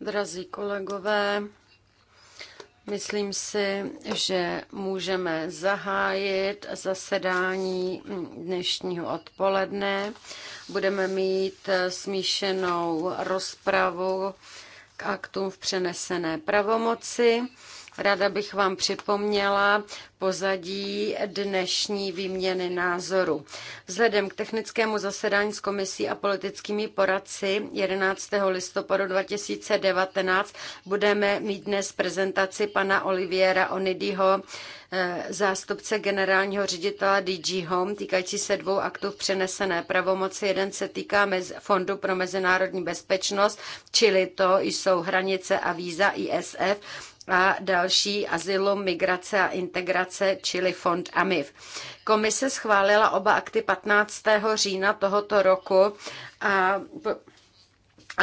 Drazí kolegové, myslím si, že můžeme zahájit zasedání dnešního odpoledne. Budeme mít smíšenou rozpravu k aktům v přenesené pravomoci. Ráda bych vám připomněla pozadí dnešní výměny názoru. Vzhledem k technickému zasedání s komisí a politickými poradci 11. listopadu 2019 budeme mít dnes prezentaci pana Oliviera Onidyho, eh, zástupce generálního ředitela DG Home, týkající se dvou aktů v přenesené pravomoci. Jeden se týká Fondu pro mezinárodní bezpečnost, čili to jsou hranice a víza ISF, a další azylu, migrace a integrace, čili fond AMIF. Komise schválila oba akty 15. října tohoto roku a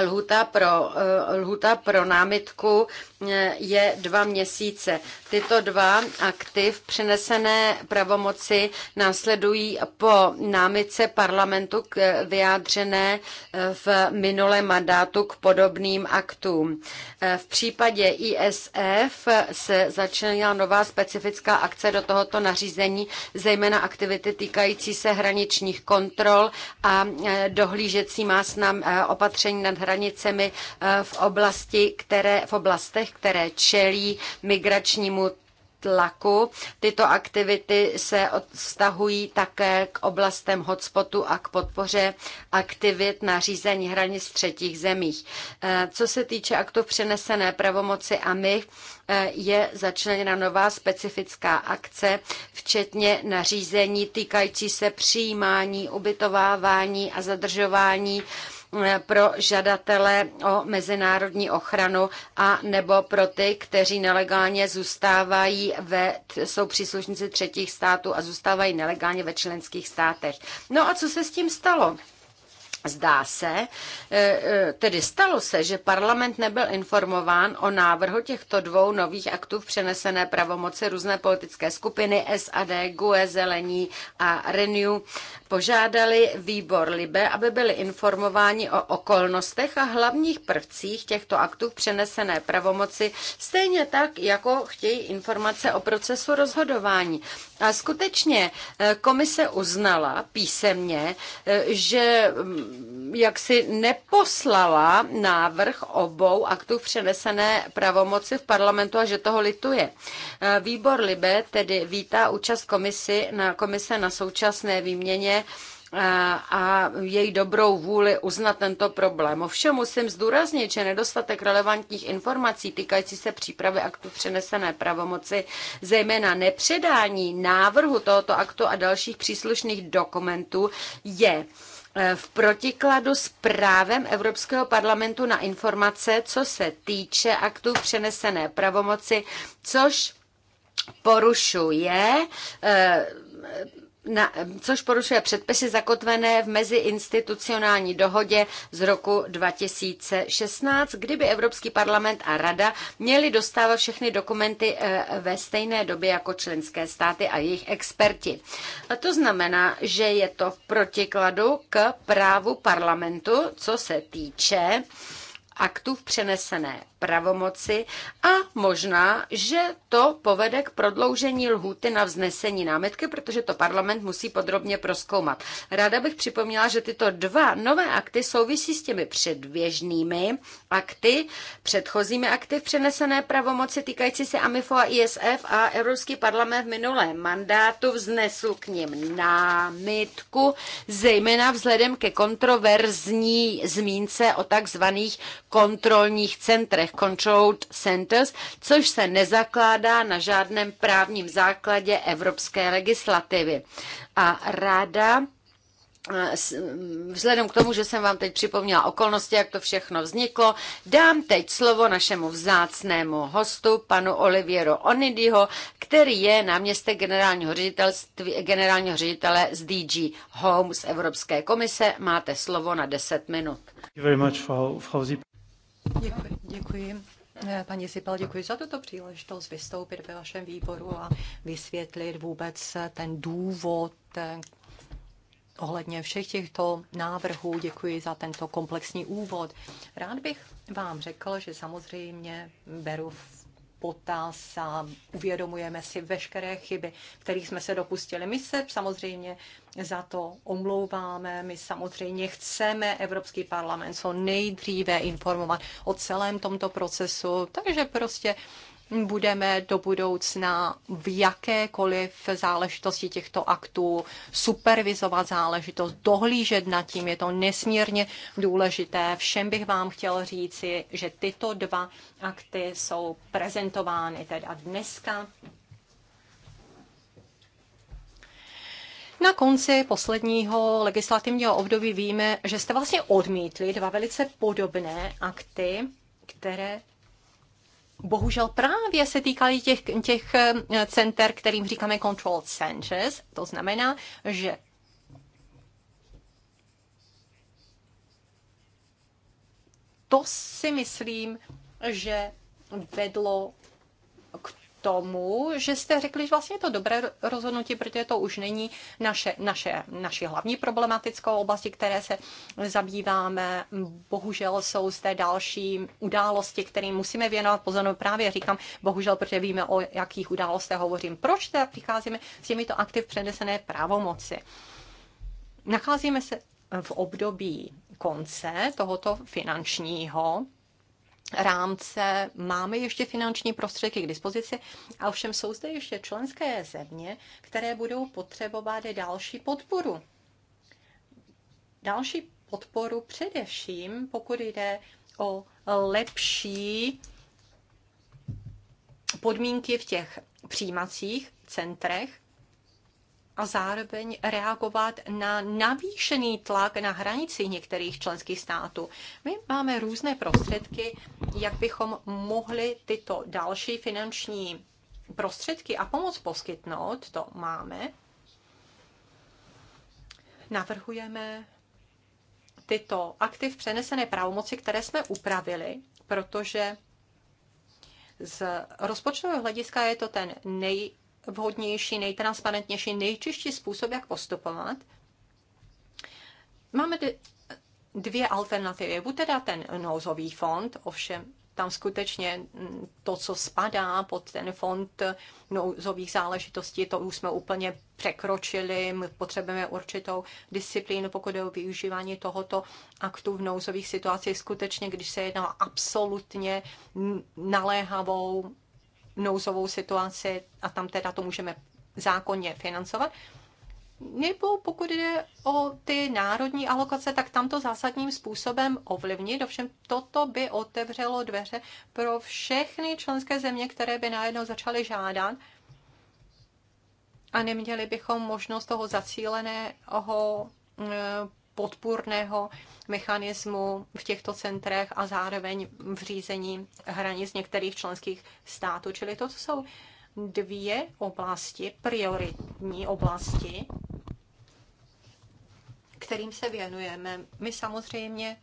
Lhuta pro, eh, lhuta pro námitku eh, je dva měsíce. Tyto dva akty v přenesené pravomoci následují po námitce parlamentu k eh, vyjádřené v minulém mandátu k podobným aktům. V případě ISF se začínala nová specifická akce do tohoto nařízení, zejména aktivity týkající se hraničních kontrol a dohlížecí má opatření nad nad hranicemi eh, v, oblasti, které, v oblastech, které čelí migračnímu tlaku. Tyto aktivity se odstahují také k oblastem hotspotu a k podpoře aktivit na řízení hranic třetích zemích. Eh, co se týče aktu přenesené pravomoci my eh, je začleněna nová specifická akce, včetně nařízení týkající se přijímání, ubytovávání a zadržování pro žadatele o mezinárodní ochranu a nebo pro ty, kteří nelegálně zůstávají ve, jsou příslušníci třetích států a zůstávají nelegálně ve členských státech. No a co se s tím stalo? Zdá se, eh, eh, tedy stalo se, že parlament nebyl informován o návrhu těchto dvou nových aktů v přenesené pravomoci různé politické skupiny SAD, GUE, Zelení a Renew. Požádali výbor Libe, aby byli informováni o okolnostech a hlavních prvcích těchto aktů v přenesené pravomoci, stejně tak, jako chtějí informace o procesu rozhodování. A skutečně eh, komise uznala písemně, eh, že mm, jaksi neposlala návrh obou aktů přenesené pravomoci v parlamentu a že toho lituje. Eh, výbor Libe tedy vítá účast komisi na, komise na současné výměně a její dobrou vůli uznat tento problém. Ovšem musím zdůraznit, že nedostatek relevantních informací týkající se přípravy aktu přenesené pravomoci, zejména nepředání návrhu tohoto aktu a dalších příslušných dokumentů, je e, v protikladu s právem Evropského parlamentu na informace, co se týče aktu přenesené pravomoci, což porušuje eh, na, což porušuje předpisy zakotvené v meziinstitucionální dohodě z roku 2016, kdyby Evropský parlament a Rada měli dostávat všechny dokumenty eh, ve stejné době jako členské státy a jejich experti. A to znamená, že je to v protikladu k právu parlamentu, co se týče aktů v přenesené pravomoci a možná, že to povede k prodloužení lhůty na vznesení námitky, protože to parlament musí podrobně proskoumat. Ráda bych připomněla, že tyto dva nové akty souvisí s těmi předběžnými akty, předchozími akty v přenesené pravomoci týkající se AMIFO a ISF a Evropský parlament v minulém mandátu vznesl k ním námitku, zejména vzhledem ke kontroverzní zmínce o takzvaných kontrolních centrech, controlled centers, což se nezakládá na žádném právním základě evropské legislativy. A ráda vzhledem k tomu, že jsem vám teď připomněla okolnosti, jak to všechno vzniklo, dám teď slovo našemu vzácnému hostu, panu Oliviero Onidiho, který je náměstek generálního, generálního ředitele z DG Home z Evropské komise. Máte slovo na 10 minut. Děkuji, děkuji. Eh, paní Sipel, děkuji za tuto příležitost vystoupit ve vašem výboru a vysvětlit vůbec eh, ten důvod eh, ohledně všech těchto návrhů. Děkuji za tento komplexní úvod. Rád bych vám řekl, že samozřejmě beru v potaz a uvědomujeme si veškeré chyby, kterých jsme se dopustili. My se samozřejmě za to omlouváme, my samozřejmě chceme Evropský parlament co nejdříve informovat o celém tomto procesu, takže prostě budeme do budoucna v jakékoliv záležitosti těchto aktů supervizovat záležitost, dohlížet nad tím, je to nesmírně důležité. Všem bych vám chtěl říci, že tyto dva akty jsou prezentovány teda dneska. Na konci posledního legislativního období víme, že jste vlastně odmítli dva velice podobné akty, které bohužel právě se týkaly těch, těch eh, center, kterým říkáme control centers. To znamená, že to si myslím, že vedlo tomu, že jste řekli, že vlastně je to dobré rozhodnutí, protože to už není naše, naše, naše hlavní problematickou oblasti, které se zabýváme. Bohužel jsou zde další události, kterým musíme věnovat pozornost. Právě říkám, bohužel, protože víme, o jakých událostech hovořím. Proč teda přicházíme s těmito aktiv přenesené právomoci? Nacházíme se v období konce tohoto finančního rámce máme ještě finanční prostředky k dispozici, a ovšem jsou zde ještě členské země, které budou potřebovat další podporu. Další podporu především, pokud jde o lepší podmínky v těch přijímacích centrech, a zároveň reagovat na navýšený tlak na hranici některých členských států. My máme různé prostředky, jak bychom mohli tyto další finanční prostředky a pomoc poskytnout, to máme. Navrhujeme tyto aktiv přenesené pravomoci, které jsme upravili, protože z rozpočtového hlediska je to ten nej nejvhodnější, nejtransparentnější, nejčistší způsob, jak postupovat. Máme dvě alternativy. Buď teda ten nouzový fond, ovšem tam skutečně to, co spadá pod ten fond nouzových záležitostí, to už jsme úplně překročili. My potřebujeme určitou disciplínu, pokud je o využívání tohoto aktu v nouzových situacích. Skutečně, když se jedná absolutně naléhavou nouzovou situaci a tam teda to můžeme zákonně financovat. Nebo pokud jde o ty národní alokace, tak tam to zásadním způsobem ovlivnit. Ovšem toto by otevřelo dveře pro všechny členské země, které by najednou začaly žádat a neměli bychom možnost toho zacíleného eh, podpůrného mechanismu v těchto centrech a zároveň v řízení hranic některých členských států. Čili to jsou dvě oblasti, prioritní oblasti, kterým se věnujeme. My samozřejmě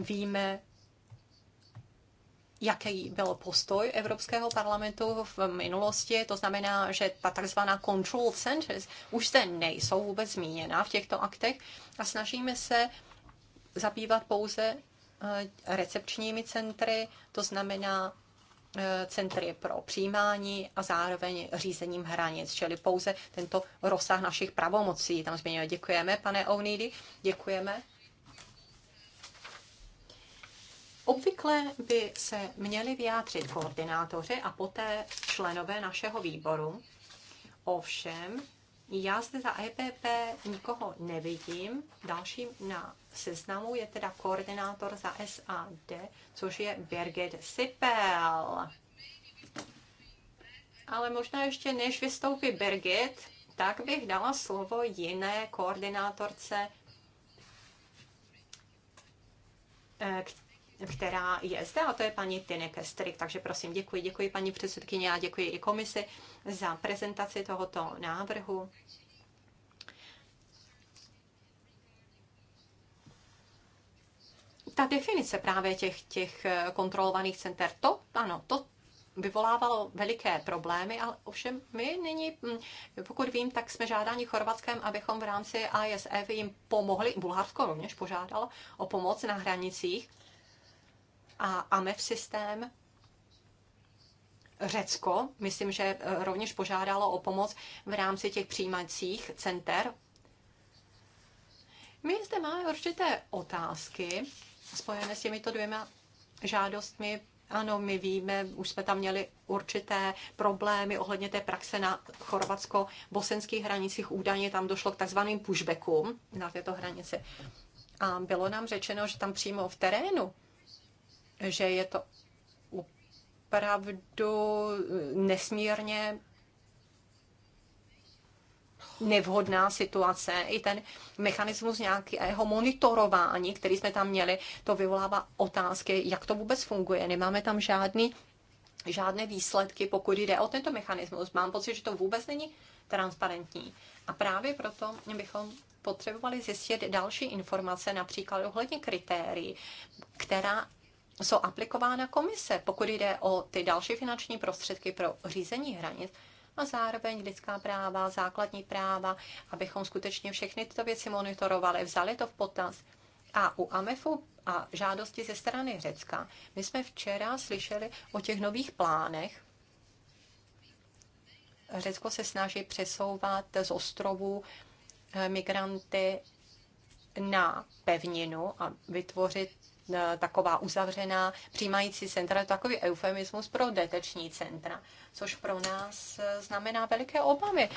víme, jaký byl postoj Evropského parlamentu v minulosti. To znamená, že ta tzv. control centers už zde nejsou vůbec zmíněna v těchto aktech a snažíme se zabývat pouze eh, recepčními centry, to znamená eh, centry pro přijímání a zároveň řízením hranic, čili pouze tento rozsah našich pravomocí. Tam zmiňujeme, Děkujeme, pane Ounídy, děkujeme Obvykle by se měli vyjádřit koordinátoři a poté členové našeho výboru. Ovšem, já zde za EPP nikoho nevidím. Dalším na seznamu je teda koordinátor za SAD, což je Birgit Sipel. Ale možná ještě než vystoupí Birgit, tak bych dala slovo jiné koordinátorce, eh, která je zde, a to je paní Tine Strik. Takže prosím, děkuji, děkuji paní předsedkyně a děkuji i komisi za prezentaci tohoto návrhu. ta definice právě těch, těch kontrolovaných center, to ano, to vyvolávalo veliké problémy, ale ovšem my nyní, hm, pokud vím, tak jsme žádáni Chorvatskem, abychom v rámci ISF e jim pomohli, Bulharsko rovněž požádalo o pomoc na hranicích, a AMEF systém. Řecko, myslím, že eh, rovněž požádalo o pomoc v rámci těch přijímacích center. My zde máme určité otázky spojené s těmito dvěma žádostmi. Ano, my víme, už jsme tam měli určité problémy ohledně té praxe na chorvatsko-bosenských hranicích. Údajně tam došlo k takzvaným pushbackům na této hranici. A bylo nám řečeno, že tam přímo v terénu že je to opravdu eh, nesmírně nevhodná situace. I ten mechanismus nějakého monitorování, který jsme tam měli, to vyvolává otázky, jak to vůbec funguje. Nemáme tam žádný, žádné výsledky, pokud jde o tento mechanismus. Mám pocit, že to vůbec není transparentní. A právě proto bychom potřebovali zjistit další informace, například ohledně kritérií, která jsou aplikována komise, pokud jde o ty další finanční prostředky pro řízení hranic a zároveň lidská práva, základní práva, abychom skutečně všechny tyto věci monitorovali, vzali to v potaz. A u AMEFu a žádosti ze strany Řecka, my jsme včera slyšeli o těch nových plánech. Řecko se snaží přesouvat z ostrovů eh, migranty na pevninu a vytvořit Eh, taková uzavřená přijímající centra, je takový eufemismus pro deteční centra, což pro nás eh, znamená veliké obavy.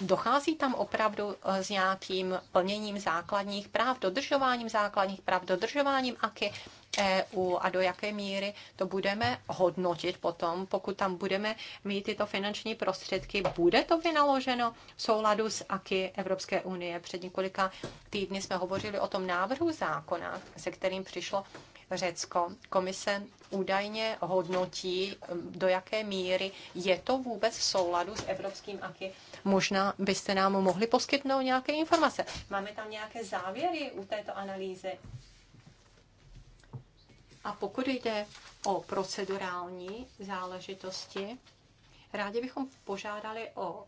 Dochází tam opravdu eh, s nějakým plněním základních práv, dodržováním základních práv, dodržováním aky EU a do jaké míry to budeme hodnotit potom, pokud tam budeme mít tyto finanční prostředky. Bude to vynaloženo v souladu s AKI Evropské unie. Před několika týdny jsme hovořili o tom návrhu zákona, se kterým přišlo Řecko. Komise údajně hodnotí, do jaké míry je to vůbec v souladu s evropským AKI. Možná byste nám mohli poskytnout nějaké informace. Máme tam nějaké závěry u této analýzy? A pokud jde o procedurální záležitosti, rádi bychom požádali o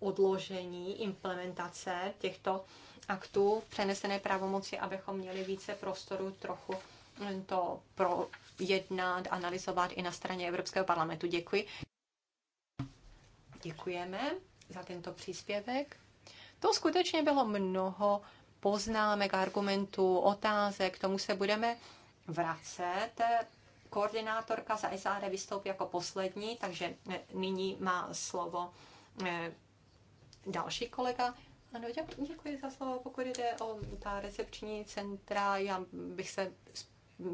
odložení implementace těchto aktů přenesené pravomoci, abychom měli více prostoru trochu to projednat, analyzovat i na straně Evropského parlamentu. Děkuji. Děkujeme za tento příspěvek. To skutečně bylo mnoho poznámek, argumentů, otázek. K tomu se budeme vracet. Koordinátorka za SAD vystoupí jako poslední, takže e, nyní má slovo e, další kolega. Ano, děkuji, za slovo. Pokud jde o ta recepční centra, já bych se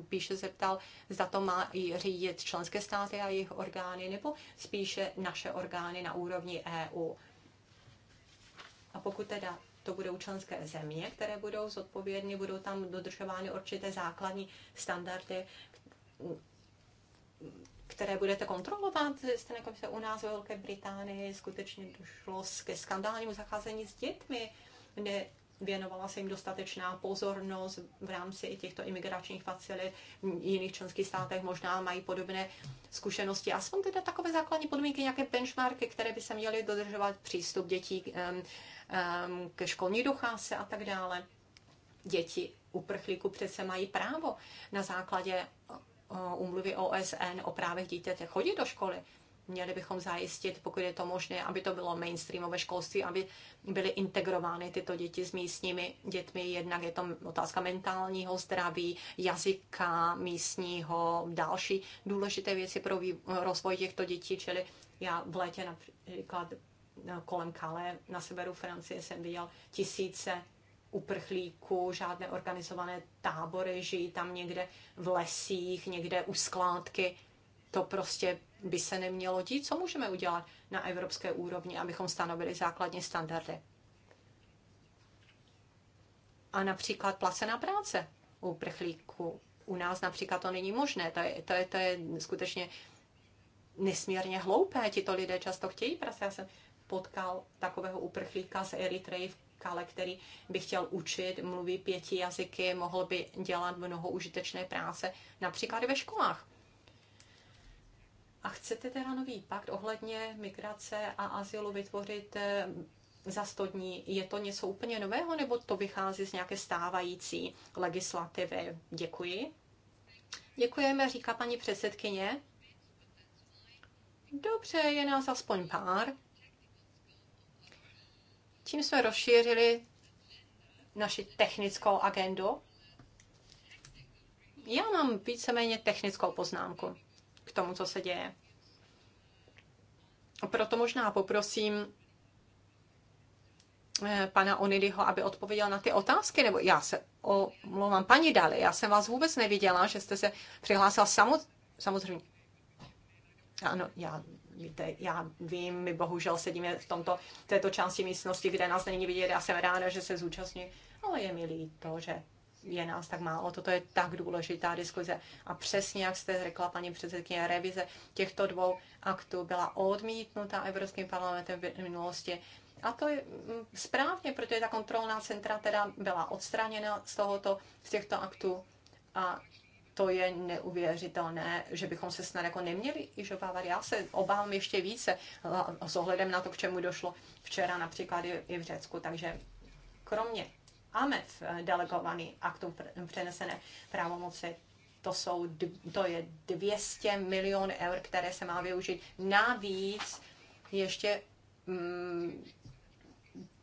spíše zeptal, zda to má i řídit členské státy a jejich orgány, nebo spíše naše orgány na úrovni EU. A pokud teda to budou členské země, které budou zodpovědny, budou tam dodržovány určité základní standardy, které budete kontrolovat, jste jako se u nás ve Velké Británii skutečně došlo ke skandálnímu zacházení s dětmi, kde věnovala se jim dostatečná pozornost v rámci těchto imigračních facilit. V jiných členských státech možná mají podobné zkušenosti. jsou teda takové základní podmínky, nějaké benchmarky, které by se měly dodržovat přístup dětí Ehm, ke školní docházce a tak dále. Děti uprchlíků přece mají právo na základě umluvy eh, eh, OSN o právech dítěte chodit do školy. Měli bychom zajistit, pokud je to možné, aby to bylo mainstreamové školství, aby byly integrovány tyto děti s místními dětmi. Jednak je to otázka mentálního zdraví, jazyka místního, další důležité věci pro rozvoj těchto dětí. Čili já v létě například Eh, kolem Kale na severu Francie jsem viděl tisíce uprchlíků, žádné organizované tábory, žijí tam někde v lesích, někde u skládky. To prostě by se nemělo dít. Co můžeme udělat na evropské úrovni, abychom stanovili základní standardy? A například placená práce u uprchlíků. U nás například to není možné. To je, to je, to je skutečně nesmírně hloupé. Tito lidé často chtějí práce. Já jsem potkal takového uprchlíka z Eritreji v Kale, který by chtěl učit, mluví pěti jazyky, mohl by dělat mnoho užitečné práce, například i ve školách. A chcete teda nový pakt ohledně migrace a azylu vytvořit eh, za 100 dní? Je to něco úplně nového, nebo to vychází z nějaké stávající legislativy? Děkuji. Děkujeme, říká paní předsedkyně. Dobře, je nás aspoň pár. Tím jsme rozšířili naši technickou agendu. Já mám víceméně technickou poznámku k tomu, co se děje. Proto možná poprosím eh, pana Onidyho, aby odpověděl na ty otázky, nebo já se omlouvám, paní Dali, já jsem vás vůbec neviděla, že jste se přihlásil samo, samozřejmě. Ano, já Víte, já vím, my bohužel sedíme v tomto, této části místnosti, kde nás není vidět. Já jsem ráda, že se zúčastní, ale je mi líto, že je nás tak málo. Toto je tak důležitá diskuze. A přesně, jak jste řekla, paní předsedkyně, revize těchto dvou aktů byla odmítnuta Evropským parlamentem v minulosti. A to je mm, správně, protože ta kontrolná centra teda byla odstraněna z tohoto, z těchto aktů a to je neuvěřitelné, že bychom se snad jako neměli již obávat. Já se obávám ještě více s ohledem na to, k čemu došlo včera například i v Řecku. Takže kromě AMEF eh, delegovaný aktu přenesené právomoci, to, jsou, to je 200 milion eur, které se má využít. Navíc ještě mm,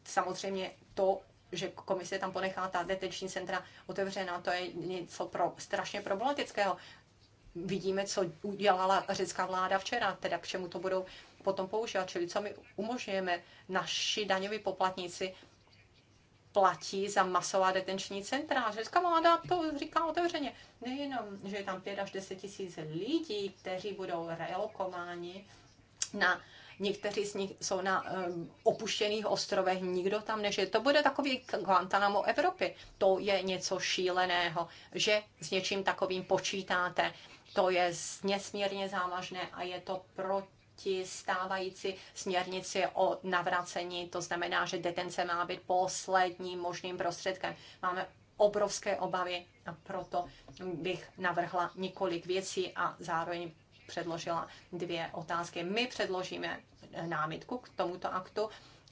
samozřejmě to že komise tam ponechá ta detenční centra otevřená, to je něco pro, strašně problematického. Vidíme, co udělala řecká vláda včera, teda k čemu to budou potom používat, čili co my umožňujeme, naši daňoví poplatníci platí za masová detenční centra. Řecká vláda to říká otevřeně. Nejenom, že je tam 5 až 10 tisíc lidí, kteří budou relokováni na Někteří z nich jsou na eh, opuštěných ostrovech, nikdo tam nežije. To bude takový Guantanamo Evropy. To je něco šíleného, že s něčím takovým počítáte. To je nesmírně závažné a je to proti stávající směrnici o navracení. To znamená, že detence má být posledním možným prostředkem. Máme obrovské obavy a proto bych navrhla několik věcí a zároveň předložila dvě otázky. My předložíme námitku k tomuto aktu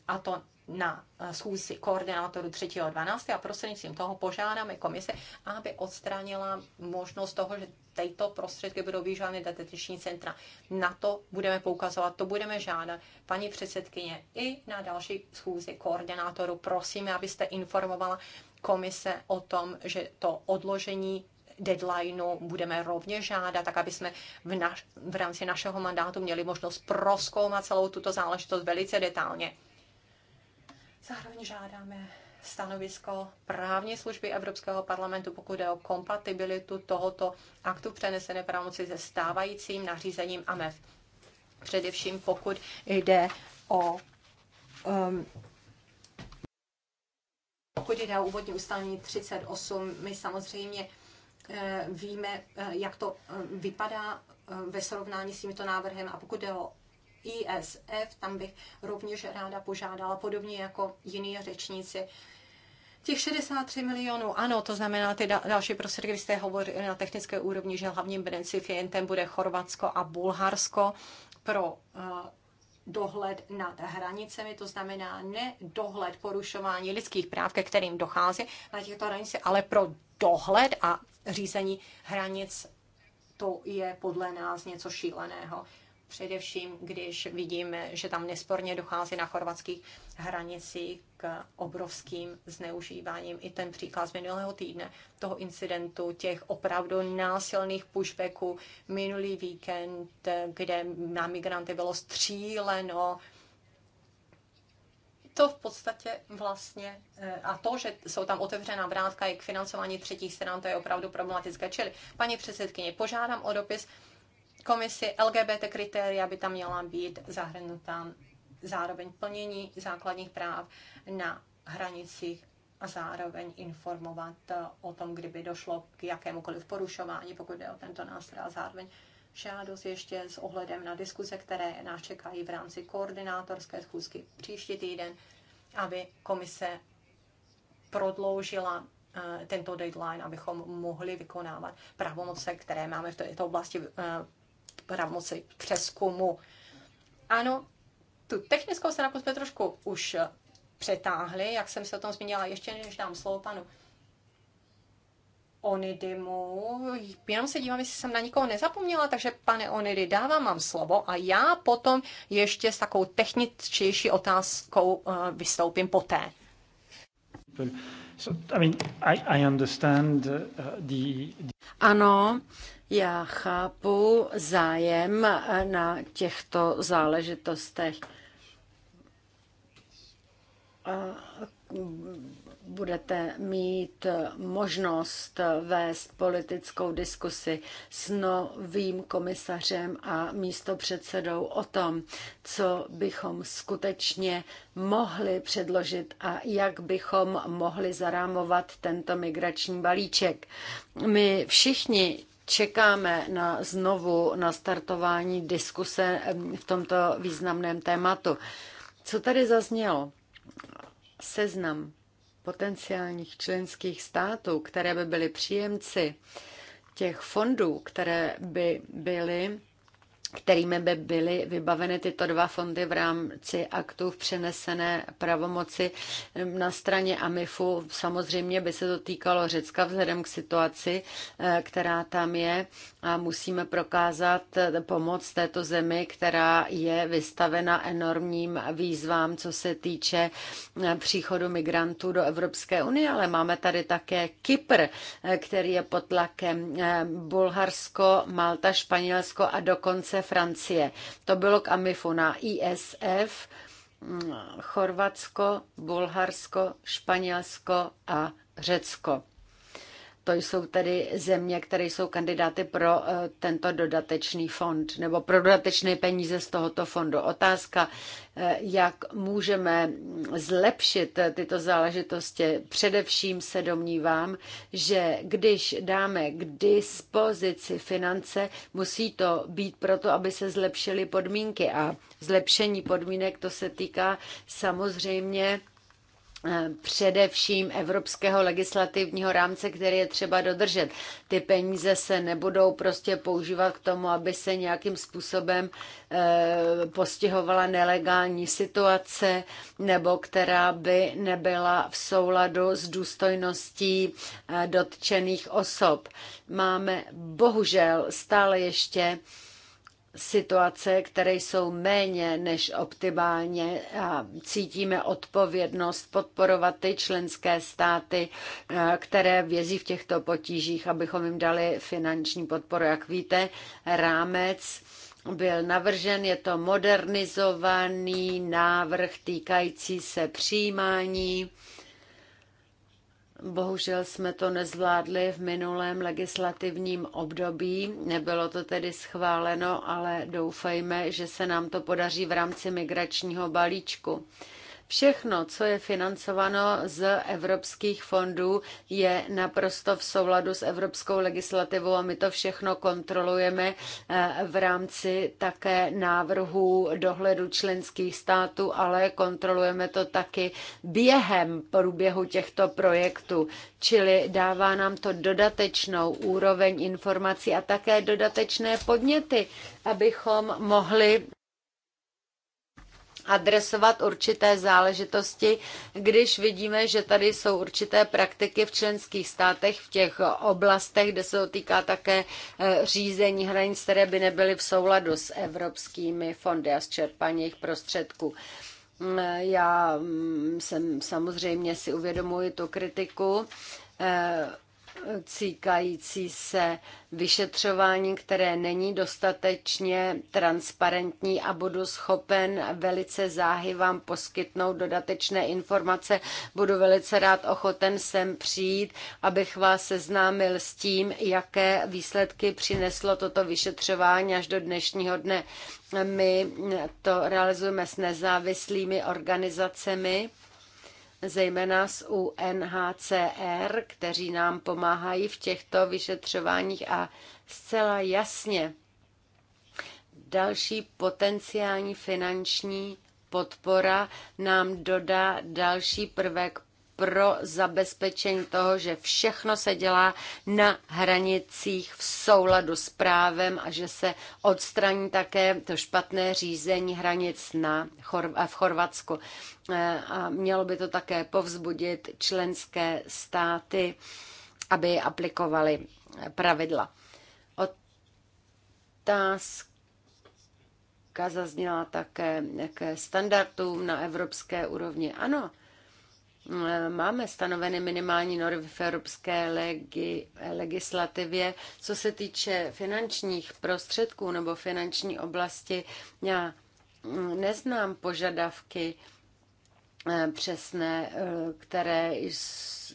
a to na schůzi koordinátoru 3.12. a prostřednictvím toho požádáme komise, aby odstranila možnost toho, že tyto prostředky budou vyžádány deteční centra. Na to budeme poukazovat, to budeme žádat. Paní předsedkyně, i na další schůzi koordinátoru prosíme, abyste informovala komise o tom, že to odložení deadlineu budeme rovně žádat, tak aby jsme v, naš, v rámci našeho mandátu měli možnost proskoumat celou tuto záležitost velice detailně. Zároveň žádáme stanovisko právní služby Evropského parlamentu, pokud jde o kompatibilitu tohoto aktu přenesené pravomoci se stávajícím nařízením AMEF. Především pokud jde o um, pokud jde o úvodní ustanovení 38, my samozřejmě Eh, víme, eh, jak to eh, vypadá ve srovnání s tímto návrhem. A pokud jde o ISF, tam bych rovněž ráda požádala, podobně jako jiní řečníci, Těch 63 milionů, ano, to znamená ty další prostředky, když jste hovořili na technické úrovni, že hlavním beneficientem bude Chorvatsko a Bulharsko pro dohled nad hranicemi, to znamená ne dohled porušování lidských práv, ke kterým dochází na těchto hranicích, ale pro dohled a řízení hranic, to je podle nás něco šíleného. Především, když vidíme, že tam nesporně dochází na chorvatských hranicích k obrovským zneužíváním. I ten příklad z minulého týdne, toho incidentu, těch opravdu násilných pushbacků minulý víkend, kde na migranty bylo stříleno, to v podstatě vlastně, eh, a to, že jsou tam otevřená vrátka i k financování třetích stran, to je opravdu problematické. Čili, paní předsedkyně, požádám o dopis komisi LGBT kritéria by tam měla být zahrnuta zároveň plnění základních práv na hranicích a zároveň informovat eh, o tom, kdyby došlo k jakémukoliv porušování, pokud jde o tento nástroj a zároveň žádost ještě s ohledem na diskuze, které nás čekají v rámci koordinátorské schůzky příští týden, aby komise prodloužila eh, tento deadline, abychom mohli vykonávat pravomoce, které máme v této oblasti, eh, pravomoci přeskumu. Ano, tu technickou stránku jsme trošku už přetáhli, jak jsem se o tom zmínila, ještě než dám slovo panu Onidimu. Jenom se dívám, jestli jsem na nikoho nezapomněla, takže pane Onidy, dávám vám slovo a já potom ještě s takovou techničtější otázkou uh, vystoupím poté. Uh, ano, já chápu zájem eh, na těchto záležitostech budete mít možnost vést politickou diskusi s novým komisařem a místopředsedou o tom, co bychom skutečně mohli předložit a jak bychom mohli zarámovat tento migrační balíček. My všichni čekáme na znovu nastartování diskuse v tomto významném tématu. Co tady zaznělo? seznam potenciálních členských států, které by byly příjemci těch fondů, které by byly kterými by byly vybaveny tyto dva fondy v rámci aktů v přenesené pravomoci na straně AMIFu. Samozřejmě by se to týkalo Řecka vzhledem k situaci, eh, která tam je a musíme prokázat pomoc této zemi, která je vystavena enormním výzvám, co se týče eh, příchodu migrantů do Evropské unie, ale máme tady také Kypr, eh, který je pod tlakem Bulharsko, Malta, Španělsko a dokonce Francie. To bylo k AMIFu na ISF, mm, Chorvatsko, Bulharsko, Španělsko a Řecko. To jsou tedy země, které jsou kandidáty pro eh, tento dodatečný fond nebo pro dodatečné peníze z tohoto fondu. Otázka, eh, jak můžeme zlepšit eh, tyto záležitosti. Především se domnívám, že když dáme k dispozici finance, musí to být proto, aby se zlepšily podmínky. A zlepšení podmínek to se týká samozřejmě Eh, především evropského legislativního rámce, který je třeba dodržet. Ty peníze se nebudou prostě používat k tomu, aby se nějakým způsobem eh, postihovala nelegální situace nebo která by nebyla v souladu s důstojností eh, dotčených osob. Máme bohužel stále ještě situace, které jsou méně než optimálně a cítíme odpovědnost podporovat ty členské státy, eh, které vězí v těchto potížích, abychom jim dali finanční podporu. Jak víte, rámec byl navržen, je to modernizovaný návrh týkající se přijímání Bohužel jsme to nezvládli v minulém legislativním období, nebylo to tedy schváleno, ale doufejme, že se nám to podaří v rámci migračního balíčku. Všechno, co je financováno z evropských fondů, je naprosto v souladu s evropskou legislativou a my to všechno kontrolujeme eh, v rámci také návrhů dohledu členských států, ale kontrolujeme to taky během průběhu těchto projektů, čili dává nám to dodatečnou úroveň informací a také dodatečné podněty, abychom mohli adresovat určité záležitosti, když vidíme, že tady jsou určité praktiky v členských státech, v těch oblastech, kde se to týká také eh, řízení hranic, které by nebyly v souladu s evropskými fondy a s čerpání jejich prostředků. Mm, já mm, jsem samozřejmě si uvědomuji tu kritiku, eh, cíkající se vyšetřování, které není dostatečně transparentní a budu schopen velice záhy vám poskytnout dodatečné informace. Budu velice rád ochoten sem přijít, abych vás seznámil s tím, jaké výsledky přineslo toto vyšetřování až do dnešního dne. My to realizujeme s nezávislými organizacemi zejména z UNHCR, kteří nám pomáhají v těchto vyšetřováních a zcela jasně další potenciální finanční podpora nám dodá další prvek pro zabezpečení toho, že všechno se dělá na hranicích v souladu s právem a že se odstraní také to špatné řízení hranic na Chor- v Chorvatsku. Eh, a mělo by to také povzbudit členské státy, aby aplikovali pravidla. Otázka zazněla také k standardům na evropské úrovni. Ano, máme stanoveny minimální normy v evropské legi, legislativě. Co se týče finančních prostředků nebo finanční oblasti, já mm, neznám požadavky eh, přesné, eh, které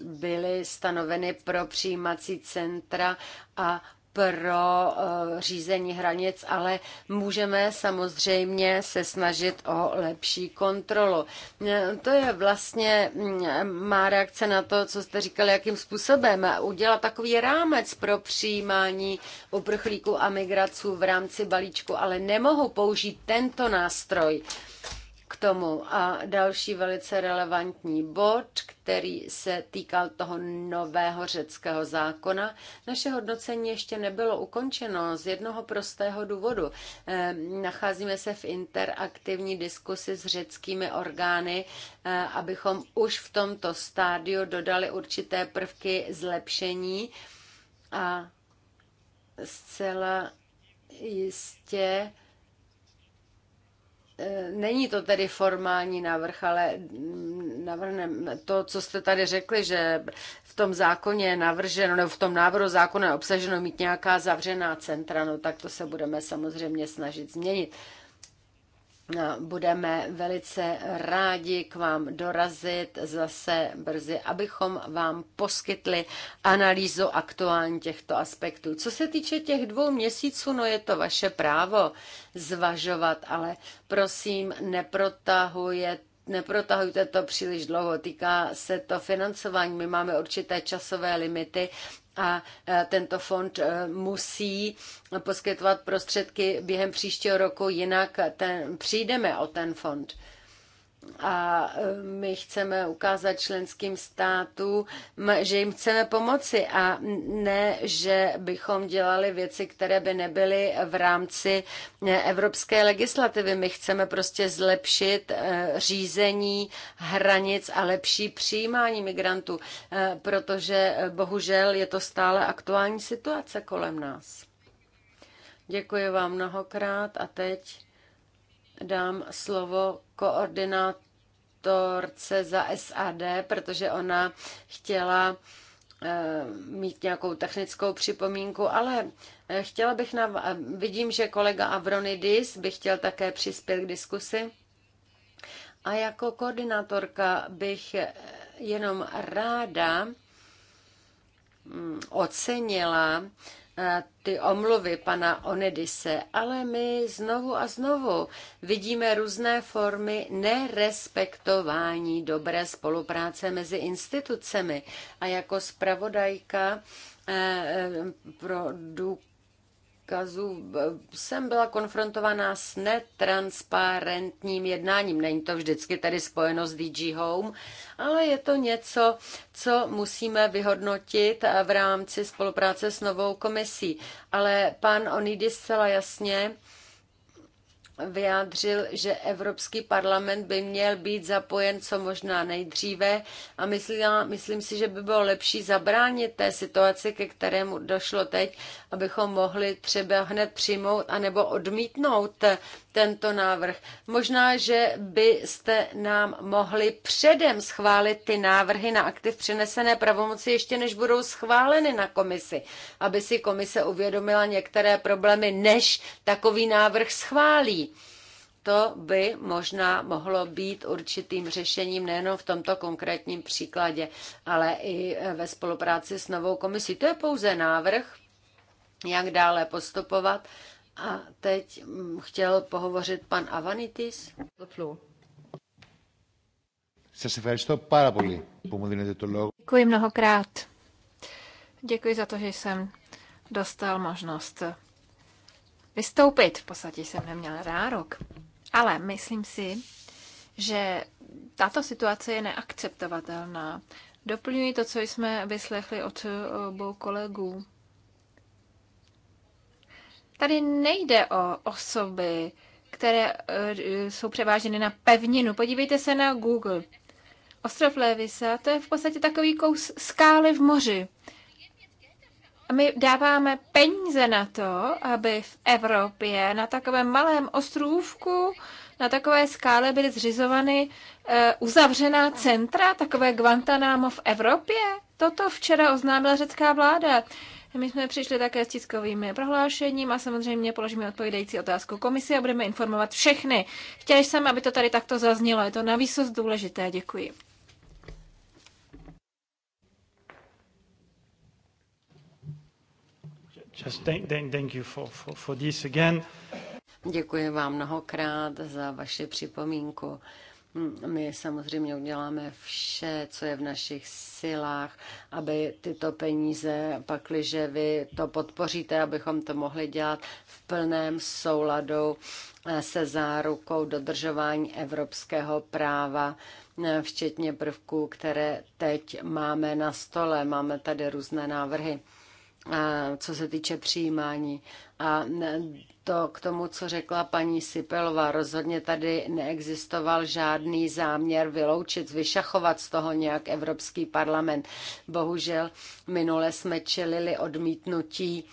byly stanoveny pro přijímací centra a pro eh, řízení hranic, ale můžeme samozřejmě se snažit o lepší kontrolu. Eh, to je vlastně mm, má reakce na to, co jste říkali, jakým způsobem udělat takový rámec pro přijímání uprchlíků a migraců v rámci balíčku, ale nemohu použít tento nástroj tomu. A další velice relevantní bod, který se týkal toho nového řeckého zákona. Naše hodnocení ještě nebylo ukončeno z jednoho prostého důvodu. Eh, nacházíme se v interaktivní diskusi s řeckými orgány, eh, abychom už v tomto stádiu dodali určité prvky zlepšení a zcela jistě E, není to tedy formální návrh, ale mm, navrhneme to, co jste tady řekli, že v tom zákoně je navrženo, nebo v tom návrhu zákona je obsaženo mít nějaká zavřená centra, no tak to se budeme samozřejmě snažit změnit budeme velice rádi k vám dorazit zase brzy, abychom vám poskytli analýzu aktuální těchto aspektů. Co se týče těch dvou měsíců, no je to vaše právo zvažovat, ale prosím, neprotahujete neprotahujte to příliš dlouho. Týká se to financování. My máme určité časové limity a e, tento fond e, musí poskytovat prostředky během příštího roku, jinak ten, přijdeme o ten fond a e, my chceme ukázat členským státům, že jim chceme pomoci a ne, že bychom dělali věci, které by nebyly v rámci e, evropské legislativy. My chceme prostě zlepšit e, řízení hranic a lepší přijímání migrantů, protože bohužel je to stále aktuální situace kolem nás. Děkuji vám mnohokrát a teď dám slovo koordinátorce za SAD, protože ona chtěla eh, mít nějakou technickou připomínku, ale eh, chtěla bych na, eh, vidím, že kolega Avronidis by chtěl také přispět k diskusi. A jako koordinátorka bych jenom ráda mm, ocenila ty omluvy pana Onedise, ale my znovu a znovu vidíme různé formy nerespektování dobré spolupráce mezi institucemi. A jako zpravodajka e, pro důkaz odkazů jsem byla konfrontovaná s netransparentním jednáním. Není to vždycky tedy spojeno s DG Home, ale je to něco, co musíme vyhodnotit v rámci spolupráce s novou komisí. Ale pan Onidis zcela jasně vyjádřil, že Evropský parlament by měl být zapojen co možná nejdříve a myslím, myslím si, že by bylo lepší zabránit té situaci, ke kterému došlo teď, abychom mohli třeba hned přijmout anebo odmítnout tento návrh. Možná, že byste nám mohli předem schválit ty návrhy na aktiv přenesené pravomoci, ještě než budou schváleny na komisi, aby si komise uvědomila některé problémy, než takový návrh schválí to by možná mohlo být určitým řešením nejenom v tomto konkrétním příkladě, ale i eh, ve spolupráci s novou komisí. To je pouze návrh, jak dále postupovat. A teď hm, chtěl pohovořit pan Avanitis. Děkuji mnohokrát. Děkuji za to, že jsem dostal možnost vystoupit. V podstatě jsem neměl nárok. Ale myslím si, že tato situace je neakceptovatelná. Doplňuji to, co jsme vyslechli od obou kolegů. Tady nejde o osoby, které eh, jsou převáženy na pevninu. Podívejte se na Google. Ostrov Levisa, to je v podstatě takový kous skály v moři. A my dáváme peníze na to, aby v Evropě na takovém malém ostrůvku, na takové skále byly zřizovány eh, uzavřená centra, takové Guantanamo v Evropě. Toto včera oznámila řecká vláda. My jsme přišli také s tiskovými prohlášením a samozřejmě položíme odpovídající otázku komisi a budeme informovat všechny. Chtěl jsem, aby to tady takto zaznělo. Je to navíc důležité. Děkuji. Just thank, thank, thank you for, for, for this again. Děkuji vám mnohokrát za vaši připomínku. My samozřejmě uděláme vše, co je v našich silách, aby tyto peníze, pakliže vy to podpoříte, abychom to mohli dělat v plném souladu eh, se zárukou dodržování evropského práva, eh, včetně prvků, které teď máme na stole. Máme tady různé návrhy co se týče přijímání. A to k tomu, co řekla paní Sipelová, rozhodně tady neexistoval žádný záměr vyloučit, vyšachovat z toho nějak Evropský parlament. Bohužel minule jsme čelili odmítnutí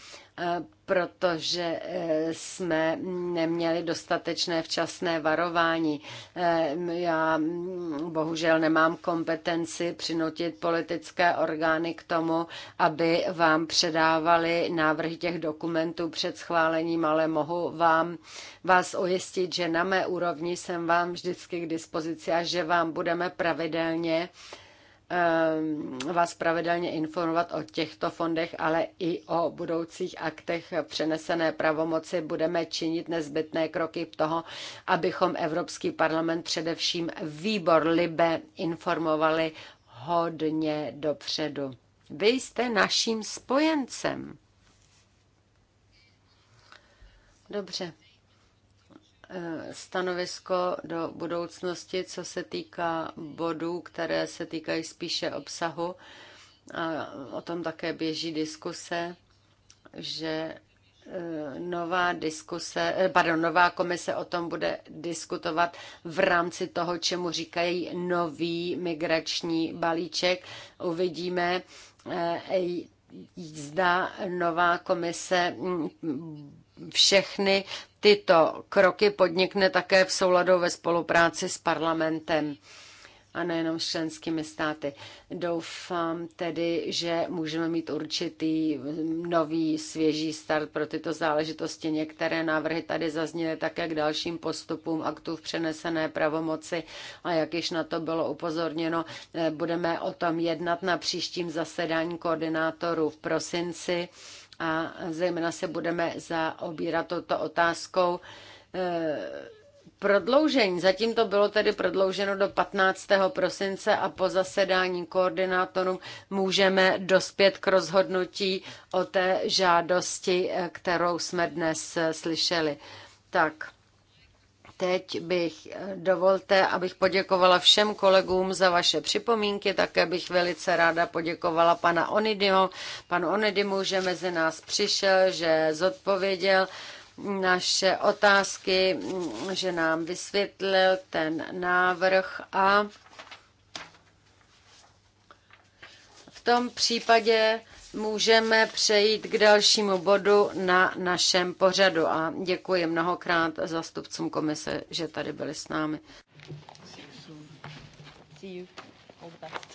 Eh, protože eh, jsme neměli dostatečné včasné varování. Eh, já mm, bohužel nemám kompetenci přinutit politické orgány k tomu, aby vám předávali návrhy těch dokumentů před schválením, ale mohu vám vás ujistit, že na mé úrovni jsem vám vždycky k dispozici a že vám budeme pravidelně Ehm, vás pravidelně informovat o těchto fondech, ale i o budoucích aktech přenesené pravomoci budeme činit nezbytné kroky toho, abychom Evropský parlament, především výbor Libe, informovali hodně dopředu. Vy jste naším spojencem. Dobře. Eh, stanovisko do budoucnosti, co se týká bodů, které se týkají spíše obsahu. A o tom také běží diskuse, že eh, nová diskuse, eh, pardon, nová komise o tom bude diskutovat v rámci toho, čemu říkají nový migrační balíček. Uvidíme, zda nová komise mm, všechny tyto kroky podnikne také v souladu ve spolupráci s parlamentem a nejenom s členskými státy. Doufám tedy, že můžeme mít určitý nový, svěží start pro tyto záležitosti. Některé návrhy tady zazněly také k dalším postupům aktů v přenesené pravomoci a jak již na to bylo upozorněno, eh, budeme o tom jednat na příštím zasedání koordinátorů v prosinci a zejména se budeme zaobírat touto otázkou eh, prodloužení. Zatím to bylo tedy prodlouženo do 15. prosince a po zasedání koordinátorů můžeme dospět k rozhodnutí o té žádosti, eh, kterou jsme dnes eh, slyšeli. Tak. Teď bych eh, dovolte, abych poděkovala všem kolegům za vaše připomínky, také bych velice ráda poděkovala pana Onidimu, panu Onidimu, že mezi nás přišel, že zodpověděl naše otázky, mm, že nám vysvětlil ten návrh a v tom případě můžeme přejít k dalšímu bodu na našem pořadu a děkuji mnohokrát zastupcům komise, že tady byli s námi. See you. All the best.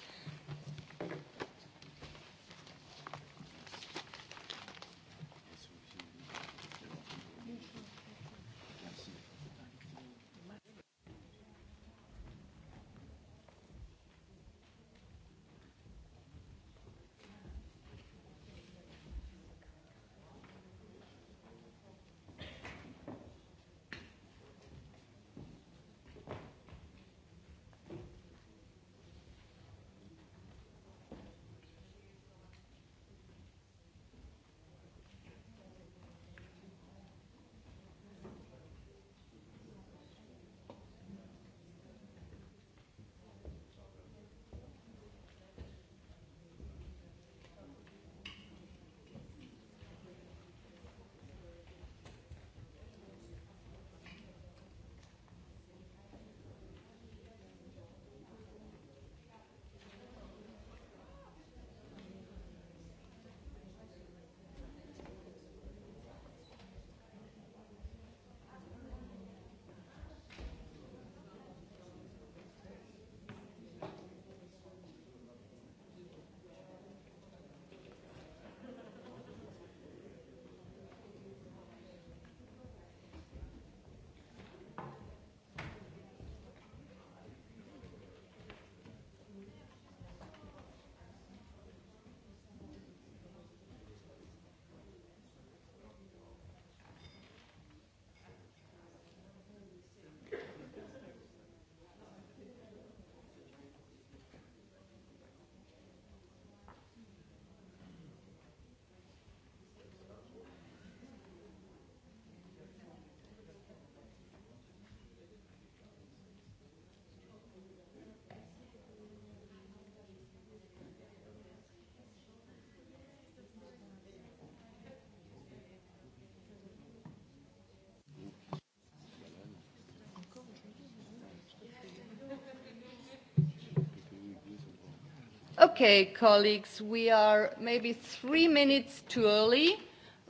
Okay, colleagues, we are maybe three minutes too early,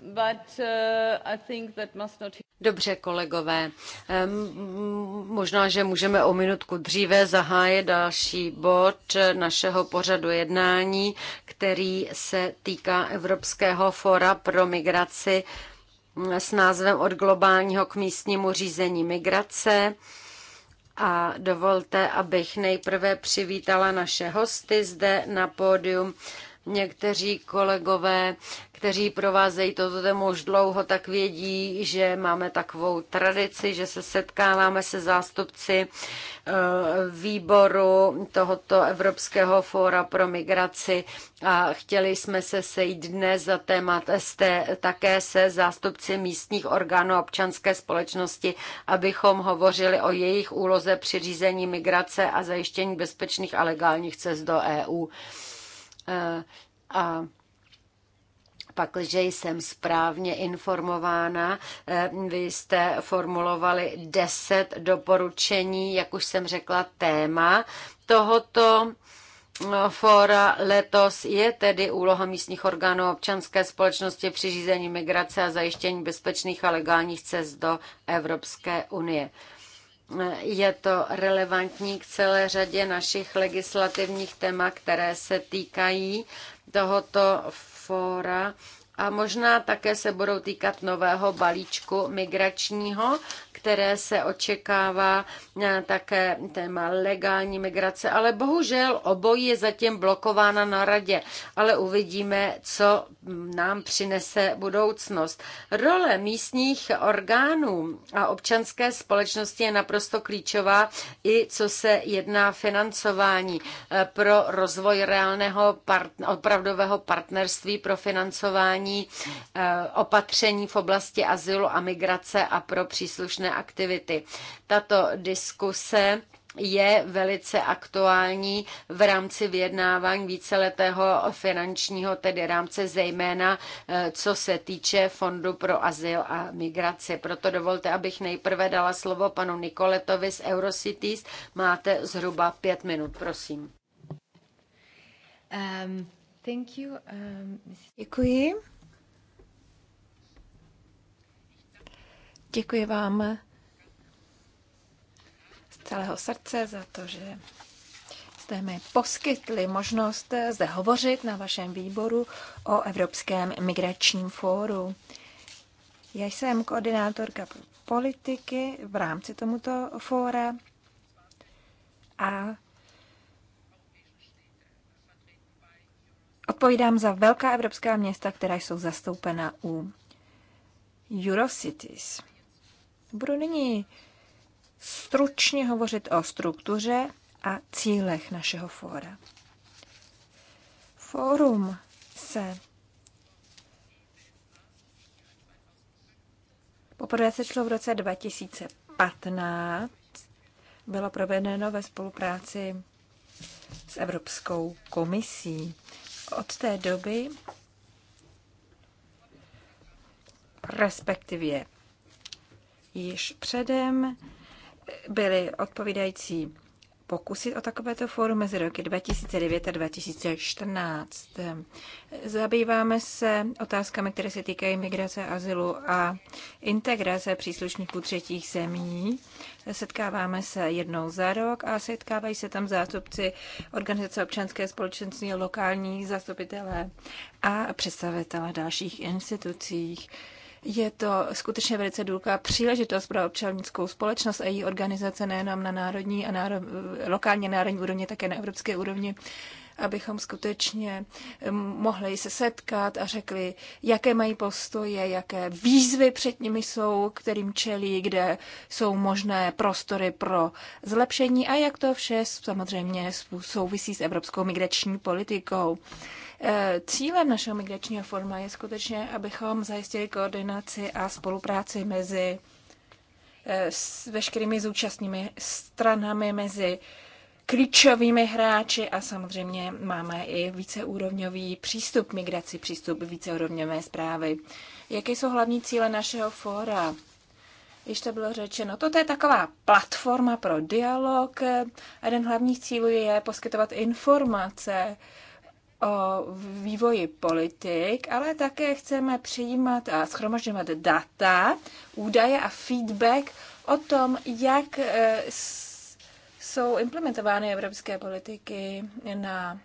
but uh, I think that must not... Dobře, kolegové, možná, že můžeme o minutku dříve zahájit další bod našeho pořadu jednání, který se týká Evropského fora pro migraci s názvem Od globálního k místnímu řízení migrace. A dovolte, abych nejprve přivítala naše hosty zde na pódium Někteří kolegové, kteří provázejí toto téma už dlouho, tak vědí, že máme takovou tradici, že se setkáváme se zástupci eh, výboru tohoto Evropského fóra pro migraci a chtěli jsme se sejít dnes za témat ST také se zástupci místních orgánů občanské společnosti, abychom hovořili o jejich úloze při řízení migrace a zajištění bezpečných a legálních cest do EU a pak, když jsem správně informována, eh, vy jste formulovali 10 doporučení, jak už jsem řekla, téma tohoto eh, fora letos je tedy úloha místních orgánů občanské společnosti při řízení migrace a zajištění bezpečných a legálních cest do Evropské unie je to relevantní k celé řadě našich legislativních témat, které se týkají tohoto fóra a možná také se budou týkat nového balíčku migračního, které se očekává eh, také téma legální migrace, ale bohužel obojí je zatím blokována na radě, ale uvidíme, co nám přinese budoucnost. Role místních orgánů a občanské společnosti je naprosto klíčová i co se jedná financování eh, pro rozvoj reálného part- opravdového partnerství pro financování sociální eh, opatření v oblasti azylu a migrace a pro příslušné aktivity. Tato diskuse je velice aktuální v rámci vyjednávání víceletého finančního, tedy rámce zejména, eh, co se týče Fondu pro azyl a migraci. Proto dovolte, abych nejprve dala slovo panu Nikoletovi z Eurocities. Máte zhruba pět minut, prosím. Um, thank you, um, Děkuji. Děkuji vám z celého srdce za to, že jste mi poskytli možnost zde hovořit na vašem výboru o Evropském migračním fóru. Já jsem koordinátorka politiky v rámci tomuto fóra a odpovídám za velká evropská města, která jsou zastoupena u Eurocities. Budu nyní stručně hovořit o struktuře a cílech našeho fóra. Fórum se poprvé sešlo v roce 2015. Bylo provedeno ve spolupráci s Evropskou komisí. Od té doby respektive již předem. Byly odpovídající pokusy o takovéto fórum mezi roky 2009 a 2014. Zabýváme se otázkami, které se týkají migrace, azylu a integrace příslušníků třetích zemí. Setkáváme se jednou za rok a setkávají se tam zástupci organizace občanské společenství, lokální zastupitelé a představitelé dalších institucích. Je to skutečně velice důležitá příležitost pro občanskou společnost a její organizace nejenom na národní a náro... lokálně národní úrovni, také na evropské úrovni abychom skutečně mohli se setkat a řekli, jaké mají postoje, jaké výzvy před nimi jsou, kterým čelí, kde jsou možné prostory pro zlepšení a jak to vše samozřejmě souvisí s evropskou migrační politikou. Eh, cílem našeho migračního forma je skutečně, abychom zajistili koordinaci a spolupráci mezi eh, s veškerými zúčastnými stranami, mezi klíčovými hráči a samozřejmě máme i víceúrovňový přístup migraci, přístup víceúrovňové zprávy. Jaké jsou hlavní cíle našeho fóra? Již to bylo řečeno, toto je taková platforma pro dialog. Eh, Jeden hlavních cílů je poskytovat informace o vývoji politik, ale také chceme přijímat a schromažďovat data, údaje a feedback o tom, jak e, jsou implementovány evropské politiky na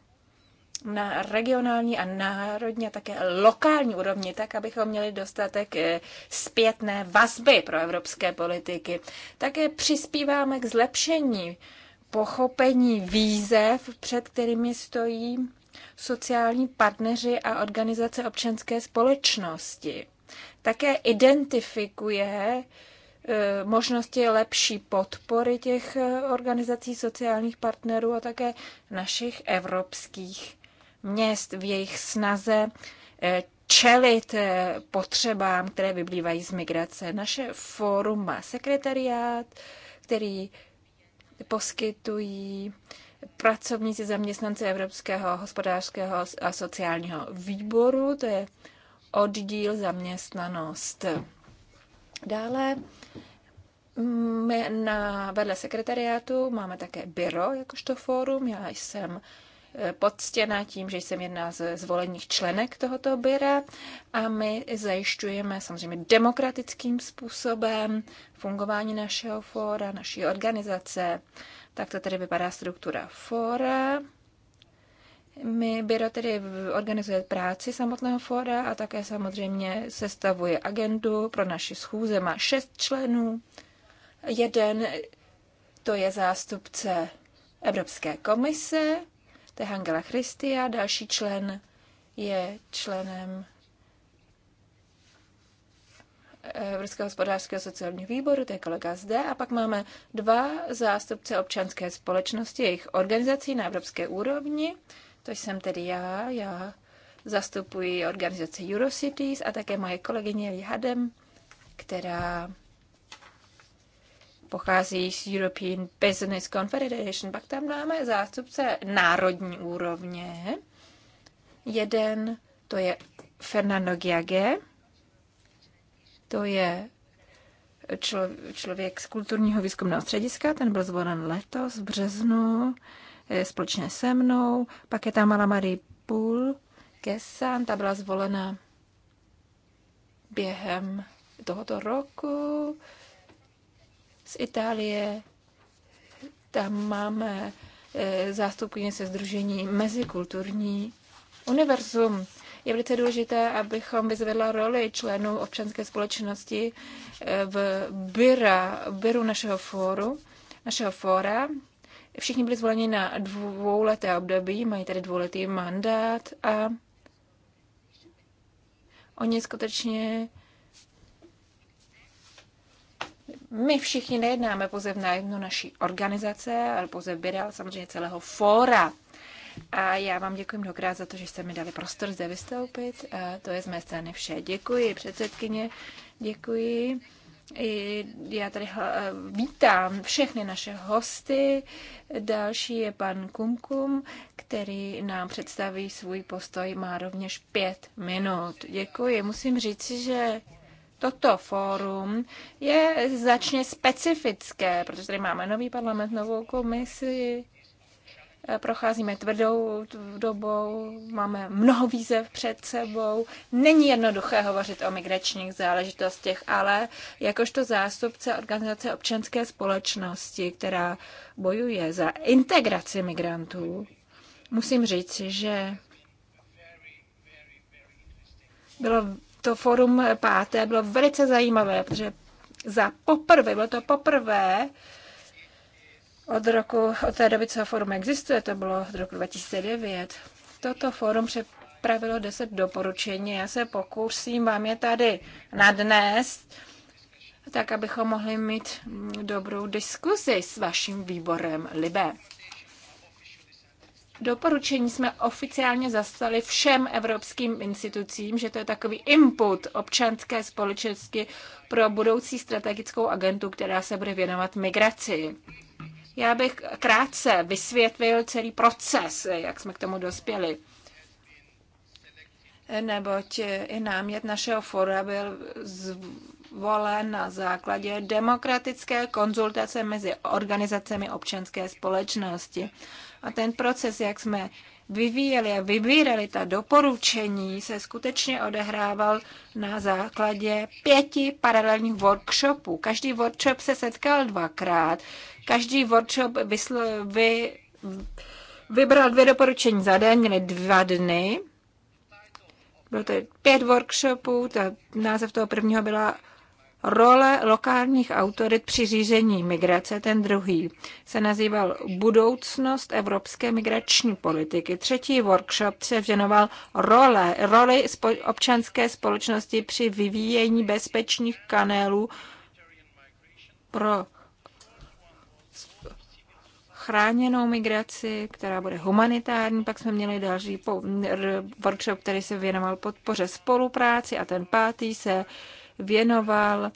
na regionální a národní a také lokální úrovni, tak abychom měli dostatek e, zpětné vazby pro evropské politiky. Také přispíváme k zlepšení pochopení výzev, před kterými stojí sociální partneři a organizace občanské společnosti. Také identifikuje e, možnosti lepší podpory těch e, organizací sociálních partnerů a také našich evropských měst v jejich snaze e, čelit potřebám, které vyplývají z migrace. Naše fórum má sekretariát, který poskytují pracovníci zaměstnanci Evropského hospodářského a sociálního výboru, to je oddíl zaměstnanost. Dále mm, my na, vedle sekretariátu máme také byro jakožto fórum. Já jsem e, podstěná tím, že jsem jedna z zvolených členek tohoto byra a my zajišťujeme samozřejmě demokratickým způsobem fungování našeho fóra, naší organizace. Tak to tedy vypadá struktura fora. My Biro tedy organizuje práci samotného fora, a také samozřejmě sestavuje agendu pro naši schůze. Má šest členů. Jeden to je zástupce Evropské komise, to je Angela Christia, další člen je členem Evropského hospodářského sociálního výboru, to je kolega zde, a pak máme dva zástupce občanské společnosti, jejich organizací na evropské úrovni, to jsem tedy já, já zastupuji organizaci Eurocities a také moje kolegyně Hadem, která pochází z European Business Confederation. Pak tam máme zástupce národní úrovně. Jeden to je Fernando Giage, to je člo, člověk z kulturního výzkumného střediska, ten byl zvolen letos v březnu eh, společně se mnou. Pak je tam Mala Marie Půl Kessan, ta byla zvolena během tohoto roku z Itálie. Tam máme eh, zástupkyně se združení Mezikulturní univerzum. Je velice důležité, abychom vyzvedla roli členů občanské společnosti eh, v byra, byru našeho fóru, našeho fóra. Všichni byli zvoleni na dvouleté období, mají tady dvouletý mandát a oni skutečně my všichni nejednáme pouze v nájemnu naší organizace, ale pouze byra, ale samozřejmě celého fóra. A já vám děkuji mnohokrát za to, že jste mi dali prostor zde vystoupit. A to je z mé strany vše. Děkuji předsedkyně, děkuji. I já tady eh, vítám všechny naše hosty. Další je pan Kumkum, který nám představí svůj postoj. Má rovněž pět minut. Děkuji. Musím říct, že toto fórum je značně specifické, protože tady máme nový parlament, novou komisi, procházíme tvrdou dobou, máme mnoho výzev před sebou. Není jednoduché hovořit o migračních záležitostech, ale jakožto zástupce organizace občanské společnosti, která bojuje za integraci migrantů, musím říct, že bylo to forum páté bylo velice zajímavé, protože za poprvé, bylo to poprvé, od, roku, od té doby, co forum existuje, to bylo od roku 2009, toto forum připravilo 10 doporučení. Já se pokusím vám je tady nadnést, tak abychom mohli mít dobrou diskuzi s vaším výborem Libe. Doporučení jsme oficiálně zastali všem evropským institucím, že to je takový input občanské společnosti pro budoucí strategickou agentu, která se bude věnovat migraci. Já bych krátce vysvětlil celý proces, jak jsme k tomu dospěli neboť i námět našeho fora byl zvolen na základě demokratické konzultace mezi organizacemi občanské společnosti. A ten proces, jak jsme vyvíjeli a vybírali ta doporučení, se skutečně odehrával na základě pěti paralelních workshopů. Každý workshop se setkal dvakrát, každý workshop vysl- vy- vybral dvě doporučení za den, měli dva dny. Bylo to pět workshopů, ta název toho prvního byla role lokálních autorit při řízení migrace, ten druhý, se nazýval Budoucnost evropské migrační politiky. Třetí workshop se věnoval role, roli občanské společnosti při vyvíjení bezpečných kanálů pro chráněnou migraci, která bude humanitární. Pak jsme měli další workshop, který se věnoval podpoře spolupráci a ten pátý se věnoval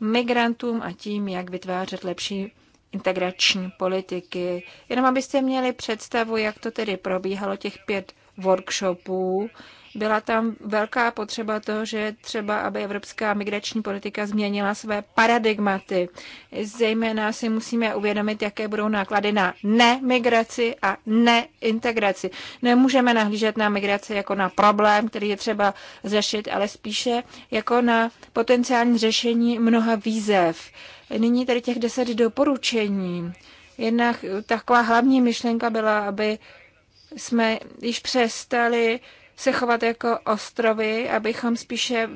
migrantům a tím, jak vytvářet lepší integrační politiky. Jenom abyste měli představu, jak to tedy probíhalo těch pět workshopů, byla tam velká potřeba toho, že třeba, aby evropská migrační politika změnila své paradigmaty. Zejména si musíme uvědomit, jaké budou náklady na nemigraci a neintegraci. Nemůžeme nahlížet na migraci jako na problém, který je třeba řešit, ale spíše jako na potenciální řešení mnoha výzev. Nyní tady těch deset doporučení. Jedna taková hlavní myšlenka byla, aby jsme již přestali se chovat jako ostrovy, abychom spíše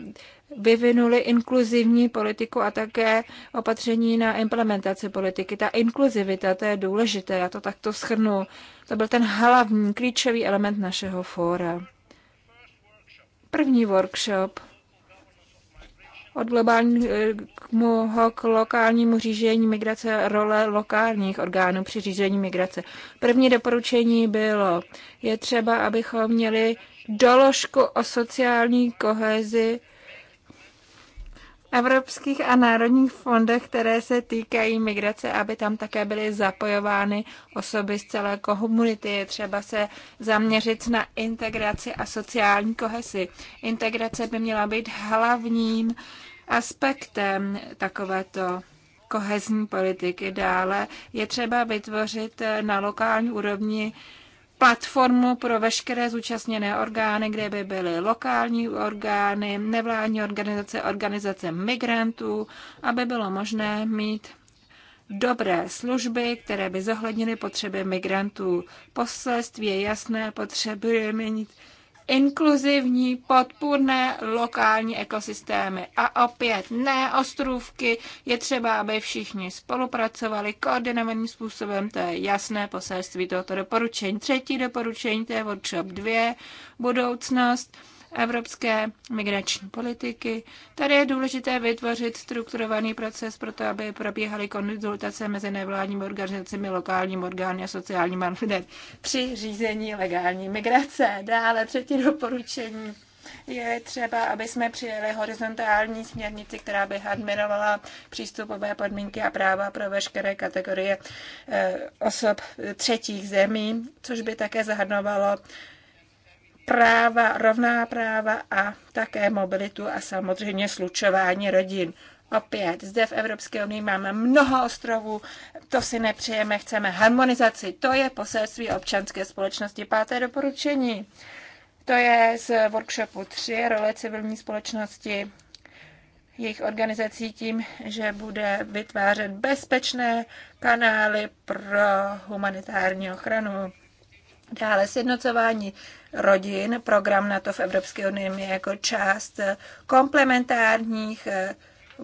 vyvinuli inkluzivní politiku a také opatření na implementaci politiky. Ta inkluzivita, to je důležité, já to takto schrnu. To byl ten hlavní, klíčový element našeho fóra. První workshop od globálního k lokálnímu řízení migrace role lokálních orgánů při řízení migrace. První doporučení bylo, je třeba, abychom měli doložku o sociální kohezi evropských a národních fondech, které se týkají migrace, aby tam také byly zapojovány osoby z celé komunity. Je třeba se zaměřit na integraci a sociální kohesi. Integrace by měla být hlavním aspektem takovéto kohezní politiky. Dále je třeba vytvořit na lokální úrovni platformu pro veškeré zúčastněné orgány, kde by byly lokální orgány, nevládní organizace, organizace migrantů, aby bylo možné mít dobré služby, které by zohlednily potřeby migrantů. Poselství je jasné, potřebujeme mít inkluzivní, podpůrné lokální ekosystémy. A opět ne ostrůvky, je třeba, aby všichni spolupracovali koordinovaným způsobem, to je jasné poselství tohoto doporučení. Třetí doporučení, to je workshop 2, budoucnost evropské migrační politiky. Tady je důležité vytvořit strukturovaný proces pro to, aby probíhaly konzultace mezi nevládními organizacemi, lokálními orgány a sociálními lidé při řízení legální migrace. Dále třetí doporučení je třeba, aby jsme přijeli horizontální směrnici, která by admirovala přístupové podmínky a práva pro veškeré kategorie eh, osob třetích zemí, což by také zahrnovalo práva, rovná práva a také mobilitu a samozřejmě slučování rodin. Opět, zde v Evropské unii máme mnoho ostrovů, to si nepřejeme, chceme harmonizaci. To je poselství občanské společnosti. Páté doporučení. To je z workshopu 3, role civilní společnosti, jejich organizací tím, že bude vytvářet bezpečné kanály pro humanitární ochranu. Dále sjednocování rodin. Program na to v Evropské unii je jako část komplementárních eh,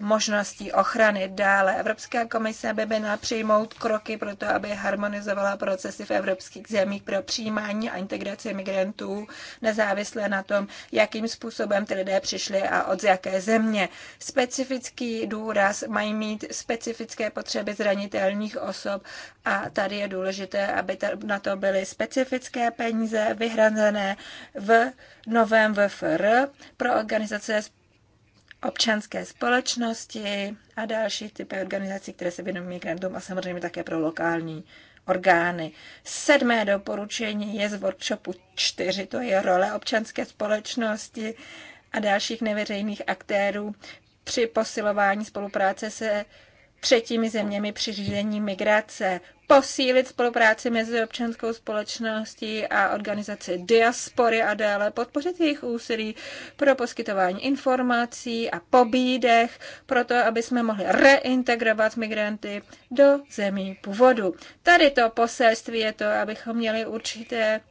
možností ochrany. Dále Evropská komise by měla přijmout kroky pro to, aby harmonizovala procesy v evropských zemích pro přijímání a integraci migrantů, nezávisle na tom, jakým způsobem ty lidé přišli a od jaké země. Specifický důraz mají mít specifické potřeby zranitelných osob a tady je důležité, aby na to byly specifické peníze vyhrazené v novém VFR pro organizace občanské společnosti a další typy organizací, které se věnují migrantům a samozřejmě také pro lokální orgány. Sedmé doporučení je z workshopu 4, to je role občanské společnosti a dalších neveřejných aktérů při posilování spolupráce se třetími zeměmi při řízení migrace, posílit spolupráci mezi občanskou společností a organizaci diaspory a déle, podpořit jejich úsilí pro poskytování informací a pobídech, proto aby jsme mohli reintegrovat migranty do zemí původu. Tady to poselství je to, abychom měli určité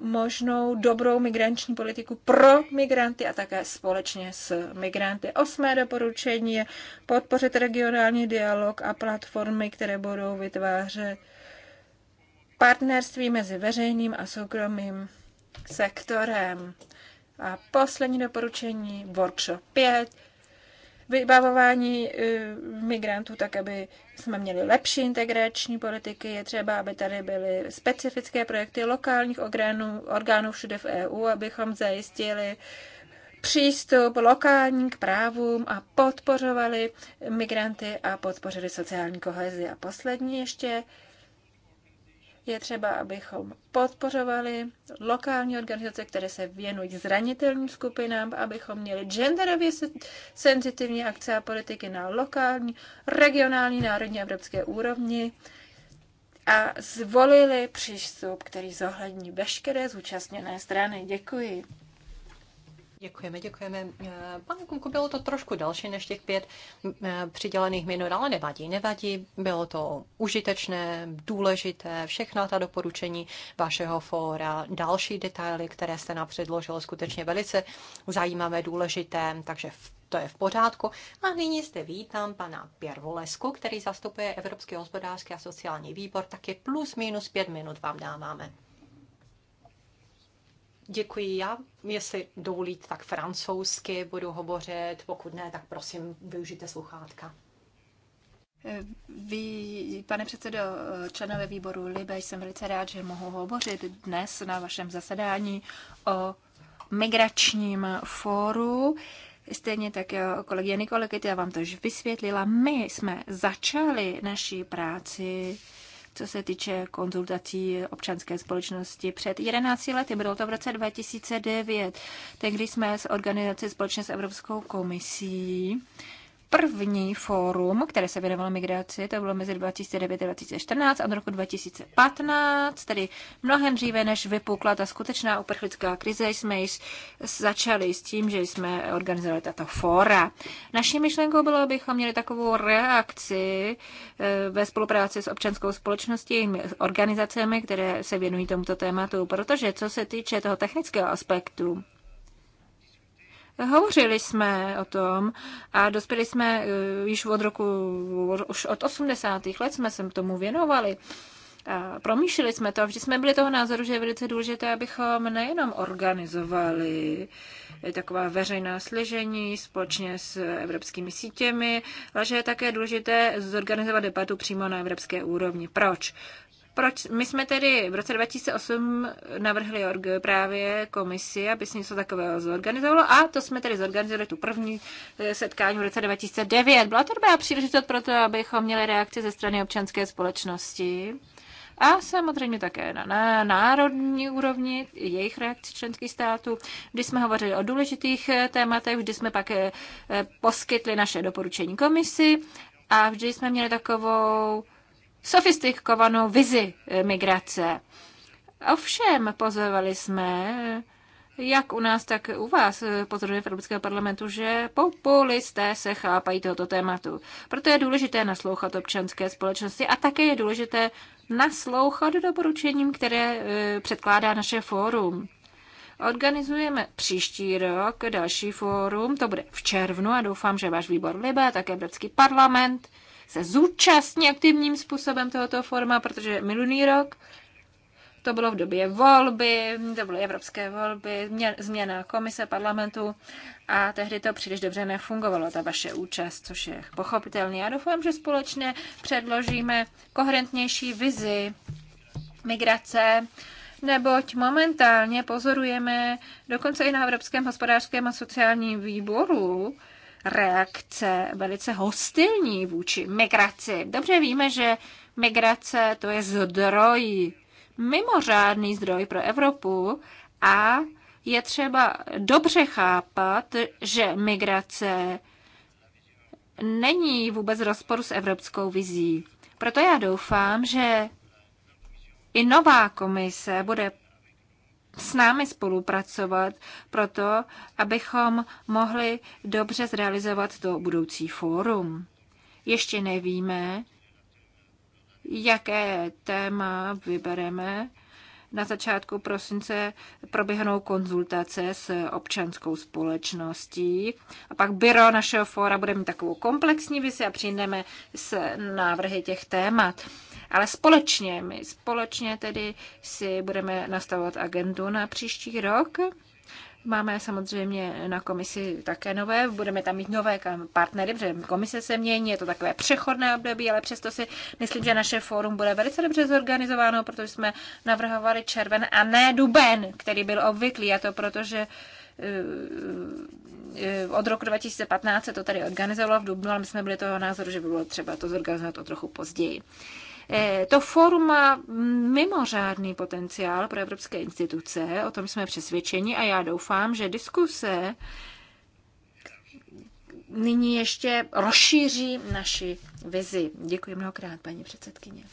možnou dobrou migranční politiku pro migranty a také společně s migranty. Osmé doporučení je podpořit regionální dialog a platformy, které budou vytvářet partnerství mezi veřejným a soukromým sektorem. A poslední doporučení, workshop 5, vybavování eh, migrantů, tak aby jsme měli lepší integrační politiky. Je třeba, aby tady byly specifické projekty lokálních orgánů, orgánů všude v EU, abychom zajistili přístup lokální k právům a podpořovali migranty a podpořili sociální kohezi. A poslední ještě je třeba, abychom podpořovali lokální organizace, které se věnují zranitelným skupinám, abychom měli genderově senzitivní akce a politiky na lokální, regionální, národní a evropské úrovni a zvolili přístup, který zohlední veškeré zúčastněné strany. Děkuji. Děkujeme, děkujeme. Eh, pane Kunku, bylo to trošku další než těch pět eh, přidělených minut, ale nevadí, nevadí. Bylo to užitečné, důležité, všechna ta doporučení vašeho fóra, další detaily, které jste nám předložilo, skutečně velice zajímavé, důležité, takže to je v pořádku. A nyní zde vítám pana Pěrvolesku, který zastupuje Evropský hospodářský a sociální výbor, taky plus minus pět minut vám dáváme. Děkuji. Já, jestli dovolíte, tak francouzsky budu hovořit, pokud ne, tak prosím, využijte sluchátka. Vy, pane předsedo, členové výboru Libe, jsem velice rád, že mohu hovořit dnes na vašem zasedání o migračním fóru. Stejně tak jako kolegy Nikolekity, já vám to už vysvětlila. My jsme začali naší práci co se týče konzultací občanské společnosti. Před 11 lety, bylo to v roce 2009, tehdy jsme s organizací společně s Evropskou komisí první fórum, které se věnovalo migraci, to bylo mezi 2009 a 2014 a do roku 2015, tedy mnohem dříve, než vypukla ta skutečná uprchlická krize, jsme již začali s tím, že jsme organizovali tato fóra. Naší myšlenkou bylo, abychom měli takovou reakci eh, ve spolupráci s občanskou společností, organizacemi, které se věnují tomuto tématu, protože co se týče toho technického aspektu, Hovořili jsme o tom a dospěli jsme eh, již od roku, už od 80. let jsme se tomu věnovali. A promýšleli jsme to a vždy jsme byli toho názoru, že je velice důležité, abychom nejenom organizovali eh, taková veřejná slyšení společně s evropskými sítěmi, ale že je také důležité zorganizovat debatu přímo na evropské úrovni. Proč? Proč? My jsme tedy v roce 2008 navrhli právě komisi, aby se něco takového zorganizovalo a to jsme tedy zorganizovali tu první eh, setkání v roce 2009. Byla to dobrá příležitost pro to, abychom měli reakci ze strany občanské společnosti a samozřejmě také na, na národní úrovni jejich reakci členských států. Kdy jsme hovořili o důležitých eh, tématech, vždy jsme pak eh, poskytli naše doporučení komisi a vždy jsme měli takovou sofistikovanou vizi eh, migrace. Ovšem, pozorovali jsme, eh, jak u nás, tak u vás, eh, pozoruje v Evropského parlamentu, že populisté se chápají tohoto tématu. Proto je důležité naslouchat občanské společnosti a také je důležité naslouchat doporučením, které předkládá naše fórum. Organizujeme příští rok další fórum, to bude v červnu a doufám, že váš výbor Libe, také Evropský parlament, se zúčastní aktivním způsobem tohoto forma, protože minulý rok to bylo v době volby, to byly evropské volby, změna komise parlamentu a tehdy to příliš dobře nefungovalo, ta vaše účast, což je pochopitelné. Já doufám, že společně předložíme koherentnější vizi migrace, neboť momentálně pozorujeme dokonce i na Evropském hospodářském a sociálním výboru, reakce velice hostilní vůči migraci. Dobře víme, že migrace to je zdroj, mimořádný zdroj pro Evropu a je třeba dobře chápat, že migrace není vůbec rozporu s evropskou vizí. Proto já doufám, že i nová komise bude s námi spolupracovat proto, abychom mohli dobře zrealizovat to budoucí fórum. Ještě nevíme, jaké téma vybereme. Na začátku prosince proběhnou konzultace s občanskou společností a pak byro našeho fóra bude mít takovou komplexní visi a přijdeme s návrhy těch témat. Ale společně, my společně tedy si budeme nastavovat agendu na příští rok. Máme samozřejmě na komisi také nové, budeme tam mít nové partnery, protože komise se mění, je to takové přechodné období, ale přesto si myslím, že naše fórum bude velice dobře zorganizováno, protože jsme navrhovali červen a ne duben, který byl obvyklý, a to protože eh, eh, od roku 2015 se to tady organizovalo v Dubnu, ale my jsme byli toho názoru, že by bylo třeba to zorganizovat o trochu později. Eh, to fórum má mimořádný potenciál pro evropské instituce, o tom jsme přesvědčeni a já doufám, že diskuse nyní ještě rozšíří naši vizi. Děkuji mnohokrát, paní předsedkyně.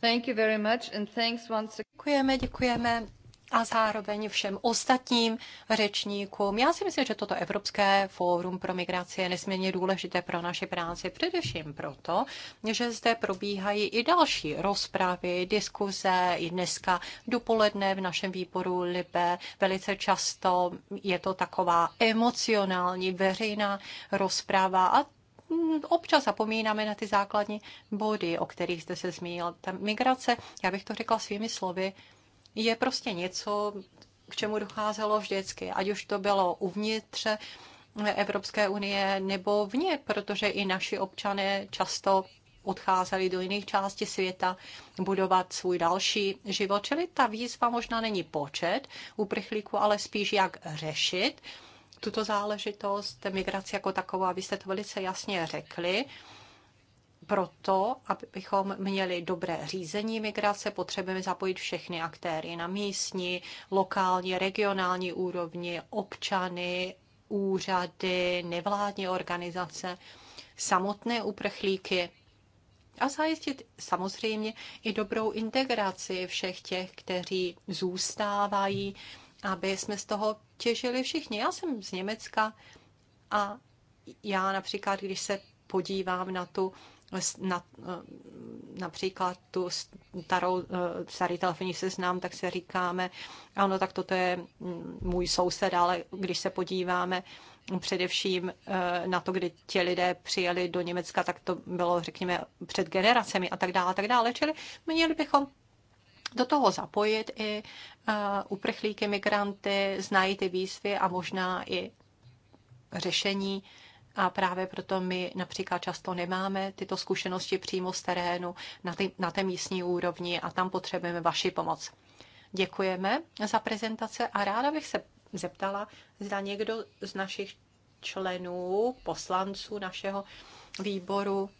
Thank you very much and thanks once... again. Děkujeme, děkujeme a zároveň všem ostatním řečníkům. Já si myslím, že toto Evropské fórum pro migraci je nesmírně důležité pro naši práci, především proto, že zde probíhají i další rozpravy, diskuze, i dneska dopoledne v našem výboru Libe. Velice často je to taková emocionální veřejná rozprava a občas zapomínáme na ty základní body, o kterých jste se zmínil. Ta migrace, já bych to řekla svými slovy, je prostě něco, k čemu docházelo vždycky, ať už to bylo uvnitř Evropské unie nebo vně, protože i naši občané často odcházeli do jiných částí světa budovat svůj další život. Čili ta výzva možná není počet uprchlíků, ale spíš jak řešit tuto záležitost, migraci jako takovou, abyste to velice jasně řekli proto, abychom měli dobré řízení migrace, potřebujeme zapojit všechny aktéry na místní, lokální, regionální úrovni, občany, úřady, nevládní organizace, samotné uprchlíky a zajistit samozřejmě i dobrou integraci všech těch, kteří zůstávají, aby jsme z toho těžili všichni. Já jsem z Německa a já například, když se podívám na tu na, eh, například tu starou, eh, starý telefonní seznam, tak se říkáme, ano, tak toto je mm, můj soused, ale když se podíváme především eh, na to, kdy ti lidé přijeli do Německa, tak to bylo, řekněme, před generacemi a tak dále, a tak dále. Čili měli bychom do toho zapojit i uprchlíky, migranty, znají ty výzvy a možná i řešení a právě proto my například často nemáme tyto zkušenosti přímo z terénu na, ty, na té místní úrovni a tam potřebujeme vaši pomoc. Děkujeme za prezentace a ráda bych se zeptala, zda někdo z našich členů, poslanců našeho výboru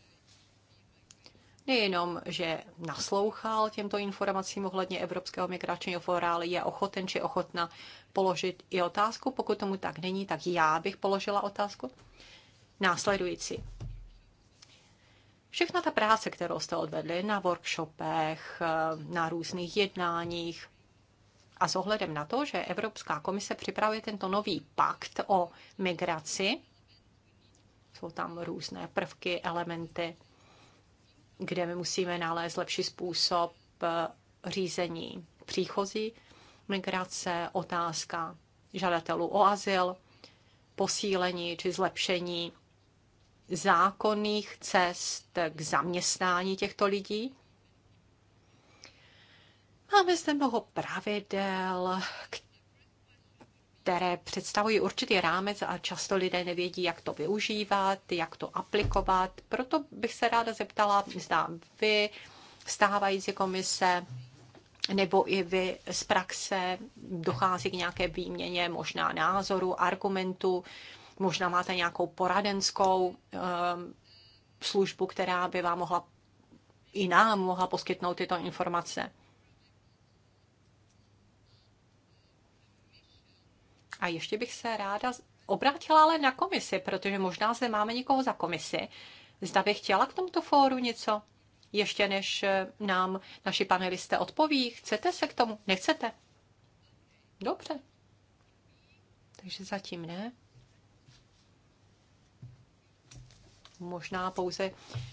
nejenom, že naslouchal těmto informacím ohledně Evropského migračního fóra, ale je ochoten či ochotna položit i otázku. Pokud tomu tak není, tak já bych položila otázku následující. Všechna ta práce, kterou jste odvedli na workshopech, na různých jednáních a s ohledem na to, že Evropská komise připravuje tento nový pakt o migraci, jsou tam různé prvky, elementy, kde my musíme nalézt lepší způsob eh, řízení příchozí migrace, otázka žadatelů o azyl, posílení či zlepšení zákonných cest k zaměstnání těchto lidí. Máme zde mnoho pravidel, které představují určitý rámec a často lidé nevědí, jak to využívat, jak to aplikovat. Proto bych se ráda zeptala, zda vy, stávající komise, nebo i vy z praxe dochází k nějaké výměně možná názoru, argumentu Možná máte nějakou poradenskou ehm, službu, která by vám mohla i nám mohla poskytnout tyto informace. A ještě bych se ráda obrátila ale na komisi, protože možná zde máme někoho za komisi. Zda bych chtěla k tomuto fóru něco, ještě než eh, nám naši panelisté odpoví. Chcete se k tomu? Nechcete? Dobře. Takže zatím ne. možná pouze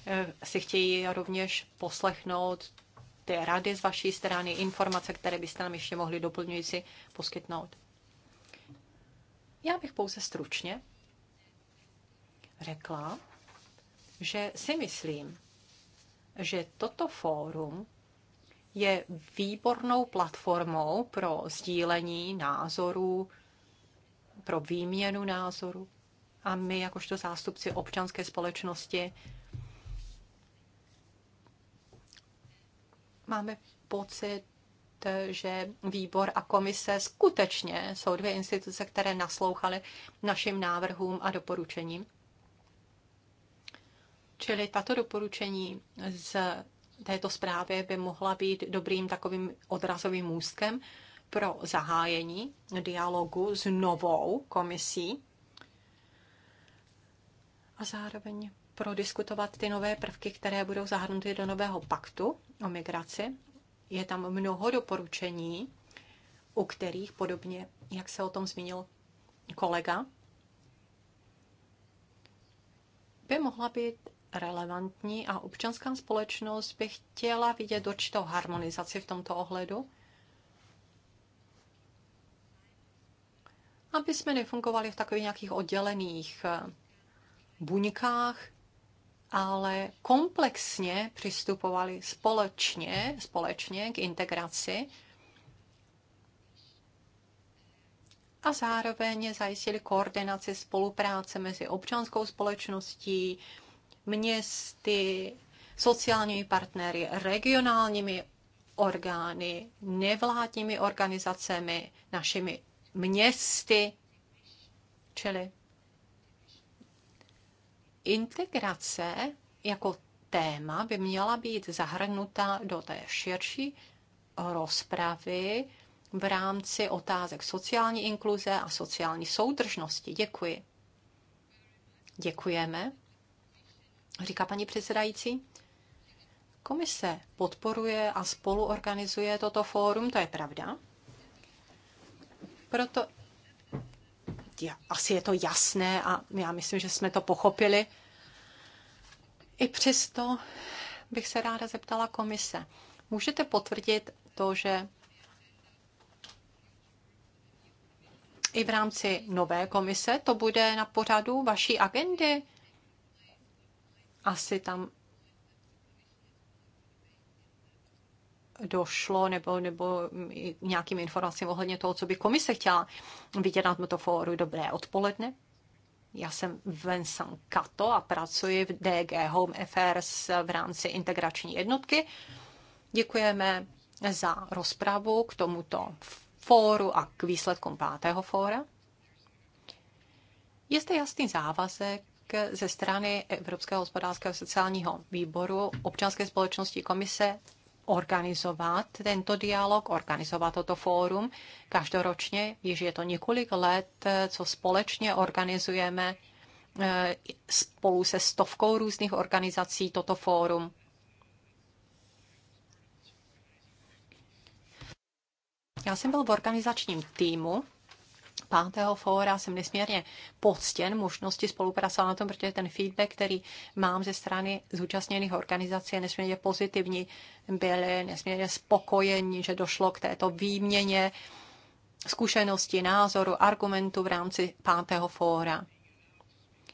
eh, si chtějí rovněž poslechnout ty rady z vaší strany, informace, které byste nám ještě mohli doplňující poskytnout. Já bych pouze stručně řekla, že si myslím, že toto fórum je výbornou platformou pro sdílení názorů, pro výměnu názorů a my, jakožto zástupci občanské společnosti, máme pocit, že výbor a komise skutečně jsou dvě instituce, které naslouchaly našim návrhům a doporučením. Čili tato doporučení z této zprávy by mohla být dobrým takovým odrazovým můstkem pro zahájení dialogu s novou komisí a zároveň prodiskutovat ty nové prvky, které budou zahrnuty do nového paktu o migraci. Je tam mnoho doporučení, u kterých, podobně jak se o tom zmínil kolega, by mohla být relevantní a občanská společnost by chtěla vidět určitou harmonizaci v tomto ohledu, aby jsme nefungovali v takových nějakých oddělených eh, buňkách, ale komplexně přistupovali společně, společně k integraci a zároveň zajistili koordinaci spolupráce mezi občanskou společností, městy, sociálními partnery, regionálními orgány, nevládními organizacemi, našimi městy, čili integrace jako téma by měla být zahrnuta do té širší rozpravy v rámci otázek sociální inkluze a sociální soudržnosti. Děkuji. Děkujeme, říká paní předsedající. Komise podporuje a spoluorganizuje toto fórum, to je pravda. Proto asi je to jasné a já myslím, že jsme to pochopili. I přesto bych se ráda zeptala komise. Můžete potvrdit to, že i v rámci nové komise to bude na pořadu vaší agendy? Asi tam došlo nebo, nebo nějakým informacím ohledně toho, co by komise chtěla vidět na tomto fóru. Dobré odpoledne. Já jsem Vincent Kato a pracuji v DG Home Affairs v rámci integrační jednotky. Děkujeme za rozpravu k tomuto fóru a k výsledkům pátého fóra. Je zde jasný závazek ze strany Evropského hospodářského sociálního výboru, občanské společnosti komise organizovat tento dialog, organizovat toto fórum. Každoročně, již je to několik let, co společně organizujeme e, spolu se stovkou různých organizací toto fórum. Já jsem byl v organizačním týmu pátého fóra jsem nesmírně poctěn možnosti spolupracovat na tom, protože ten feedback, který mám ze strany zúčastněných organizací, je nesmírně pozitivní. Byli nesmírně spokojeni, že došlo k této výměně zkušenosti, názoru, argumentu v rámci pátého fóra.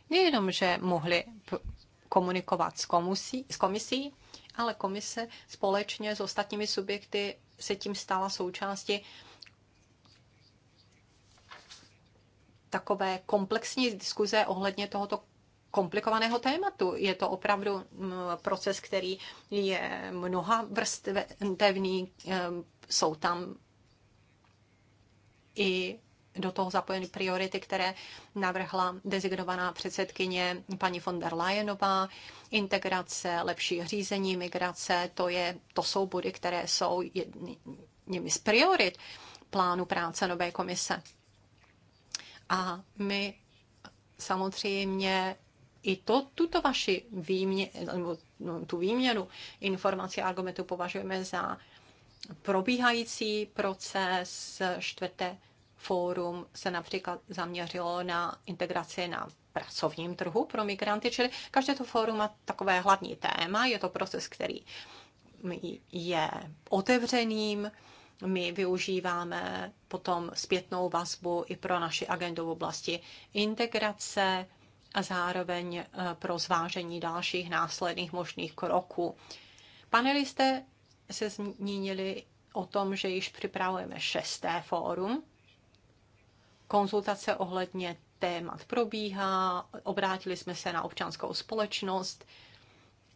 Nejenom, že mohli komunikovat s komusí, s komisí, ale komise společně s ostatními subjekty se tím stala součástí takové komplexní diskuze ohledně tohoto komplikovaného tématu. Je to opravdu mm, proces, který je mnoha vrstevný, jsou tam i do toho zapojeny priority, které navrhla dezignovaná předsedkyně paní von der Leyenová. Integrace, lepší řízení, migrace, to, je, to jsou body, které jsou jednými z priorit plánu práce nové komise. A my samozřejmě i to, tuto vaši výměnu, nebo no, tu výměnu informací a argumentů považujeme za probíhající proces. Čtvrté fórum se například zaměřilo na integraci na pracovním trhu pro migranty, čili každé to fórum má takové hlavní téma, je to proces, který je otevřeným, my využíváme potom zpětnou vazbu i pro naši agendu v oblasti integrace a zároveň e, pro zvážení dalších následných možných kroků. Panelisté se zmínili o tom, že již připravujeme šesté fórum. Konzultace ohledně témat probíhá, obrátili jsme se na občanskou společnost,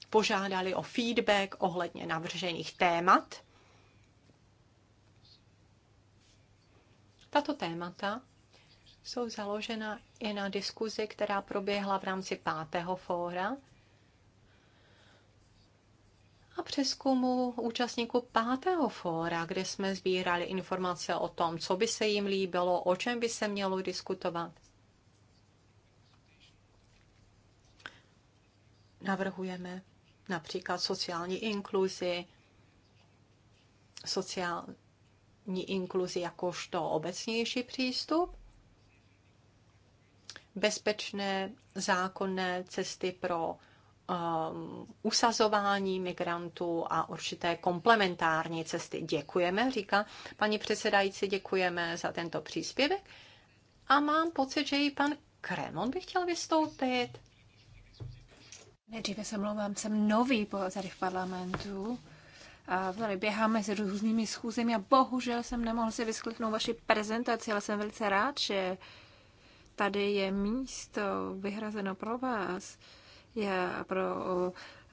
požádali o feedback ohledně navržených témat Tato témata jsou založena i na diskuzi, která proběhla v rámci pátého fóra a přeskumu účastníků pátého fóra, kde jsme sbírali informace o tom, co by se jim líbilo, o čem by se mělo diskutovat. Navrhujeme například sociální inkluzi, sociální inkluzi jakožto obecnější přístup, bezpečné zákonné cesty pro um, usazování migrantů a určité komplementární cesty. Děkujeme, říká paní předsedající, děkujeme za tento příspěvek. A mám pocit, že i pan Kremon by chtěl vystoupit. Nejdříve se mluvám, jsem nový tady v parlamentu a tady běháme mezi různými schůzemi a bohužel jsem nemohl si vyslechnout vaši prezentaci, ale jsem velice rád, že tady je místo vyhrazeno pro vás. Já pro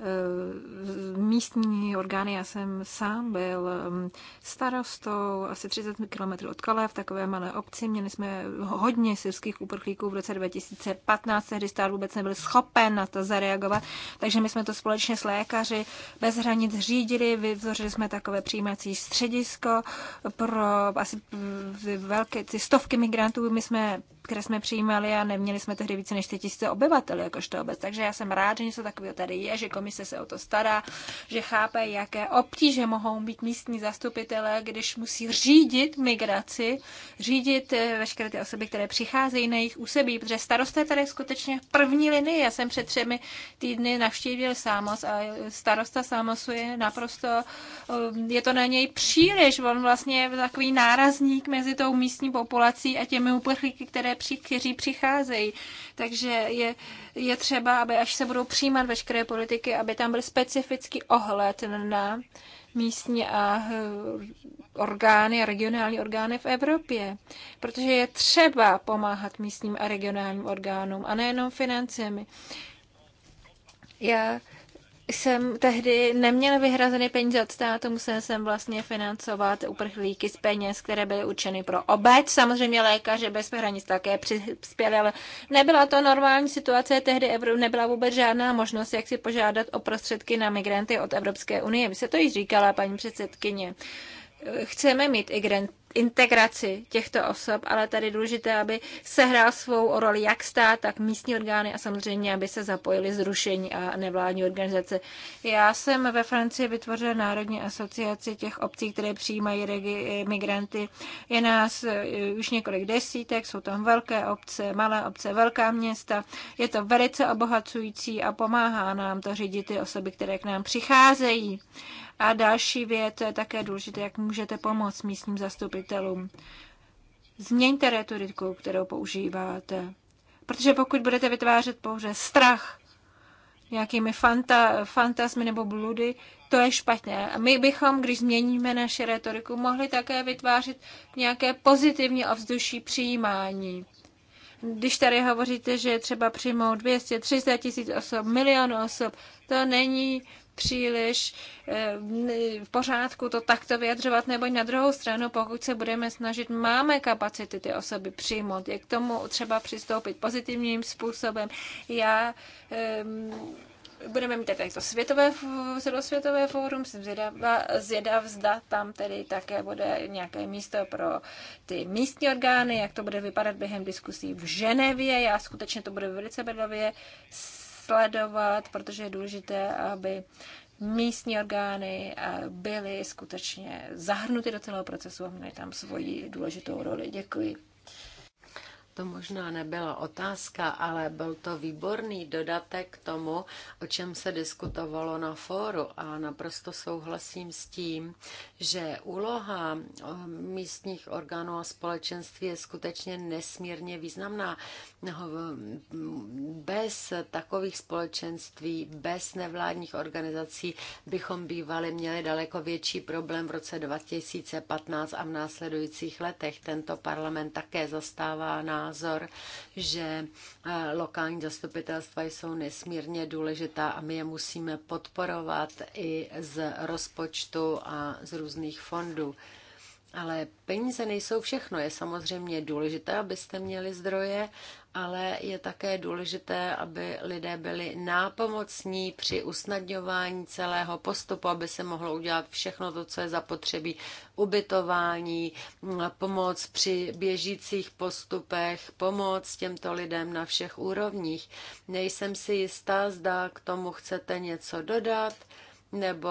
Eh, místní orgány. Já jsem sám byl mm, starostou asi 30 km od Kale v takové malé obci. Měli jsme hodně syrských uprchlíků v roce 2015, kdy stát vůbec nebyl schopen na to zareagovat, takže my jsme to společně s lékaři bez hranic řídili, Vyvzořili jsme takové přijímací středisko pro asi mm, velké ty stovky migrantů. My jsme které jsme přijímali a neměli jsme tehdy více než 4000 obyvatel jakožto obec. Takže já jsem rád, že něco takového tady je, že komise se o to stará, že chápe, jaké obtíže mohou být místní zastupitelé, když musí řídit migraci, řídit eh, veškeré ty osoby, které přicházejí na jejich úsebí, protože starosté tady skutečně v první linii. Já jsem před třemi týdny navštívil Sámos a starosta Sámosu je naprosto, um, je to na něj příliš. On vlastně je takový nárazník mezi tou místní populací a těmi uprchlíky, které při kteří přicházejí. Takže je, je třeba, aby až se budou přijímat veškeré politiky, aby tam byl specifický ohled na místní a eh, orgány, regionální orgány v Evropě. Protože je třeba pomáhat místním a regionálním orgánům a nejenom financemi. Já jsem tehdy neměl vyhrazeny peníze od státu, musel jsem vlastně financovat uprchlíky z peněz, které byly určeny pro obec. Samozřejmě lékaře bez hranic také přispěli, ale nebyla to normální situace. Tehdy nebyla vůbec žádná možnost, jak si požádat o prostředky na migranty od Evropské unie. Vy se to již říkala, paní předsedkyně. Chceme mít integraci těchto osob, ale tady je důležité, aby sehrál svou roli jak stát, tak místní orgány a samozřejmě, aby se zapojili zrušení a nevládní organizace. Já jsem ve Francii vytvořila Národní asociaci těch obcí, které přijímají regi- migranty. Je nás eh, už několik desítek, jsou tam velké obce, malé obce, velká města. Je to velice obohacující a pomáhá nám to řídit ty osoby, které k nám přicházejí. A další věc, to je také důležité, jak můžete pomoct místním zastupitelům. Změňte retoriku, kterou používáte. Protože pokud budete vytvářet pouze strach nějakými fanta, fantasmy nebo bludy, to je špatné. A my bychom, když změníme naši retoriku, mohli také vytvářet nějaké pozitivní ovzduší přijímání. Když tady hovoříte, že je třeba přijmout 200, 300 tisíc osob, milion osob, to není příliš eh, v pořádku to takto vyjadřovat, nebo na druhou stranu, pokud se budeme snažit, máme kapacity ty osoby přijmout. Je k tomu třeba přistoupit pozitivním způsobem. Já ehm, budeme mít tady to světové, celosvětové fórum, jsem zvědavá, zvědav, zda tam tedy také bude nějaké místo pro ty místní orgány, jak to bude vypadat během diskusí v Ženevě. Já skutečně to bude velice bedlově sledovat, protože je důležité, aby místní orgány eh, byly skutečně zahrnuty do celého procesu a měly tam svoji důležitou roli. Děkuji. To možná nebyla otázka, ale byl to výborný dodatek k tomu, o čem se diskutovalo na fóru a naprosto souhlasím s tím, že úloha eh, místních orgánů a společenství je skutečně nesmírně významná. Bez takových společenství, bez nevládních organizací bychom bývali měli daleko větší problém v roce 2015 a v následujících letech. Tento parlament také zastává na názor, že eh, lokální zastupitelstva jsou nesmírně důležitá a my je musíme podporovat i z rozpočtu a z různých fondů. Ale peníze nejsou všechno. Je samozřejmě důležité, abyste měli zdroje, ale je také důležité, aby lidé byli nápomocní při usnadňování celého postupu, aby se mohlo udělat všechno to, co je zapotřebí. Ubytování, pomoc při běžících postupech, pomoc těmto lidem na všech úrovních. Nejsem si jistá, zda k tomu chcete něco dodat nebo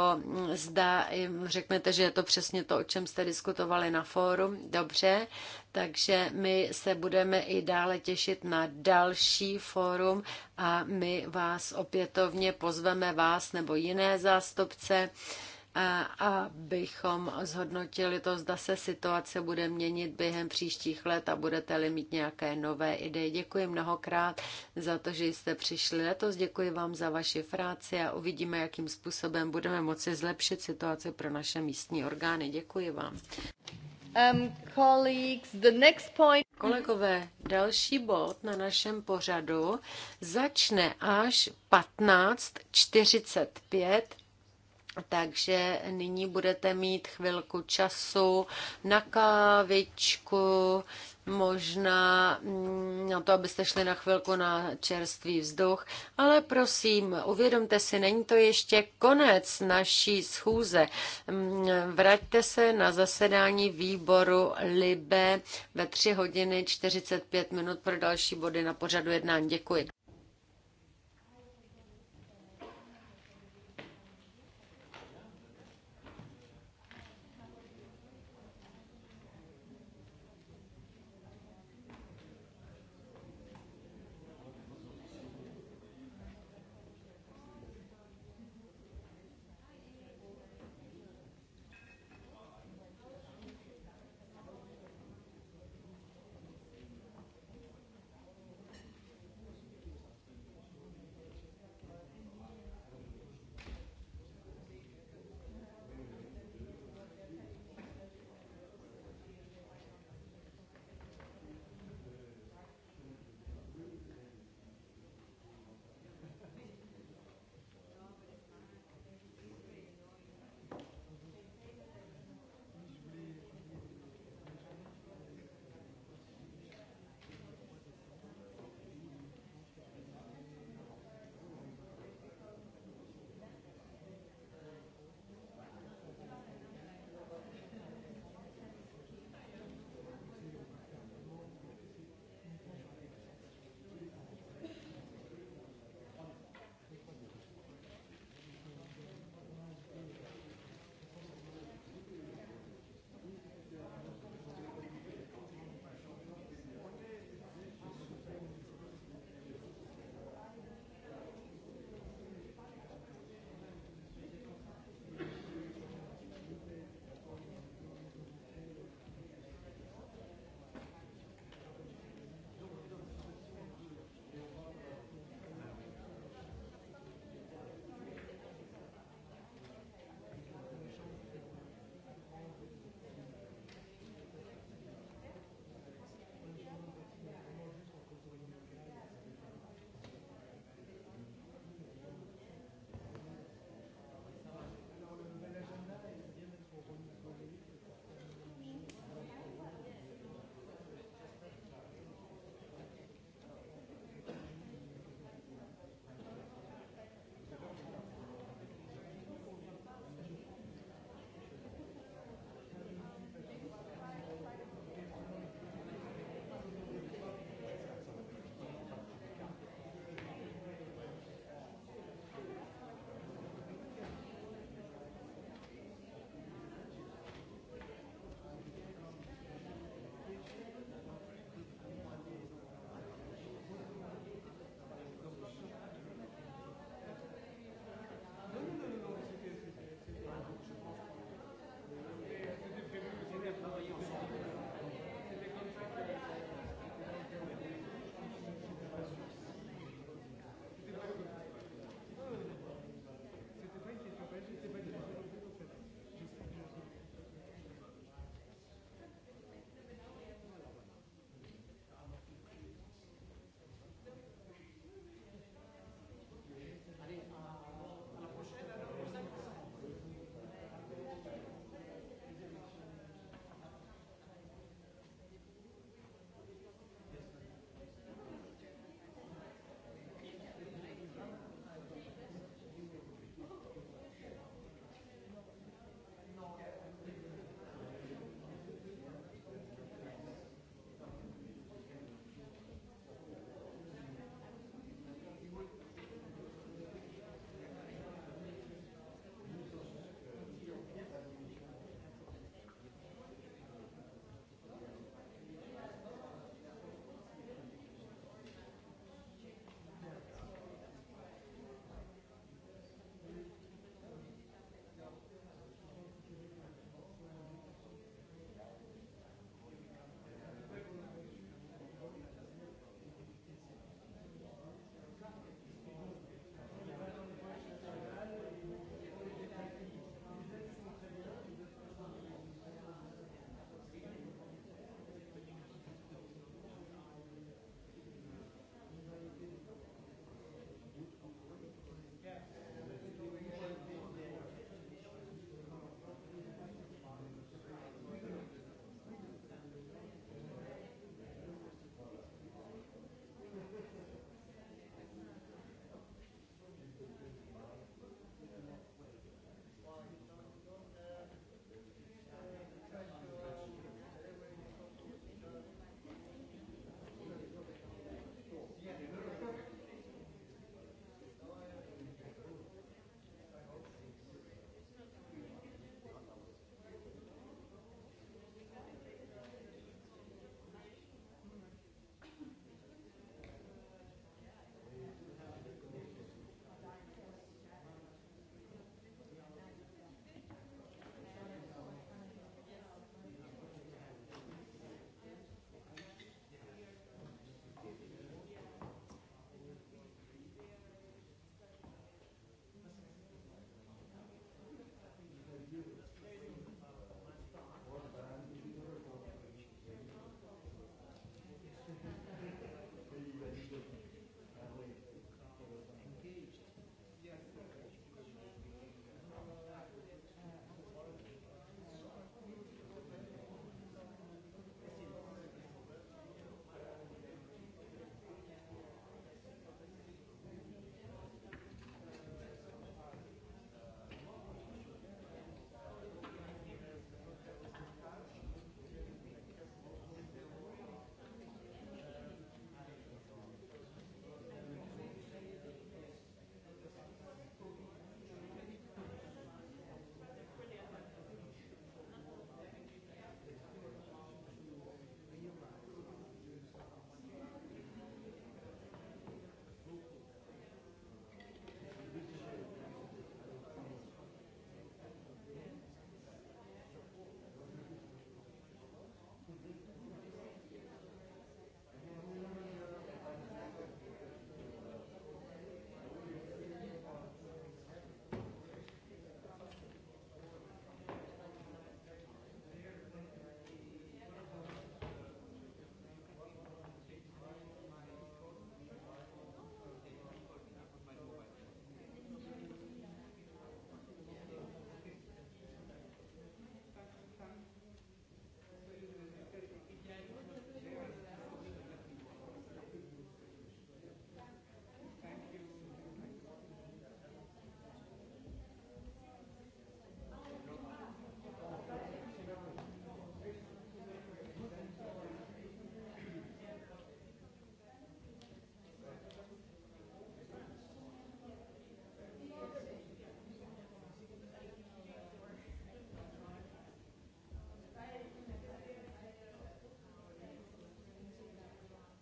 zda řeknete, že je to přesně to, o čem jste diskutovali na fórum. Dobře, takže my se budeme i dále těšit na další fórum a my vás opětovně pozveme vás nebo jiné zástupce abychom zhodnotili to, zda se situace bude měnit během příštích let a budete-li mít nějaké nové ideje. Děkuji mnohokrát za to, že jste přišli letos. Děkuji vám za vaši práci a uvidíme, jakým způsobem budeme moci zlepšit situaci pro naše místní orgány. Děkuji vám. Um, colleagues, the next point... Kolegové, další bod na našem pořadu začne až 15.45 takže nyní budete mít chvilku času na kávičku, možná mm, na to, abyste šli na chvilku na čerstvý vzduch. Ale prosím, uvědomte si, není to ještě konec naší schůze. Mm, vraťte se na zasedání výboru Libe ve 3 hodiny 45 minut pro další body na pořadu jednání. Děkuji.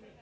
Thank you.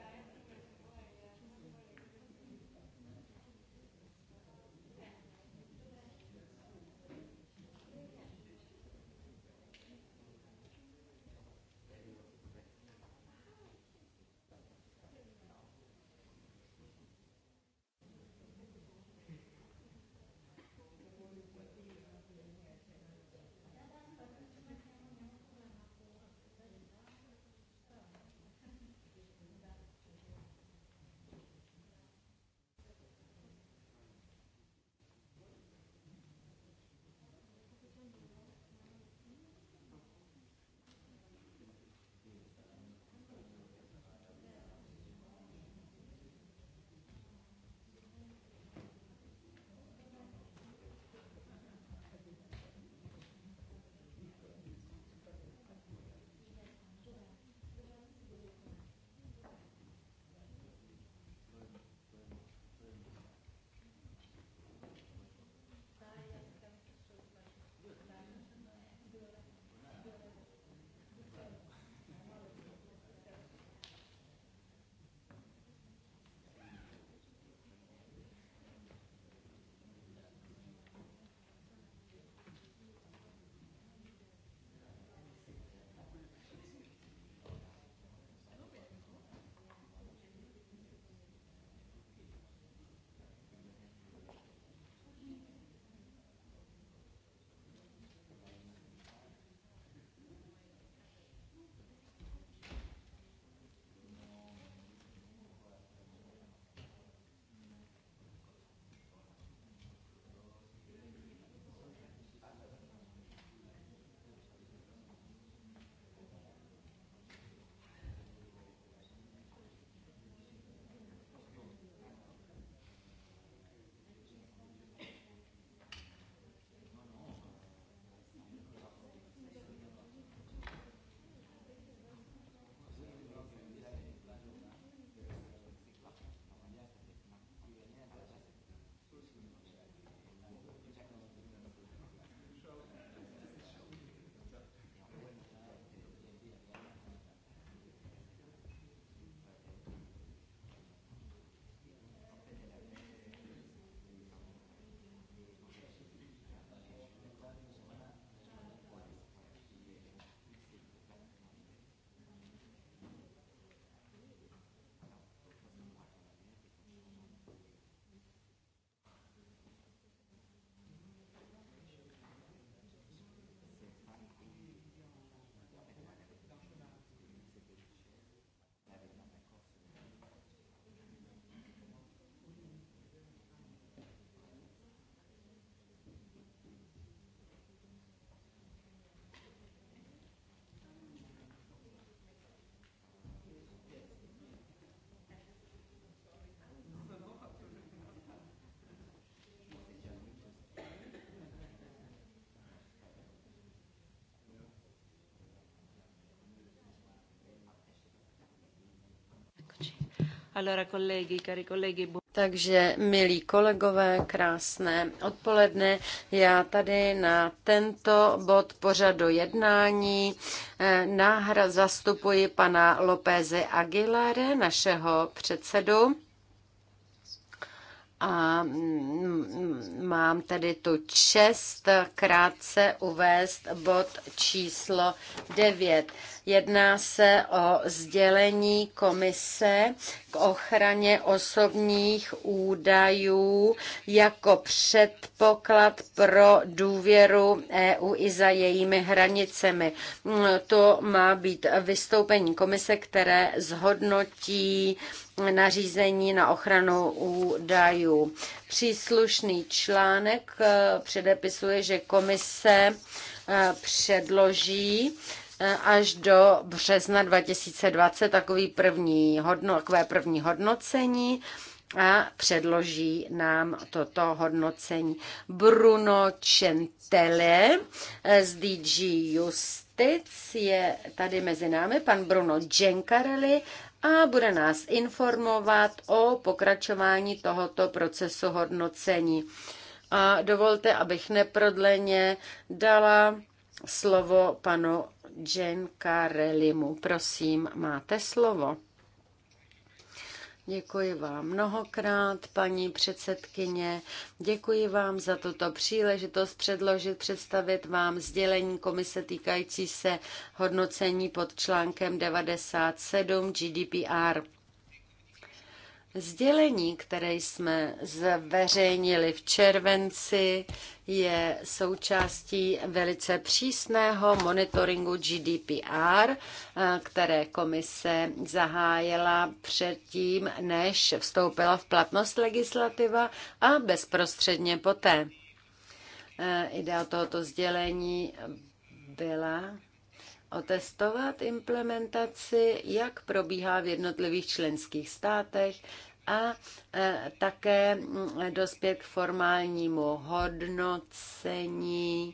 Takže, milí kolegové, krásné odpoledne. Já tady na tento bod pořadu jednání eh, náhra zastupuji pana Lopéze Aguilare, našeho předsedu a mám tedy tu čest krátce uvést bod číslo 9. Jedná se o sdělení komise k ochraně osobních údajů jako předpoklad pro důvěru EU i za jejími hranicemi. To má být vystoupení komise, které zhodnotí nařízení na ochranu údajů. Příslušný článek eh, předepisuje, že komise eh, předloží eh, až do března 2020 takový první hodno, takové první hodnocení a předloží nám toto hodnocení Bruno Centele z DG Justice je tady mezi námi pan Bruno Gencarelli a bude nás informovat o pokračování tohoto procesu hodnocení. A dovolte, abych neprodleně dala slovo panu Jen Karelimu. Prosím, máte slovo. Děkuji vám mnohokrát, paní předsedkyně. Děkuji vám za tuto příležitost předložit, představit vám sdělení komise týkající se hodnocení pod článkem 97 GDPR. Sdělení, které jsme zveřejnili v červenci, je součástí velice přísného monitoringu GDPR, eh, které komise zahájila předtím, než vstoupila v platnost legislativa a bezprostředně poté. Eh, Ideál tohoto sdělení byla otestovat implementaci, jak probíhá v jednotlivých členských státech a e, také mm, dospět k formálnímu hodnocení,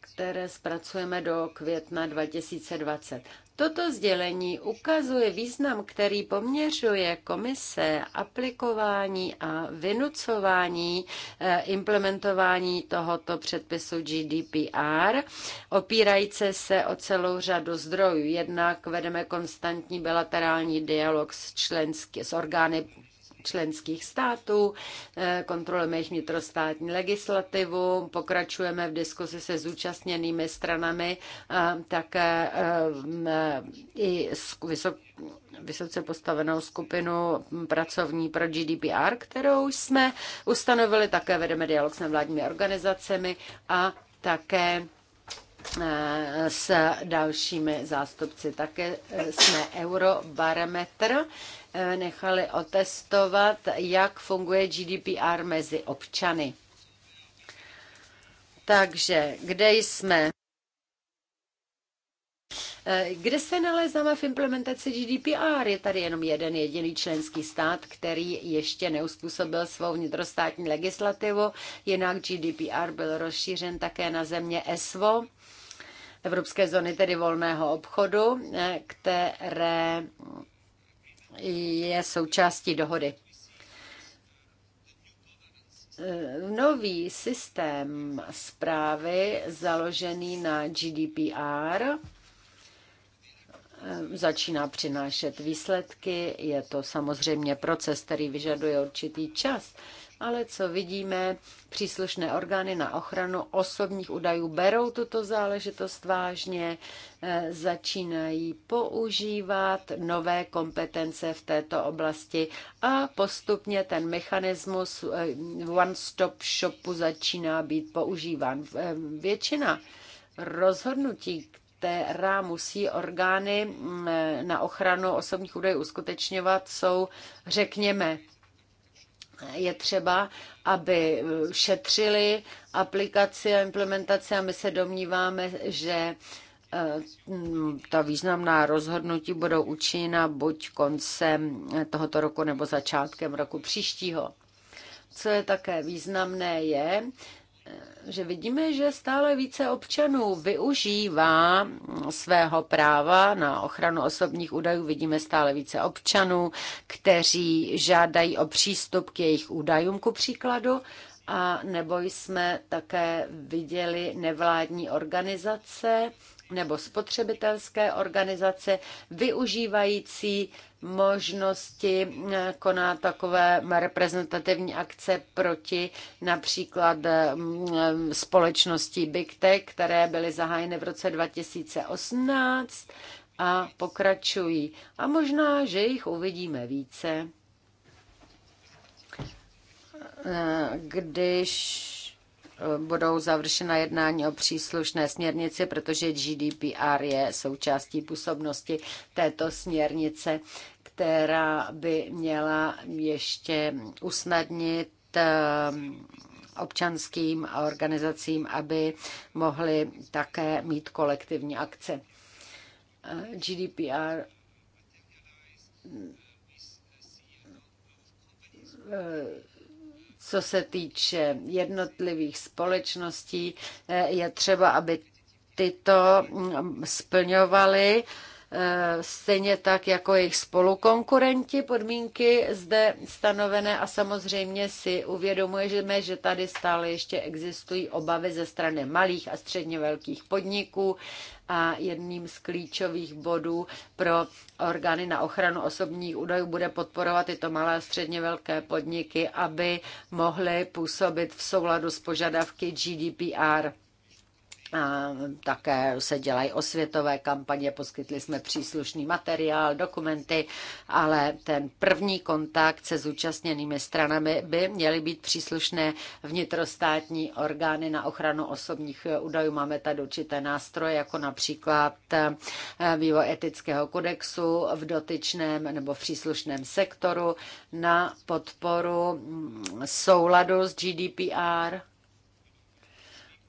které zpracujeme do května 2020. Toto sdělení ukazuje význam, který poměřuje komise aplikování a vynucování eh, implementování tohoto předpisu GDPR, opírající se o celou řadu zdrojů. Jednak vedeme konstantní bilaterální dialog s, členský, s orgány členských států, eh, kontrolujeme jejich vnitrostátní legislativu, pokračujeme v diskusi se zúčastněnými stranami, také eh, i vysok, vysoce postavenou skupinu pracovní pro GDPR, kterou jsme ustanovili, také vedeme dialog s nevládními organizacemi a také eh, s dalšími zástupci. Také jsme Eurobarometr, Eh, nechali otestovat, jak funguje GDPR mezi občany. Takže kde jsme? Eh, kde se nalézáme v implementaci GDPR? Je tady jenom jeden jediný členský stát, který ještě neuspůsobil svou vnitrostátní legislativu, jinak GDPR byl rozšířen také na země ESVO, Evropské zóny tedy volného obchodu, eh, které je součástí dohody. Nový systém zprávy založený na GDPR začíná přinášet výsledky. Je to samozřejmě proces, který vyžaduje určitý čas ale co vidíme, příslušné orgány na ochranu osobních údajů berou tuto záležitost vážně, e, začínají používat nové kompetence v této oblasti a postupně ten mechanismus e, one-stop shopu začíná být používán. E, většina rozhodnutí, která musí orgány na ochranu osobních údajů uskutečňovat, jsou, řekněme, je třeba, aby šetřili aplikaci a implementaci a my se domníváme, že eh, ta významná rozhodnutí budou učiněna buď koncem tohoto roku nebo začátkem roku příštího. Co je také významné, je, že vidíme, že stále více občanů využívá svého práva na ochranu osobních údajů. Vidíme stále více občanů, kteří žádají o přístup k jejich údajům, ku příkladu. A nebo jsme také viděli nevládní organizace, nebo spotřebitelské organizace využívající možnosti eh, koná takové reprezentativní akce proti například eh, mm, eh, společnosti Big Tech, které byly zahájeny v roce 2018 a pokračují. A možná, že jich uvidíme více, když budou završena jednání o příslušné směrnici, protože GDPR je součástí působnosti této směrnice, která by měla ještě usnadnit ehm, občanským a organizacím, aby mohli také mít kolektivní akce. GDPR ehm, co se týče jednotlivých společností, eh, je třeba, aby tyto mm, splňovaly eh, stejně tak jako jejich spolukonkurenti podmínky zde stanovené a samozřejmě si uvědomujeme, že tady stále ještě existují obavy ze strany malých a středně velkých podniků, a jedním z klíčových bodů pro orgány na ochranu osobních údajů bude podporovat tyto malé a středně velké podniky, aby mohly působit v souladu s požadavky GDPR také se dělají osvětové kampaně, poskytli jsme příslušný materiál, dokumenty, ale ten první kontakt se zúčastněnými stranami by měly být příslušné vnitrostátní orgány na ochranu osobních údajů. Máme tady určité nástroje, jako například eh, vývoj etického kodexu v dotyčném nebo v příslušném sektoru na podporu mm, souladu s GDPR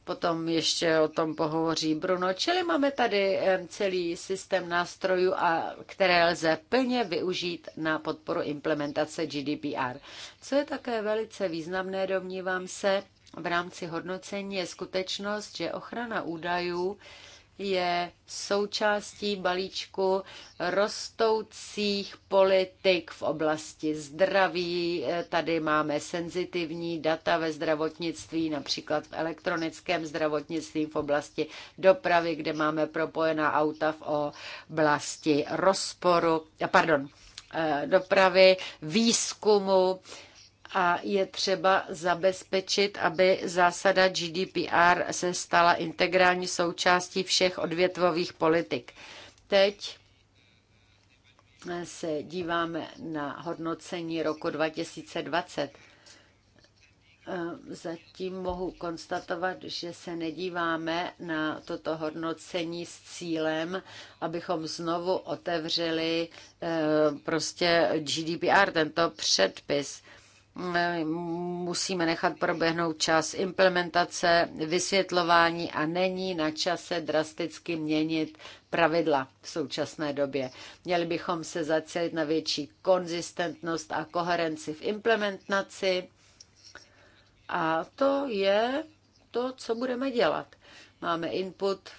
Potom ještě o tom pohovoří Bruno. Čili máme tady eh, celý systém nástrojů, a které lze plně využít na podporu implementace GDPR. Co je také velice významné, domnívám se, v rámci hodnocení je skutečnost, že ochrana údajů je součástí balíčku rostoucích politik v oblasti zdraví. Tady máme senzitivní data ve zdravotnictví, například v elektronickém zdravotnictví v oblasti dopravy, kde máme propojená auta v oblasti rozporu, pardon, eh, dopravy, výzkumu, a je třeba zabezpečit, aby zásada GDPR se stala integrální součástí všech odvětvových politik. Teď se díváme na hodnocení roku 2020. Eh, zatím mohu konstatovat, že se nedíváme na toto hodnocení s cílem, abychom znovu otevřeli eh, prostě GDPR, tento předpis musíme nechat proběhnout čas implementace, vysvětlování a není na čase drasticky měnit pravidla v současné době. Měli bychom se zacelit na větší konzistentnost a koherenci v implementaci a to je to, co budeme dělat. Máme input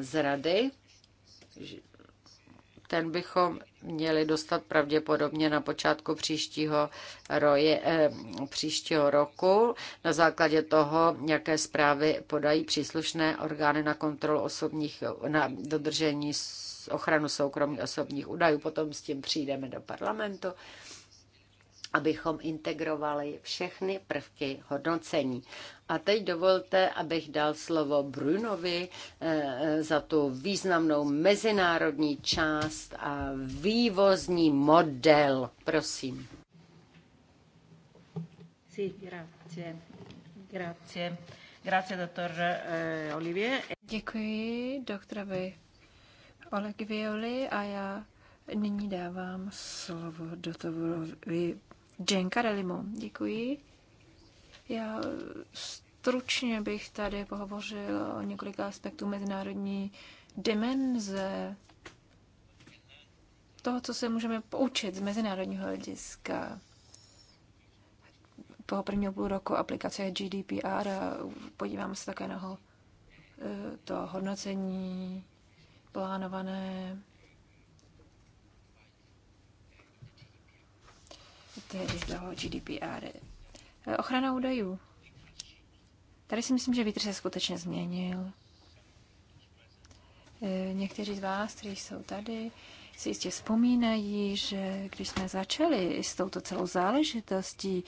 z rady, ten bychom měli dostat pravděpodobně na počátku příštího, roje, eh, příštího roku. Na základě toho, jaké zprávy podají příslušné orgány na kontrolu osobních, na dodržení ochranu soukromí osobních údajů. Potom s tím přijdeme do parlamentu abychom integrovali všechny prvky hodnocení. A teď dovolte, abych dal slovo Brunovi eh, za tu významnou mezinárodní část a vývozní model. Prosím. Sí, grazie. Grazie. Grazie, doktor eh, Olivier. Děkuji doktorovi Olegvioli a já nyní dávám slovo doktorovi Jenka Relimo. Děkuji. Já stručně bych tady pohovořil o několika aspektů mezinárodní dimenze toho, co se můžeme poučit z mezinárodního hlediska Po prvního půl roku aplikace GDPR a podíváme se také na ho, eh, to hodnocení plánované tedy toho GDPR. Eh, ochrana údajů. Tady si myslím, že vítr se skutečně změnil. Eh, někteří z vás, kteří jsou tady, si jistě vzpomínají, že když jsme začali s touto celou záležitostí,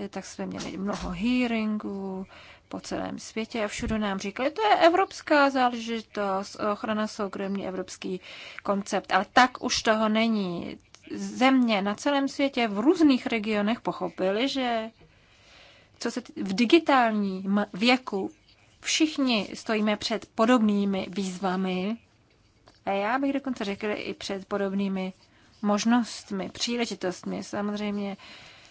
eh, tak jsme měli mnoho hearingů po celém světě a všude nám říkali, to je evropská záležitost, ochrana soukromí, evropský koncept, ale tak už toho není země na celém světě v různých regionech pochopili, že co se v digitálním věku všichni stojíme před podobnými výzvami a já bych dokonce řekl i před podobnými možnostmi, příležitostmi. Samozřejmě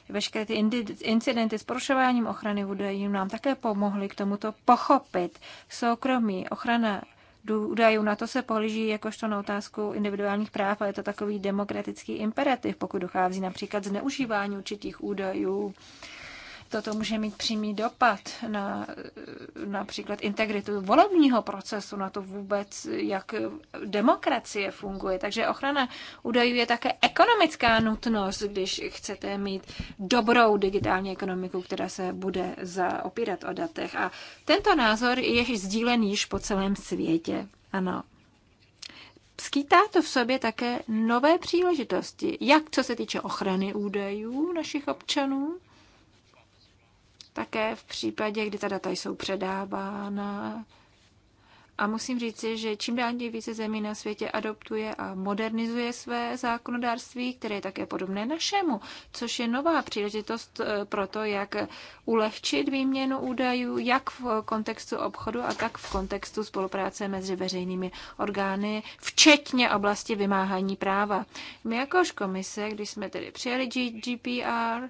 veškeré ty incidenty s porušováním ochrany údajů nám také pomohly k tomuto pochopit. Soukromí, ochrana údajů. Na to se pohlíží jakožto na otázku individuálních práv ale je to takový demokratický imperativ, pokud dochází například zneužívání určitých údajů. Toto může mít přímý dopad na například integritu volebního procesu, na to vůbec, jak demokracie funguje. Takže ochrana údajů je také ekonomická nutnost, když chcete mít dobrou digitální ekonomiku, která se bude zaopírat o datech. A tento názor je sdílen již po celém světě. Ano, skýtá to v sobě také nové příležitosti, jak co se týče ochrany údajů našich občanů, také v případě, kdy ta data jsou předávána. A musím říci, že čím dál tím více zemí na světě adoptuje a modernizuje své zákonodárství, které je také podobné našemu, což je nová příležitost eh, pro to, jak ulehčit výměnu údajů, jak v kontextu obchodu a tak v kontextu spolupráce mezi veřejnými orgány, včetně oblasti vymáhání práva. My jakož komise, když jsme tedy přijali GDPR,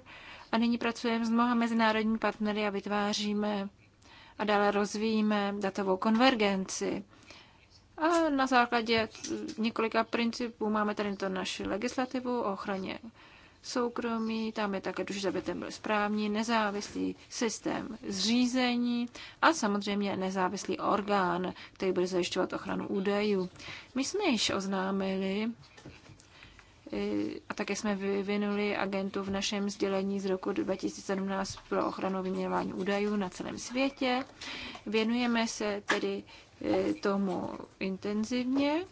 a nyní pracujeme s mnoha mezinárodními partnery a vytváříme a dále rozvíjíme datovou konvergenci. A na základě několika principů máme tady to naši legislativu o ochraně soukromí, tam je také důležité, aby ten byl správní, nezávislý systém zřízení a samozřejmě nezávislý orgán, který bude zajišťovat ochranu údajů. My jsme již oznámili, a také jsme vyvinuli agentu v našem sdělení z roku 2017 pro ochranu vyměňování údajů na celém světě. Věnujeme se tedy e, tomu intenzivně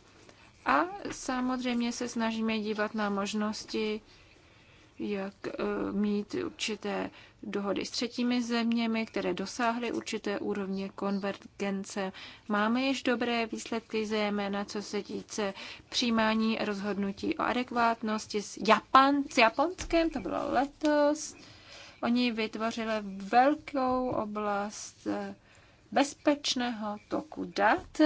a samozřejmě se snažíme dívat na možnosti, jak e, mít určité dohody s třetími zeměmi, které dosáhly určité úrovně konvergence. Máme již dobré výsledky, zejména co se týče přijímání rozhodnutí o adekvátnosti s, Japan, s Japonskem, to bylo letos. Oni vytvořili velkou oblast eh, bezpečného toku dat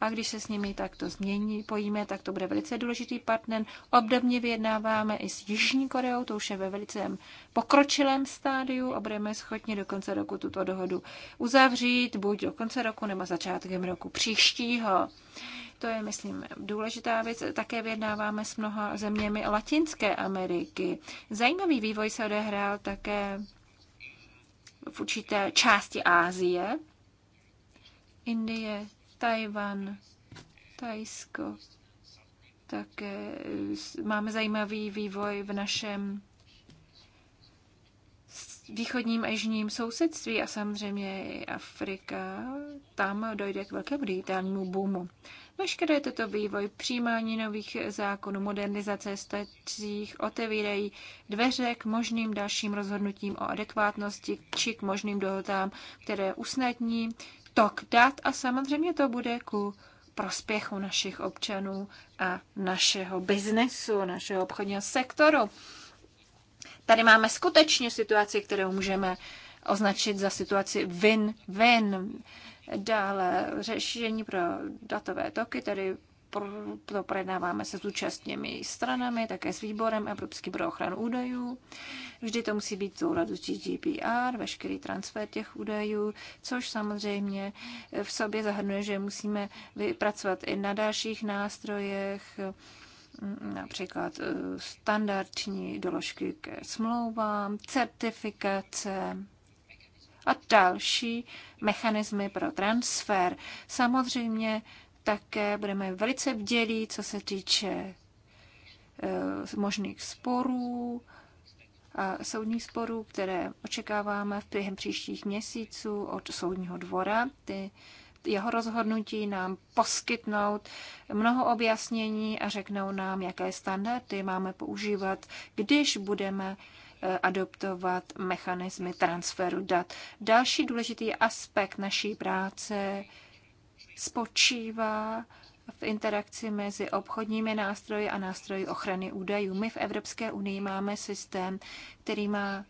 a když se s nimi takto změní, pojíme, tak to bude velice důležitý partner. Obdobně vyjednáváme i s Jižní Koreou, to už je ve velice pokročilém stádiu a budeme schopni do konce roku tuto dohodu uzavřít, buď do konce roku nebo začátkem roku příštího. To je, myslím, důležitá věc. Také vyjednáváme s mnoha zeměmi Latinské Ameriky. Zajímavý vývoj se odehrál také v určité části Ázie. Indie, Tajvan, Tajsko. Také eh, máme zajímavý vývoj v našem východním a jižním sousedství a samozřejmě i Afrika, tam dojde k velkému digitálnímu boomu. Veškeré toto vývoj, přijímání nových zákonů, modernizace stacích otevírají dveře k možným dalším rozhodnutím o adekvátnosti či k možným dohodám, které usnadní tok dat a samozřejmě to bude ku prospěchu našich občanů a našeho biznesu, našeho obchodního sektoru. Tady máme skutečně situaci, kterou můžeme označit za situaci win-win. Dále řešení pro datové toky, tedy to projednáváme se zúčastněnými stranami, také s výborem Evropský pro ochranu údajů. Vždy to musí být v souladu s GDPR, veškerý transfer těch údajů, což samozřejmě v sobě zahrnuje, že musíme vypracovat i na dalších nástrojech, například eh, standardní doložky ke smlouvám, certifikace a další mechanismy pro transfer. Samozřejmě také budeme velice vdělí, co se týče eh, možných sporů a soudních sporů, které očekáváme v během příštích měsíců od soudního dvora. Ty jeho rozhodnutí nám poskytnout mnoho objasnění a řeknou nám, jaké standardy máme používat, když budeme eh, adoptovat mechanismy transferu dat. Další důležitý aspekt naší práce spočívá v interakci mezi obchodními nástroji a nástroji ochrany údajů. My v Evropské unii máme systém, který má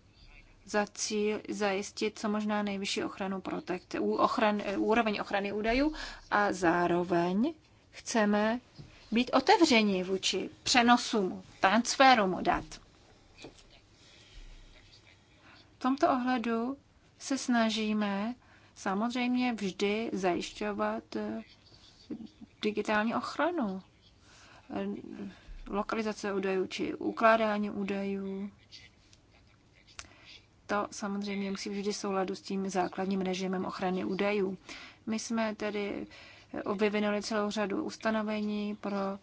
za cíl zajistit co možná nejvyšší ochranu protekt, ochran, úroveň ochrany údajů a zároveň chceme být otevření vůči přenosům, transferům dat. V tomto ohledu se snažíme samozřejmě vždy zajišťovat eh, digitální ochranu, eh, lokalizace údajů či ukládání údajů. To samozřejmě musí vždy souladu s tím základním režimem ochrany údajů. My jsme tedy vyvinuli eh, celou řadu ustanovení pro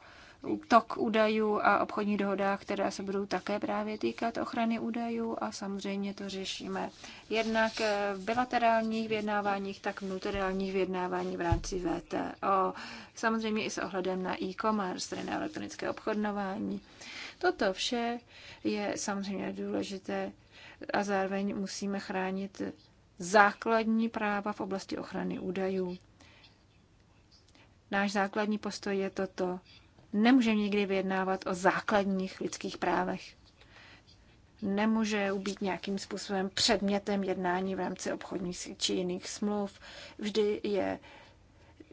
tok údajů a obchodní dohodách, které se budou také právě týkat ochrany údajů a samozřejmě to řešíme jednak v bilaterálních vyjednáváních, tak v multilaterálních vyjednávání v rámci VTO, samozřejmě i s ohledem na e-commerce, tedy na elektronické obchodnování. Toto vše je samozřejmě důležité a zároveň musíme chránit základní práva v oblasti ochrany údajů. Náš základní postoj je toto nemůžeme nikdy vyjednávat o základních lidských právech. Nemůže být nějakým způsobem předmětem jednání v rámci obchodních či jiných smluv. Vždy je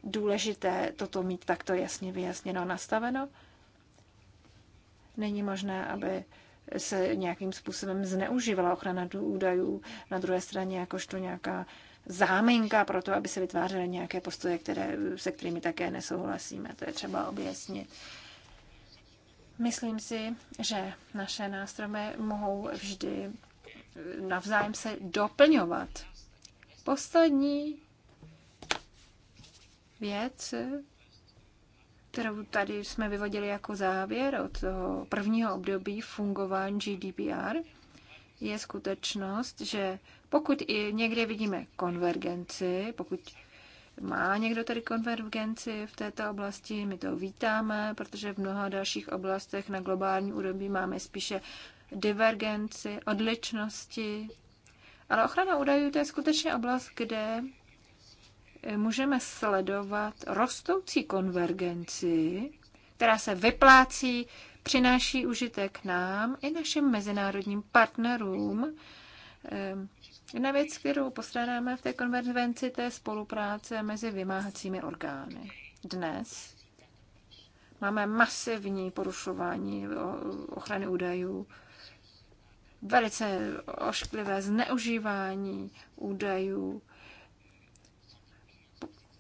důležité toto mít takto jasně vyjasněno, nastaveno. Není možné, aby se nějakým způsobem zneužívala ochrana údajů na druhé straně jakožto nějaká záminka pro to, aby se vytvářely nějaké postoje, které, se kterými také nesouhlasíme. To je třeba objasnit. Myslím si, že naše nástroje mohou vždy navzájem se doplňovat. Poslední věc, kterou tady jsme vyvodili jako závěr od toho prvního období fungování GDPR, je skutečnost, že pokud i někde vidíme konvergenci, pokud má někdo tady konvergenci v této oblasti, my to vítáme, protože v mnoha dalších oblastech na globální úrovni máme spíše divergenci, odličnosti. Ale ochrana údajů to je skutečně oblast, kde eh, můžeme sledovat rostoucí konvergenci, která se vyplácí, přináší užitek nám i našim mezinárodním partnerům, eh, Jedna věc, kterou postrádáme v té konvenci, to je spolupráce mezi vymáhacími orgány. Dnes máme masivní porušování ochrany údajů, velice ošklivé zneužívání údajů,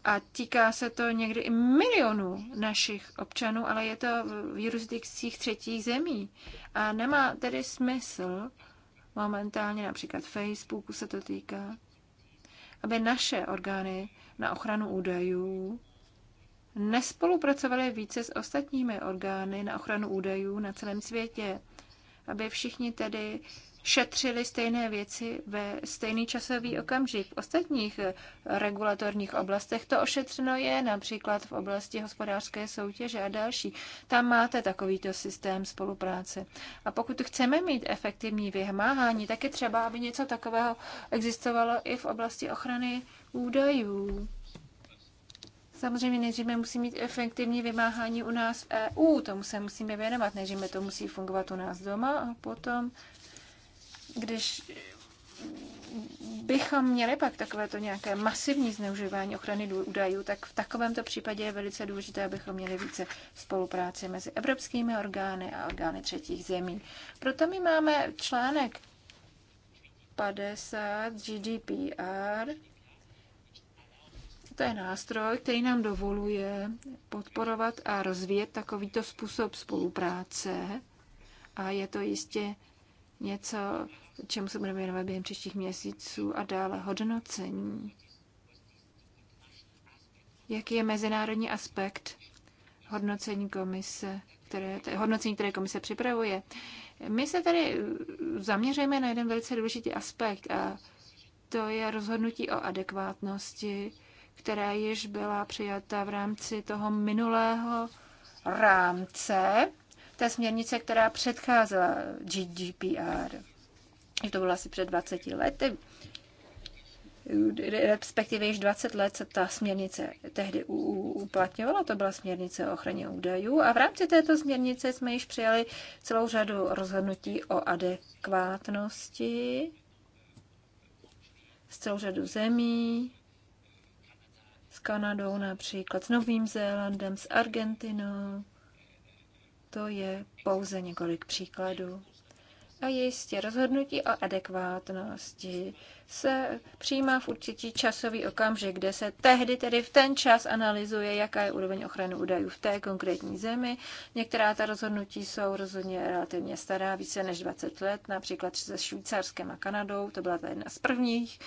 a týká se to někdy i milionů našich občanů, ale je to v jurisdikcích třetích zemí. A nemá tedy smysl momentálně, například Facebooku se to týká, aby naše orgány na ochranu údajů nespolupracovaly více s ostatními orgány na ochranu údajů na celém světě, aby všichni tedy šetřili stejné věci ve stejný časový okamžik. V ostatních eh, regulatorních oblastech to ošetřeno je, například v oblasti hospodářské soutěže a další. Tam máte takovýto systém spolupráce. A pokud chceme mít efektivní vymáhání, tak je třeba, aby něco takového existovalo i v oblasti ochrany údajů. Samozřejmě nejdříve musí mít efektivní vymáhání u nás v EU, tomu se musíme věnovat, nejdříve to musí fungovat u nás doma a potom když bychom měli pak takovéto nějaké masivní zneužívání ochrany údajů, tak v takovémto případě je velice důležité, abychom měli více spolupráce mezi evropskými orgány a orgány třetích zemí. Proto my máme článek 50 GDPR. To je nástroj, který nám dovoluje podporovat a rozvíjet takovýto způsob spolupráce. A je to jistě něco, čemu se budeme věnovat během příštích měsíců a dále hodnocení. Jaký je mezinárodní aspekt hodnocení komise, které, hodnocení, které komise připravuje? My se tady zaměřujeme na jeden velice důležitý aspekt a to je rozhodnutí o adekvátnosti, která již byla přijata v rámci toho minulého rámce té směrnice, která předcházela GDPR skutečně to bylo asi před 20 lety, respektive již 20 let se ta směrnice tehdy uplatňovala, to byla směrnice o ochraně údajů a v rámci této směrnice jsme již přijali celou řadu rozhodnutí o adekvátnosti z celou řadu zemí, s Kanadou například, s Novým Zélandem, s Argentinou. To je pouze několik příkladů. A jistě rozhodnutí o adekvátnosti se přijímá v určitý časový okamžik, kde se tehdy, tedy v ten čas, analyzuje, jaká je úroveň ochrany údajů v té konkrétní zemi. Některá ta rozhodnutí jsou rozhodně relativně stará, více než 20 let, například se Švýcarskem a Kanadou, to byla ta jedna z prvních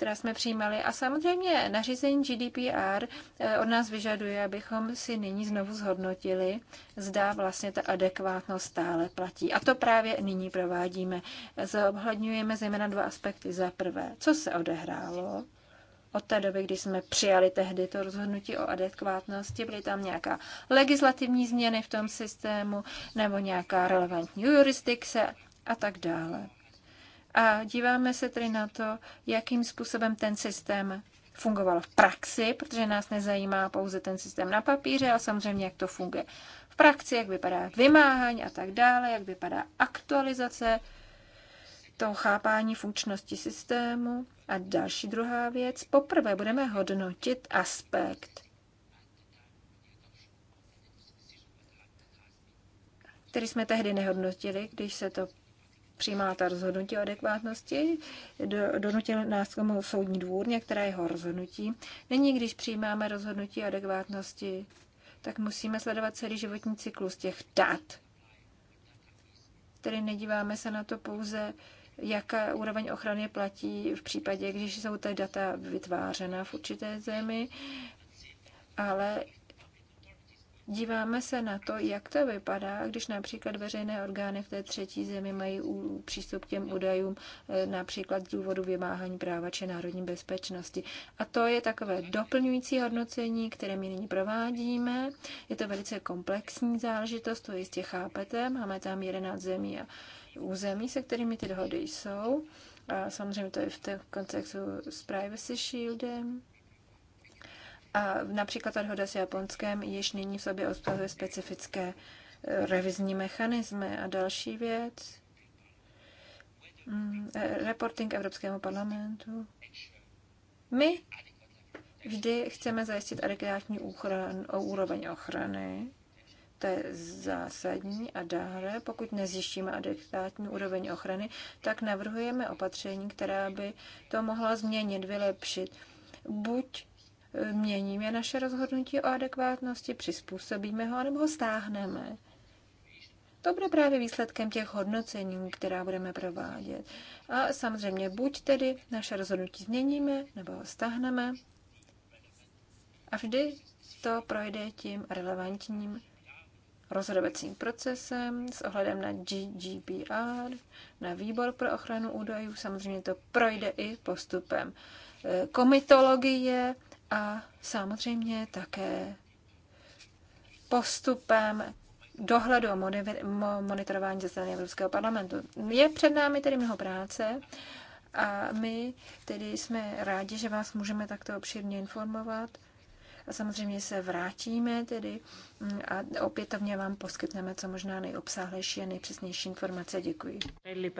která jsme přijímali. A samozřejmě nařízení GDPR eh, od nás vyžaduje, abychom si nyní znovu zhodnotili, zda vlastně ta adekvátnost stále platí. A to právě nyní provádíme. Zohledňujeme zejména dva aspekty. Za prvé, co se odehrálo od té doby, kdy jsme přijali tehdy to rozhodnutí o adekvátnosti, byly tam nějaká legislativní změny v tom systému nebo nějaká relevantní jurisdikce a tak dále a díváme se tedy na to, jakým způsobem ten systém fungoval v praxi, protože nás nezajímá pouze ten systém na papíře, ale samozřejmě, jak to funguje v praxi, jak vypadá vymáhání a tak dále, jak vypadá aktualizace toho chápání funkčnosti systému. A další druhá věc, poprvé budeme hodnotit aspekt, který jsme tehdy nehodnotili, když se to přijímá ta rozhodnutí o adekvátnosti, donutil nás k tomu soudní dvůr, některé jeho rozhodnutí. Není, když přijímáme rozhodnutí o adekvátnosti, tak musíme sledovat celý životní cyklus těch dat. Tedy nedíváme se na to pouze, jaká úroveň ochrany platí v případě, když jsou ta data vytvářena v určité zemi, ale Díváme se na to, jak to vypadá, když například veřejné orgány v té třetí zemi mají přístup k těm údajům e, například z důvodu vymáhání práva či národní bezpečnosti. A to je takové doplňující hodnocení, které my nyní provádíme. Je to velice komplexní záležitost, to jistě chápete. Máme tam 11 zemí a území, se kterými ty dohody jsou. A samozřejmě to je v kontextu s Privacy Shieldem. A například ta dohoda s Japonskem již nyní v sobě obsahuje specifické eh, revizní mechanismy. A další věc, mm, eh, reporting Evropskému parlamentu. My vždy chceme zajistit adekvátní úroveň ochrany. To je zásadní. A dále, pokud nezjištíme adekvátní úroveň ochrany, tak navrhujeme opatření, která by to mohla změnit, vylepšit. Buď měníme naše rozhodnutí o adekvátnosti, přizpůsobíme ho nebo ho stáhneme. To bude právě výsledkem těch hodnocení, která budeme provádět. A samozřejmě buď tedy naše rozhodnutí změníme, nebo ho stáhneme. A vždy to projde tím relevantním rozhodovacím procesem s ohledem na GDPR, na výbor pro ochranu údajů. Samozřejmě to projde i postupem eh, komitologie, a samozřejmě také postupem dohledu a monitorování ze strany Evropského parlamentu. Je před námi tedy mnoho práce a my tedy jsme rádi, že vás můžeme takto obširně informovat a samozřejmě se vrátíme tedy mm, a opětovně vám poskytneme co možná nejobsáhlejší a nejpřesnější informace. Děkuji. E-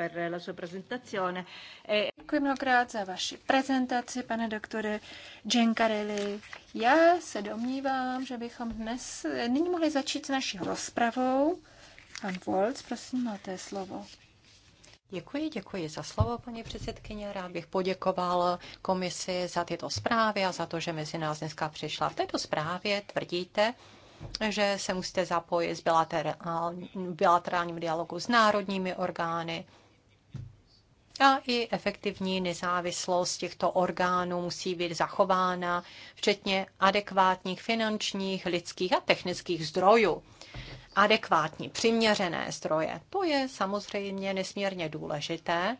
Děkuji mnohokrát za vaši prezentaci, pane doktore Gencarelli. Já se domnívám, že bychom dnes nyní mohli začít s naší rozpravou. Pan Volc, prosím, máte slovo. Děkuji, děkuji za slovo, paní předsedkyně. Rád bych poděkoval komisi za tyto zprávy a za to, že mezi nás dneska přišla. V této zprávě tvrdíte, že se musíte zapojit s bilaterálním dialogu s národními orgány a i efektivní nezávislost těchto orgánů musí být zachována, včetně adekvátních finančních, lidských a technických zdrojů adekvátní, přiměřené zdroje. To je samozřejmě nesmírně důležité.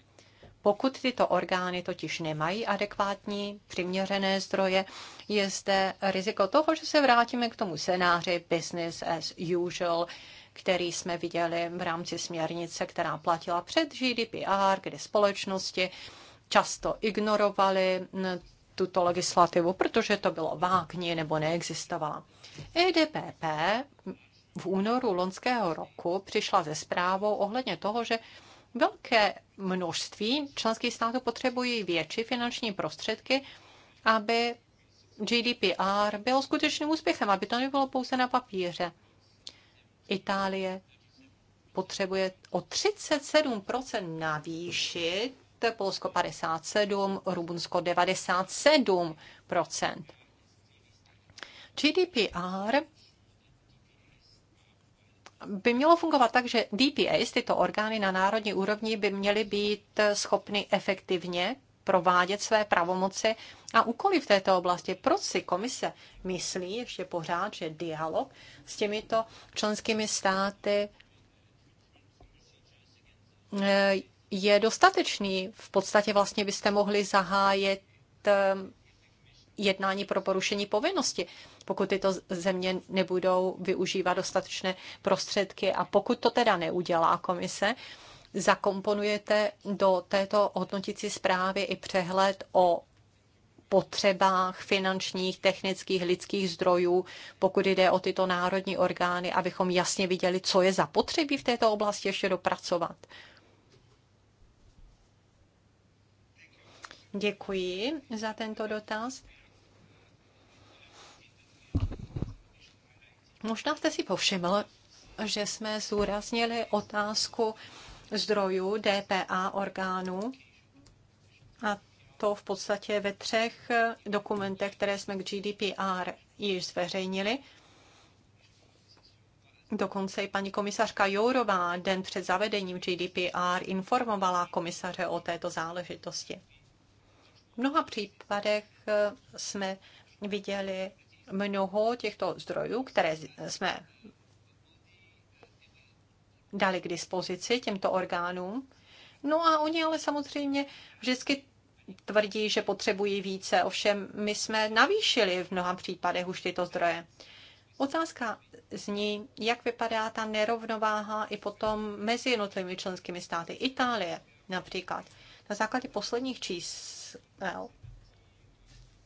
Pokud tyto orgány totiž nemají adekvátní, přiměřené zdroje, je zde riziko toho, že se vrátíme k tomu scénáři business as usual, který jsme viděli v rámci směrnice, která platila před GDPR, kde společnosti často ignorovaly tuto legislativu, protože to bylo vágní nebo neexistovala. EDPP v únoru loňského roku přišla ze zprávou ohledně toho, že velké množství členských států potřebují větší finanční prostředky, aby GDPR byl skutečným úspěchem, aby to nebylo pouze na papíře. Itálie potřebuje o 37 navýšit, Polsko 57, Rumunsko 97 GDPR by mělo fungovat tak, že DPAs, tyto orgány na národní úrovni, by měly být schopny efektivně provádět své pravomoci a úkoly v této oblasti. Proč si komise myslí ještě pořád, že dialog s těmito členskými státy eh, je dostatečný? V podstatě vlastně byste mohli zahájit eh, jednání pro porušení povinnosti, pokud tyto země nebudou využívat dostatečné prostředky. A pokud to teda neudělá komise, zakomponujete do této hodnotící zprávy i přehled o potřebách finančních, technických, lidských zdrojů, pokud jde o tyto národní orgány, abychom jasně viděli, co je zapotřebí v této oblasti ještě dopracovat. Děkuji za tento dotaz. Možná jste si povšiml, že jsme zúraznili otázku zdrojů DPA orgánů a to v podstatě ve třech dokumentech, které jsme k GDPR již zveřejnili. Dokonce i paní komisařka Jourová den před zavedením GDPR informovala komisaře o této záležitosti. V mnoha případech eh, jsme viděli mnoho těchto zdrojů, které jsme dali k dispozici těmto orgánům. No a oni ale samozřejmě vždycky tvrdí, že potřebují více, ovšem my jsme navýšili v mnoha případech už tyto zdroje. Otázka zní, jak vypadá ta nerovnováha i potom mezi jednotlivými členskými státy. Itálie například. Na základě posledních čísel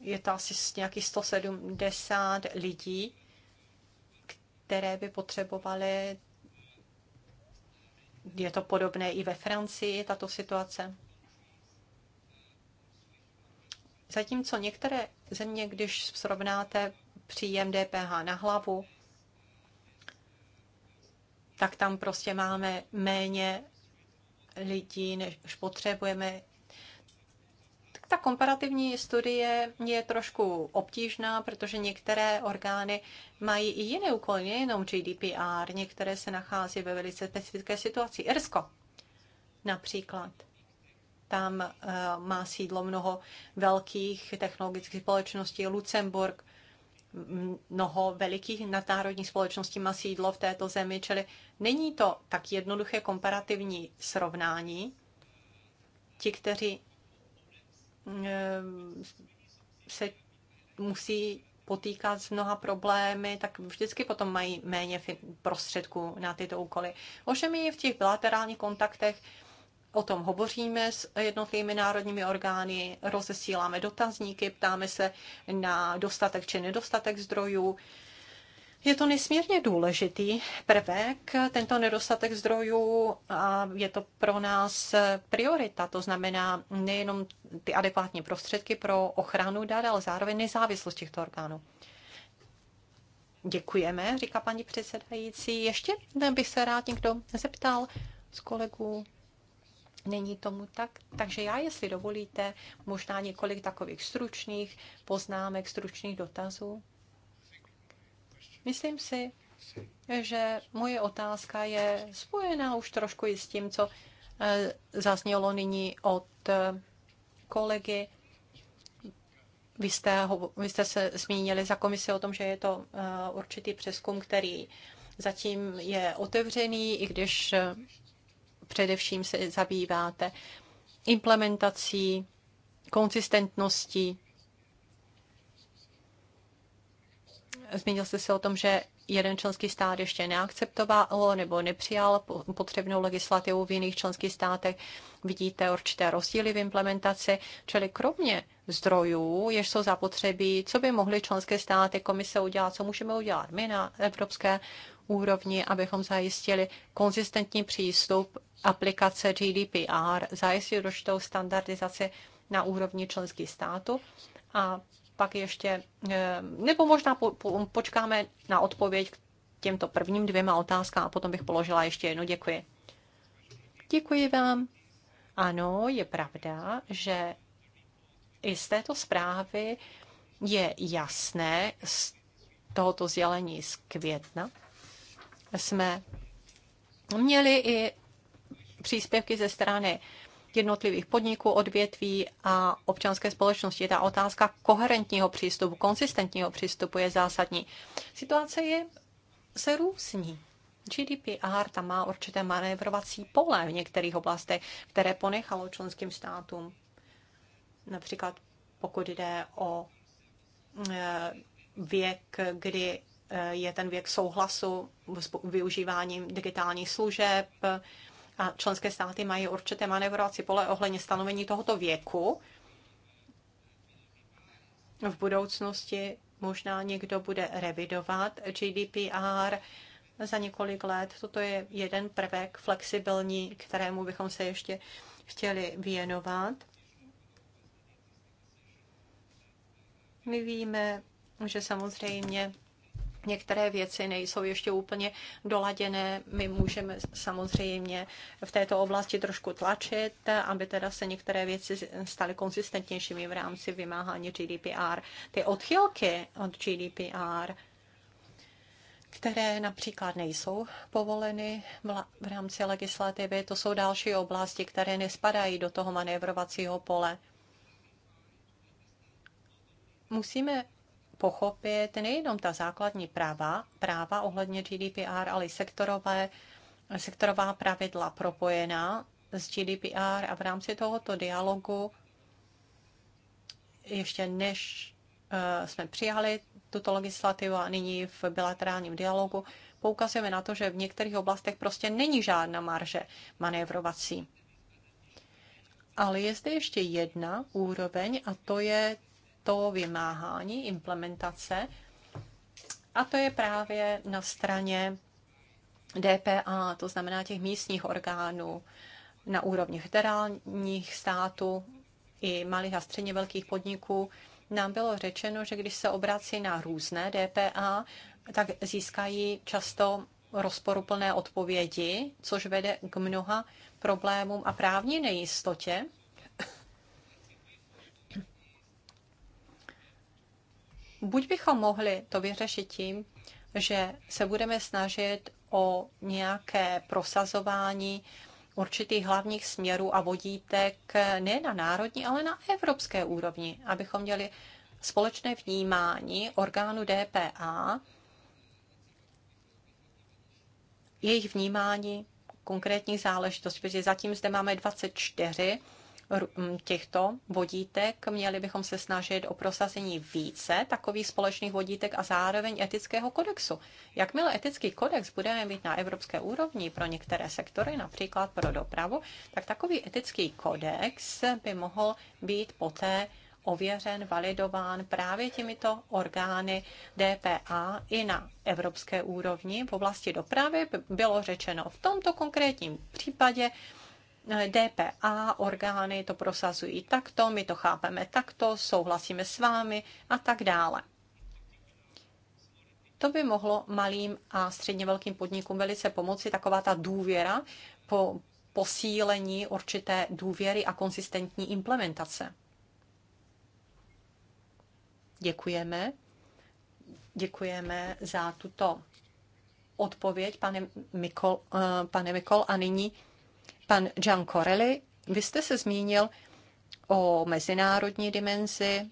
je to asi nějakých 170 lidí, které by potřebovaly. Je to podobné i ve Francii, tato situace. Zatímco některé země, když srovnáte příjem DPH na hlavu, tak tam prostě máme méně lidí, než potřebujeme. Ta komparativní studie je trošku obtížná, protože některé orgány mají i jiné úkoly, nejenom GDPR, některé se nachází ve velice specifické situaci. Irsko například. Tam eh, má sídlo mnoho velkých technologických společností, Lucemburg, mnoho velikých nadnárodních společností má sídlo v této zemi, čili není to tak jednoduché komparativní srovnání. Ti, kteří Eh, se musí potýkat s mnoha problémy, tak vždycky potom mají méně prostředků na tyto úkoly. Ovšem i v těch bilaterálních kontaktech o tom hovoříme s jednotlivými národními orgány, rozesíláme dotazníky, ptáme se na dostatek či nedostatek zdrojů, je to nesmírně důležitý prvek, tento nedostatek zdrojů a je to pro nás priorita, to znamená nejenom ty adekvátní prostředky pro ochranu dat, ale zároveň nezávislost těchto orgánů. Děkujeme, říká paní předsedající. Ještě bych se rád někdo zeptal z kolegů. Není tomu tak. Takže já, jestli dovolíte, možná několik takových stručných poznámek, stručných dotazů. Myslím si, že moje otázka je spojená už trošku i s tím, co eh, zaznělo nyní od eh, kolegy. Vy jste, vy jste se zmínili za komisi o tom, že je to eh, určitý přeskum, který zatím je otevřený, i když především se zabýváte implementací, konzistentností zmínil jste se o tom, že jeden členský stát ještě neakceptoval nebo nepřijal potřebnou legislativu v jiných členských státech. Vidíte určité rozdíly v implementaci, čili kromě zdrojů, jež jsou zapotřebí, co by mohly členské státy komise udělat, co můžeme udělat my na evropské úrovni, abychom zajistili konzistentní přístup aplikace GDPR, zajistit určitou standardizaci na úrovni členských států a pak ještě, eh, nebo možná počkáme na odpověď k těmto prvním dvěma otázkám a potom bych položila ještě jednu. Děkuji. Děkuji vám. Ano, je pravda, že i z této zprávy je jasné, z tohoto zjelení z května jsme měli i příspěvky ze strany jednotlivých podniků, odvětví a občanské společnosti. Ta otázka koherentního přístupu, konsistentního přístupu je zásadní. Situace je, se různí. GDPR tam má určité manévrovací pole v některých oblastech, které ponechalo členským státům. Například pokud jde o e, věk, kdy e, je ten věk souhlasu s využíváním digitálních služeb, a členské státy mají určité manevrovací pole ohledně stanovení tohoto věku. V budoucnosti možná někdo bude revidovat GDPR za několik let. Toto je jeden prvek flexibilní, kterému bychom se ještě chtěli věnovat. My víme, že samozřejmě Některé věci nejsou ještě úplně doladěné. My můžeme samozřejmě v této oblasti trošku tlačit, aby teda se některé věci staly konzistentnějšími v rámci vymáhání GDPR. Ty odchylky od GDPR, které například nejsou povoleny v rámci legislativy, to jsou další oblasti, které nespadají do toho manévrovacího pole. Musíme pochopit nejenom ta základní práva, práva ohledně GDPR, ale i sektorové, sektorová pravidla propojená s GDPR a v rámci tohoto dialogu ještě než eh, jsme přijali tuto legislativu a nyní v bilaterálním dialogu, poukazujeme na to, že v některých oblastech prostě není žádná marže manévrovací. Ale je zde ještě jedna úroveň a to je to vymáhání, implementace. A to je právě na straně DPA, to znamená těch místních orgánů na úrovni federálních států i malých a středně velkých podniků. Nám bylo řečeno, že když se obrací na různé DPA, tak získají často rozporuplné odpovědi, což vede k mnoha problémům a právní nejistotě buď bychom mohli to vyřešit tím, že se budeme snažit o nějaké prosazování určitých hlavních směrů a vodítek ne na národní, ale na evropské úrovni, abychom měli společné vnímání orgánu DPA, jejich vnímání konkrétních záležitostí, protože zatím zde máme 24 těchto vodítek. Měli bychom se snažit o prosazení více takových společných vodítek a zároveň etického kodexu. Jakmile etický kodex budeme mít na evropské úrovni pro některé sektory, například pro dopravu, tak takový etický kodex by mohl být poté ověřen, validován právě těmito orgány DPA i na evropské úrovni. V oblasti dopravy bylo řečeno v tomto konkrétním případě, DPA orgány to prosazují takto, my to chápeme takto, souhlasíme s vámi a tak dále. To by mohlo malým a středně velkým podnikům velice pomoci, taková ta důvěra po posílení určité důvěry a konsistentní implementace. Děkujeme. Děkujeme za tuto odpověď, pane Mikol, eh, pane Mikol a nyní Pan Gian Corelli, vy jste se zmínil o mezinárodní dimenzi.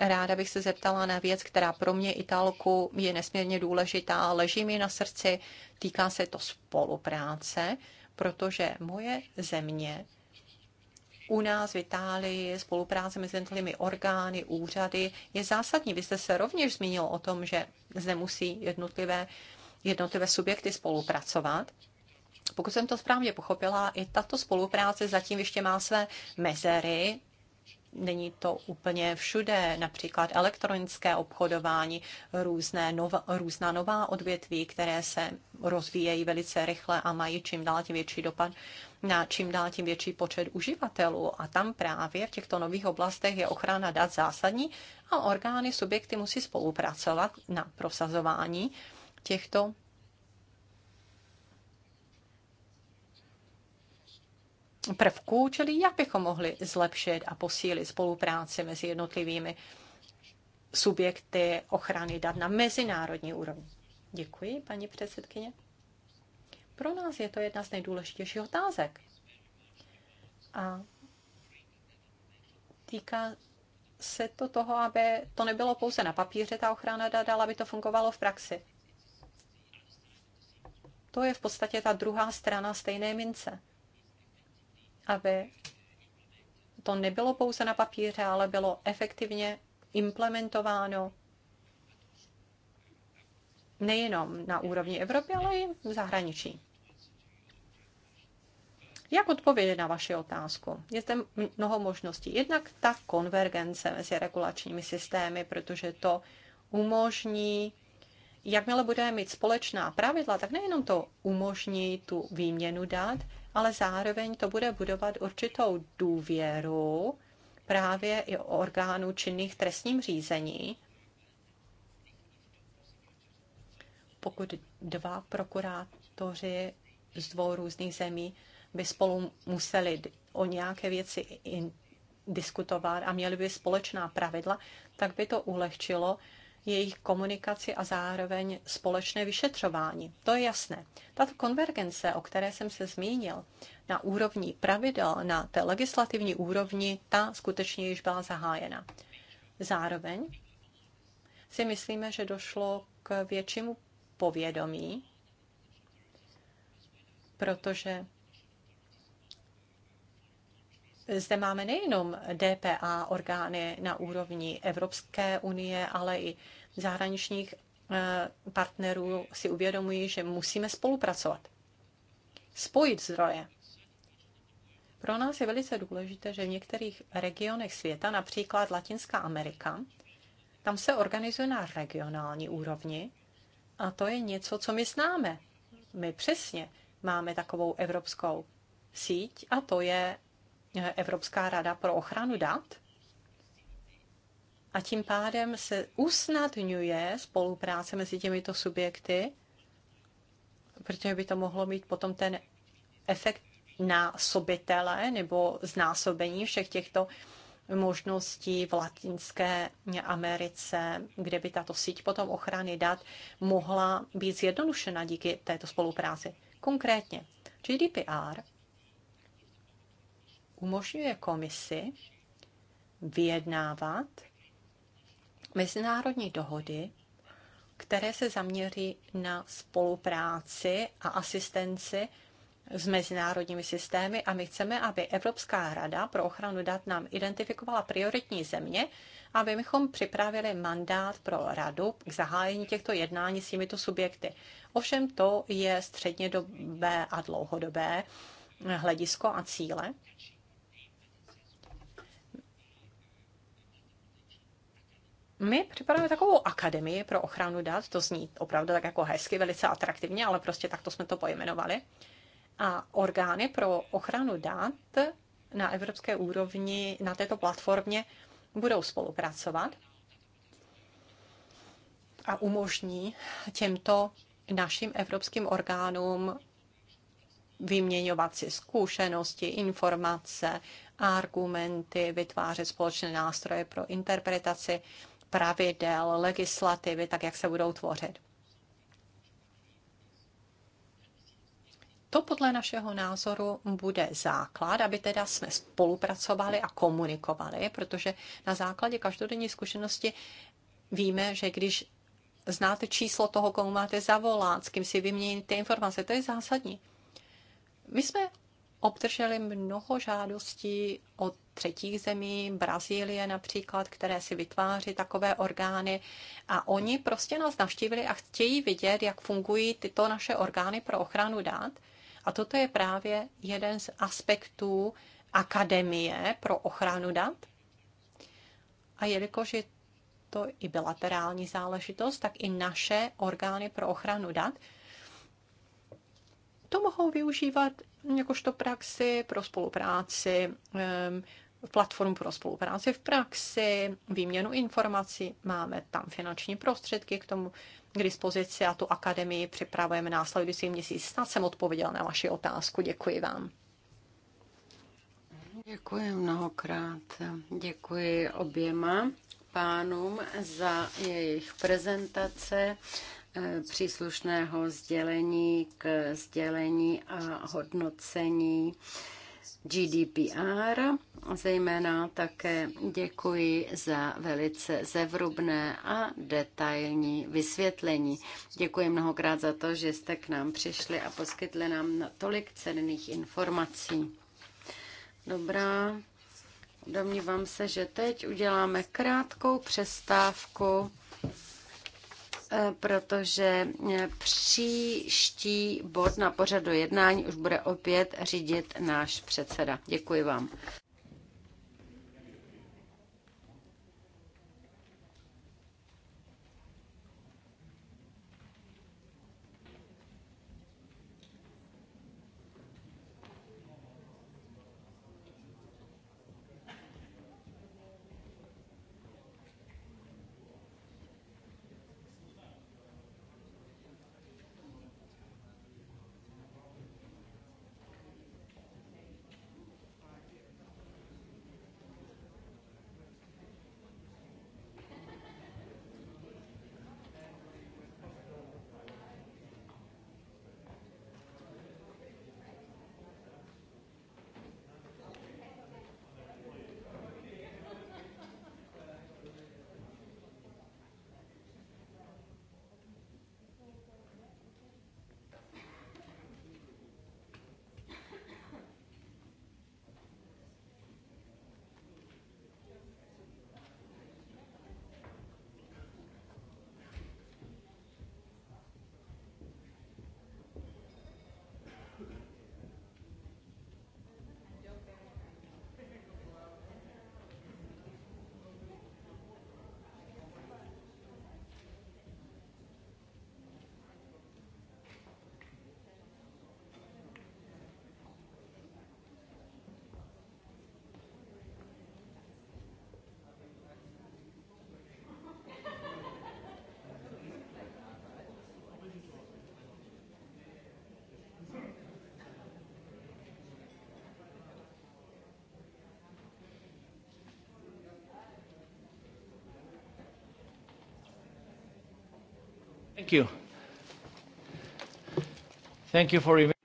Ráda bych se zeptala na věc, která pro mě Italku je nesmírně důležitá, leží mi na srdci, týká se to spolupráce, protože moje země u nás v Itálii spolupráce mezi jednotlivými orgány, úřady je zásadní. Vy jste se rovněž zmínil o tom, že zde musí jednotlivé, jednotlivé subjekty spolupracovat. Pokud jsem to správně pochopila, i tato spolupráce zatím ještě má své mezery. Není to úplně všude, například elektronické obchodování, různé nov, různá nová odvětví, které se rozvíjejí velice rychle a mají čím dál tím větší dopad na čím dál tím větší počet uživatelů. A tam právě v těchto nových oblastech je ochrana dat zásadní a orgány, subjekty musí spolupracovat na prosazování těchto prvků, čili jak bychom mohli zlepšit a posílit spolupráci mezi jednotlivými subjekty ochrany dat na mezinárodní úrovni. Děkuji, paní předsedkyně. Pro nás je to jedna z nejdůležitějších otázek. A týká se to toho, aby to nebylo pouze na papíře ta ochrana dat, ale aby to fungovalo v praxi. To je v podstatě ta druhá strana stejné mince aby to nebylo pouze na papíře, ale bylo efektivně implementováno nejenom na úrovni Evropy, ale i v zahraničí. Jak odpovědět na vaši otázku? Je zde mnoho možností. Jednak ta konvergence mezi regulačními systémy, protože to umožní jakmile budeme mít společná pravidla, tak nejenom to umožní tu výměnu dat, ale zároveň to bude budovat určitou důvěru právě i orgánů činných trestním řízení. Pokud dva prokurátoři z dvou různých zemí by spolu museli o nějaké věci diskutovat a měli by společná pravidla, tak by to ulehčilo jejich komunikaci a zároveň společné vyšetřování. To je jasné. Tato konvergence, o které jsem se zmínil, na úrovni pravidel, na té legislativní úrovni, ta skutečně již byla zahájena. Zároveň si myslíme, že došlo k většímu povědomí, protože zde máme nejenom DPA orgány na úrovni Evropské unie, ale i zahraničních eh, partnerů si uvědomují, že musíme spolupracovat. Spojit zdroje. Pro nás je velice důležité, že v některých regionech světa, například Latinská Amerika, tam se organizuje na regionální úrovni a to je něco, co my známe. My přesně máme takovou evropskou síť a to je Evropská rada pro ochranu dat. A tím pádem se usnadňuje spolupráce mezi těmito subjekty, protože by to mohlo mít potom ten efekt na sobitele nebo znásobení všech těchto možností v Latinské Americe, kde by tato síť potom ochrany dat mohla být zjednodušena díky této spolupráci. Konkrétně GDPR umožňuje komisi vyjednávat mezinárodní dohody, které se zaměří na spolupráci a asistenci s mezinárodními systémy a my chceme, aby Evropská rada pro ochranu dat nám identifikovala prioritní země, aby bychom připravili mandát pro radu k zahájení těchto jednání s těmito subjekty. Ovšem to je střednědobé a dlouhodobé hledisko a cíle, my připravujeme takovou akademii pro ochranu dat, to zní opravdu tak jako hezky, velice atraktivně, ale prostě takto jsme to pojmenovali. A orgány pro ochranu dat na evropské úrovni, na této platformě budou spolupracovat a umožní těmto našim evropským orgánům vyměňovat si zkušenosti, informace, argumenty, vytvářet společné nástroje pro interpretaci pravidel, legislativy, tak jak se budou tvořit. To podle našeho názoru bude základ, aby teda jsme spolupracovali a komunikovali, protože na základě každodenní zkušenosti víme, že když znáte číslo toho, komu máte zavolat, s kým si vyměníte informace, to je zásadní. My jsme obdrželi mnoho žádostí od třetích zemí, Brazílie například, které si vytváří takové orgány a oni prostě nás navštívili a chtějí vidět, jak fungují tyto naše orgány pro ochranu dat. A toto je právě jeden z aspektů akademie pro ochranu dat. A jelikož je to i bilaterální záležitost, tak i naše orgány pro ochranu dat to mohou využívat jakožto praxi pro spolupráci, platformu pro spolupráci v praxi, výměnu informací, máme tam finanční prostředky k tomu k dispozici a tu akademii připravujeme následující měsíc. Snad jsem odpověděla na vaši otázku. Děkuji vám. Děkuji mnohokrát. Děkuji oběma pánům za jejich prezentace příslušného sdělení k sdělení a hodnocení GDPR. Zejména také děkuji za velice zevrubné a detailní vysvětlení. Děkuji mnohokrát za to, že jste k nám přišli a poskytli nám tolik cenných informací. Dobrá, domnívám se, že teď uděláme krátkou přestávku Eh, protože eh, příští bod na pořadu jednání už bude opět řídit náš předseda. Děkuji vám.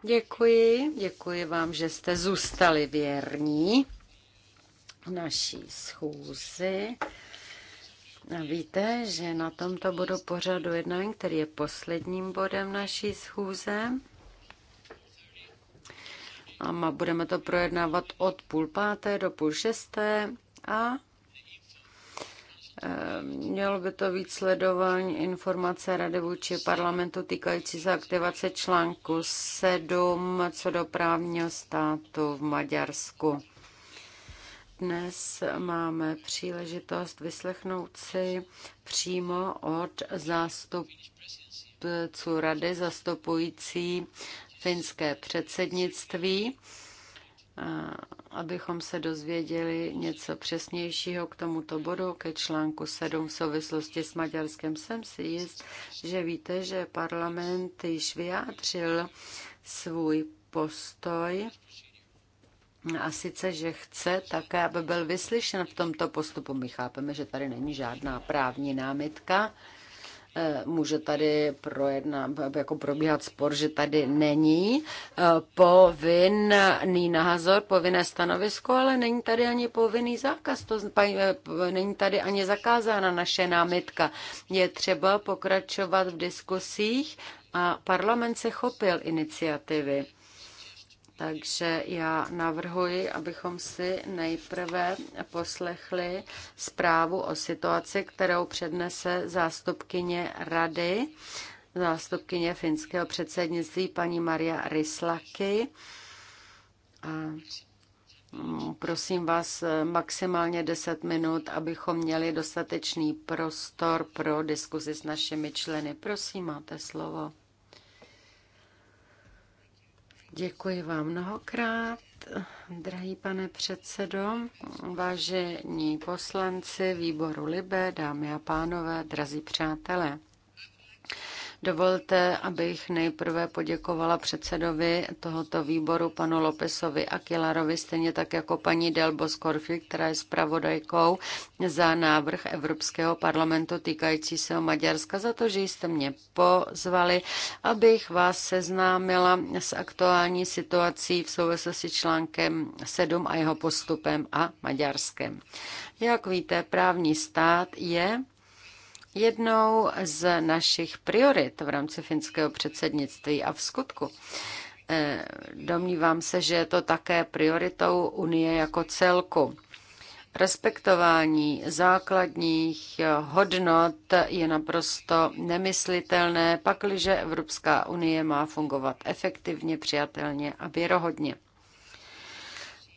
Děkuji, děkuji vám, že jste zůstali věrní naší schůzi. A víte, že na tomto bodu pořadu jednání, který je posledním bodem naší schůze, a budeme to projednávat od půl páté do půl šesté a Eh, mělo by to být sledování informace Rady vůči parlamentu týkající se aktivace článku 7 co do právního státu v Maďarsku. Dnes máme příležitost vyslechnout si přímo od zástupců rady zastupující finské předsednictví eh, abychom se dozvěděli něco přesnějšího k tomuto bodu, ke článku 7 v souvislosti s Maďarskem. Jsem si jist, že víte, že parlament již vyjádřil svůj postoj a sice, že chce také, aby byl vyslyšen v tomto postupu. My chápeme, že tady není žádná právní námitka. Eh, může tady projedna, jako probíhat spor, že tady není eh, povinný názor, povinné stanovisko, ale není tady ani povinný zákaz, to eh, není tady ani zakázána naše námitka. Je třeba pokračovat v diskusích a parlament se chopil iniciativy. Takže já navrhuji, abychom si nejprve poslechli zprávu o situaci, kterou přednese zástupkyně rady, zástupkyně finského předsednictví paní Maria Ryslaky. A mm, prosím vás maximálně 10 minut, abychom měli dostatečný prostor pro diskuzi s našimi členy. Prosím, máte slovo. Děkuji vám mnohokrát, drahý pane předsedo, vážení poslanci výboru Libe, dámy a pánové, drazí přátelé. Dovolte, abych nejprve poděkovala předsedovi tohoto výboru, panu Lopesovi Akilarovi, stejně tak jako paní Delbo Skorfi, která je zpravodajkou za návrh Evropského parlamentu týkající se Maďarska, za to, že jste mě pozvali, abych vás seznámila s aktuální situací v souvislosti s článkem 7 a jeho postupem a Maďarskem. Jak víte, právní stát je jednou z našich priorit v rámci finského předsednictví a v skutku. Eh, domnívám se, že je to také prioritou Unie jako celku. Respektování základních hodnot je naprosto nemyslitelné, pakliže Evropská unie má fungovat efektivně, přijatelně a věrohodně.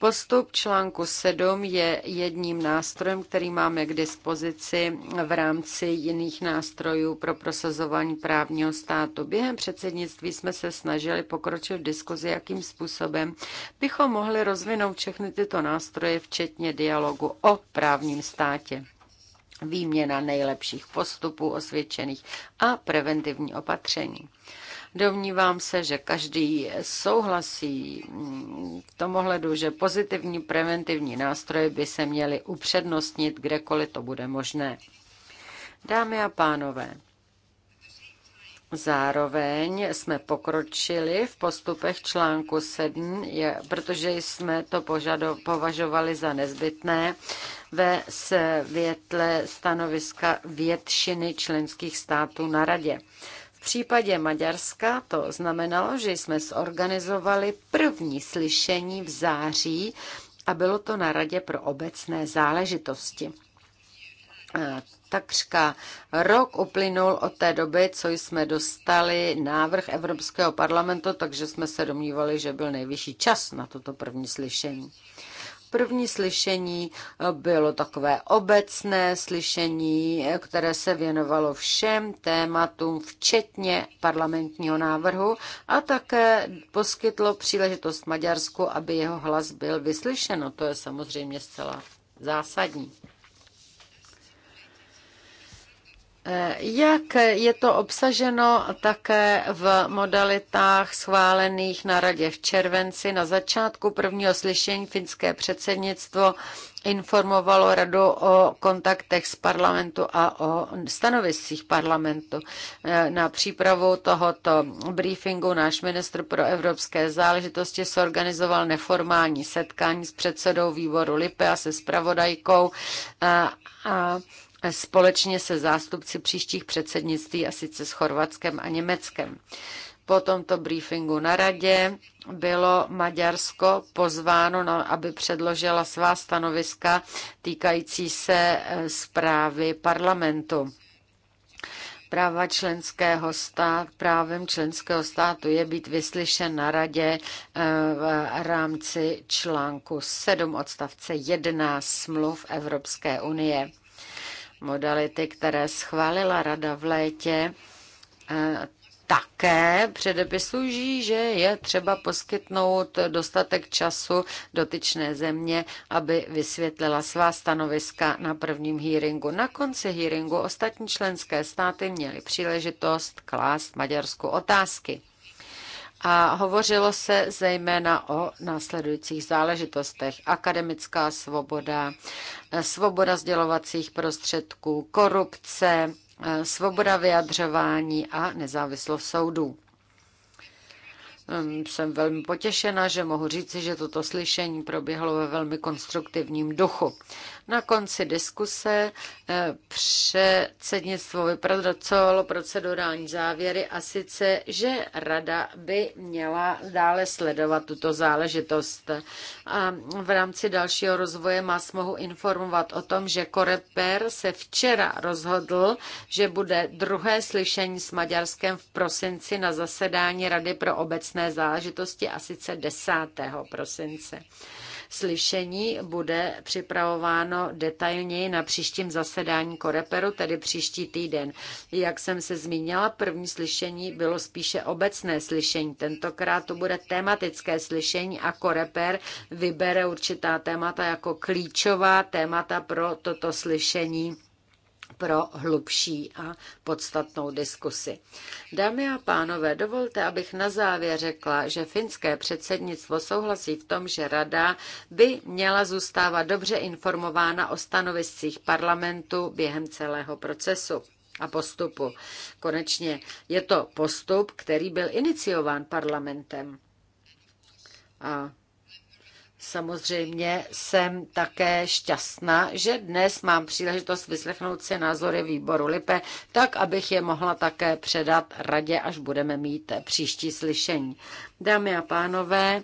Postup článku 7 je jedním nástrojem, který máme k dispozici v rámci jiných nástrojů pro prosazování právního státu. Během předsednictví jsme se snažili pokročit v diskuzi, jakým způsobem bychom mohli rozvinout všechny tyto nástroje, včetně dialogu o právním státě výměna nejlepších postupů osvědčených a preventivní opatření. Domnívám se, že každý souhlasí v tom ohledu, že pozitivní preventivní nástroje by se měly upřednostnit kdekoliv to bude možné. Dámy a pánové, Zároveň jsme pokročili v postupech článku 7, protože jsme to požado, považovali za nezbytné ve světle stanoviska většiny členských států na radě. V případě Maďarska to znamenalo, že jsme zorganizovali první slyšení v září a bylo to na Radě pro obecné záležitosti. Takřka rok uplynul od té doby, co jsme dostali návrh Evropského parlamentu, takže jsme se domnívali, že byl nejvyšší čas na toto první slyšení. První slyšení eh, bylo takové obecné slyšení, eh, které se věnovalo všem tématům, včetně parlamentního návrhu a také poskytlo příležitost Maďarsku, aby jeho hlas byl vyslyšen. To je samozřejmě zcela zásadní. Jak je to obsaženo také v modalitách schválených na radě v červenci na začátku prvního slyšení finské předsednictvo informovalo radu o kontaktech s parlamentu a o stanoviscích parlamentu. Na přípravu tohoto briefingu náš ministr pro evropské záležitosti sorganizoval neformální setkání s předsedou výboru Lipe a se spravodajkou a, a společně se zástupci příštích předsednictví, a sice s Chorvatskem a Německem. Po tomto briefingu na radě bylo Maďarsko pozváno, no, aby předložila svá stanoviska týkající se e, zprávy parlamentu. Práva členského stát, právem členského státu je být vyslyšen na radě e, v rámci článku 7 odstavce 1 smluv Evropské unie modality, které schválila Rada v létě, e, také předepisují, že je třeba poskytnout dostatek času dotyčné země, aby vysvětlila svá stanoviska na prvním hearingu. Na konci hearingu ostatní členské státy měly příležitost klást Maďarsku otázky a hovořilo se zejména o následujících záležitostech. Akademická svoboda, eh, svoboda sdělovacích prostředků, korupce, eh, svoboda vyjadřování a nezávislost soudů. Hm, jsem velmi potěšena, že mohu říci, že toto slyšení proběhlo ve velmi konstruktivním duchu. Na konci diskuse eh, předsednictvo vypracovalo procedurální závěry a sice, že rada by měla dále sledovat tuto záležitost. A v rámci dalšího rozvoje má smohu informovat o tom, že Koreper se včera rozhodl, že bude druhé slyšení s Maďarskem v prosinci na zasedání Rady pro obecné záležitosti a sice 10. prosince. Slyšení bude připravováno detailněji na příštím zasedání Koreperu, tedy příští týden. Jak jsem se zmínila, první slyšení bylo spíše obecné slyšení. Tentokrát to bude tematické slyšení a Koreper vybere určitá témata jako klíčová témata pro toto slyšení pro hlubší a podstatnou diskusi. Dámy a pánové, dovolte, abych na závěr řekla, že finské předsednictvo souhlasí v tom, že Rada by měla zůstávat dobře informována o stanoviscích parlamentu během celého procesu a postupu. Konečně je to postup, který byl iniciován parlamentem. A Samozřejmě jsem také šťastná, že dnes mám příležitost vyslechnout si názory výboru Lipe, tak abych je mohla také předat radě, až budeme mít příští slyšení. Dámy a pánové,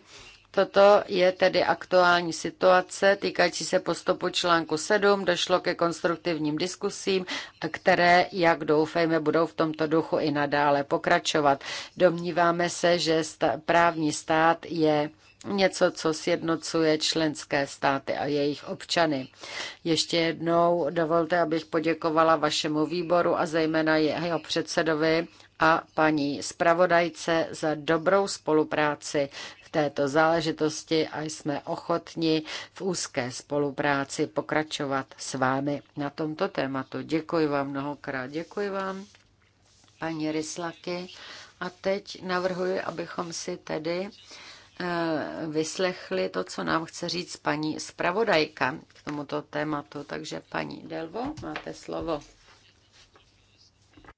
Toto je tedy aktuální situace týkající se postupu článku 7. Došlo ke konstruktivním diskusím, které, jak doufejme, budou v tomto duchu i nadále pokračovat. Domníváme se, že právní stát je něco, co sjednocuje členské státy a jejich občany. Ještě jednou dovolte, abych poděkovala vašemu výboru a zejména jeho předsedovi a paní zpravodajce za dobrou spolupráci v této záležitosti a jsme ochotni v úzké spolupráci pokračovat s vámi na tomto tématu. Děkuji vám mnohokrát. Děkuji vám, paní Ryslaky. A teď navrhuji, abychom si tedy Eh, vyslechli to, co nám chce říct paní zpravodajka k tomuto tématu. Takže paní Delvo, máte slovo.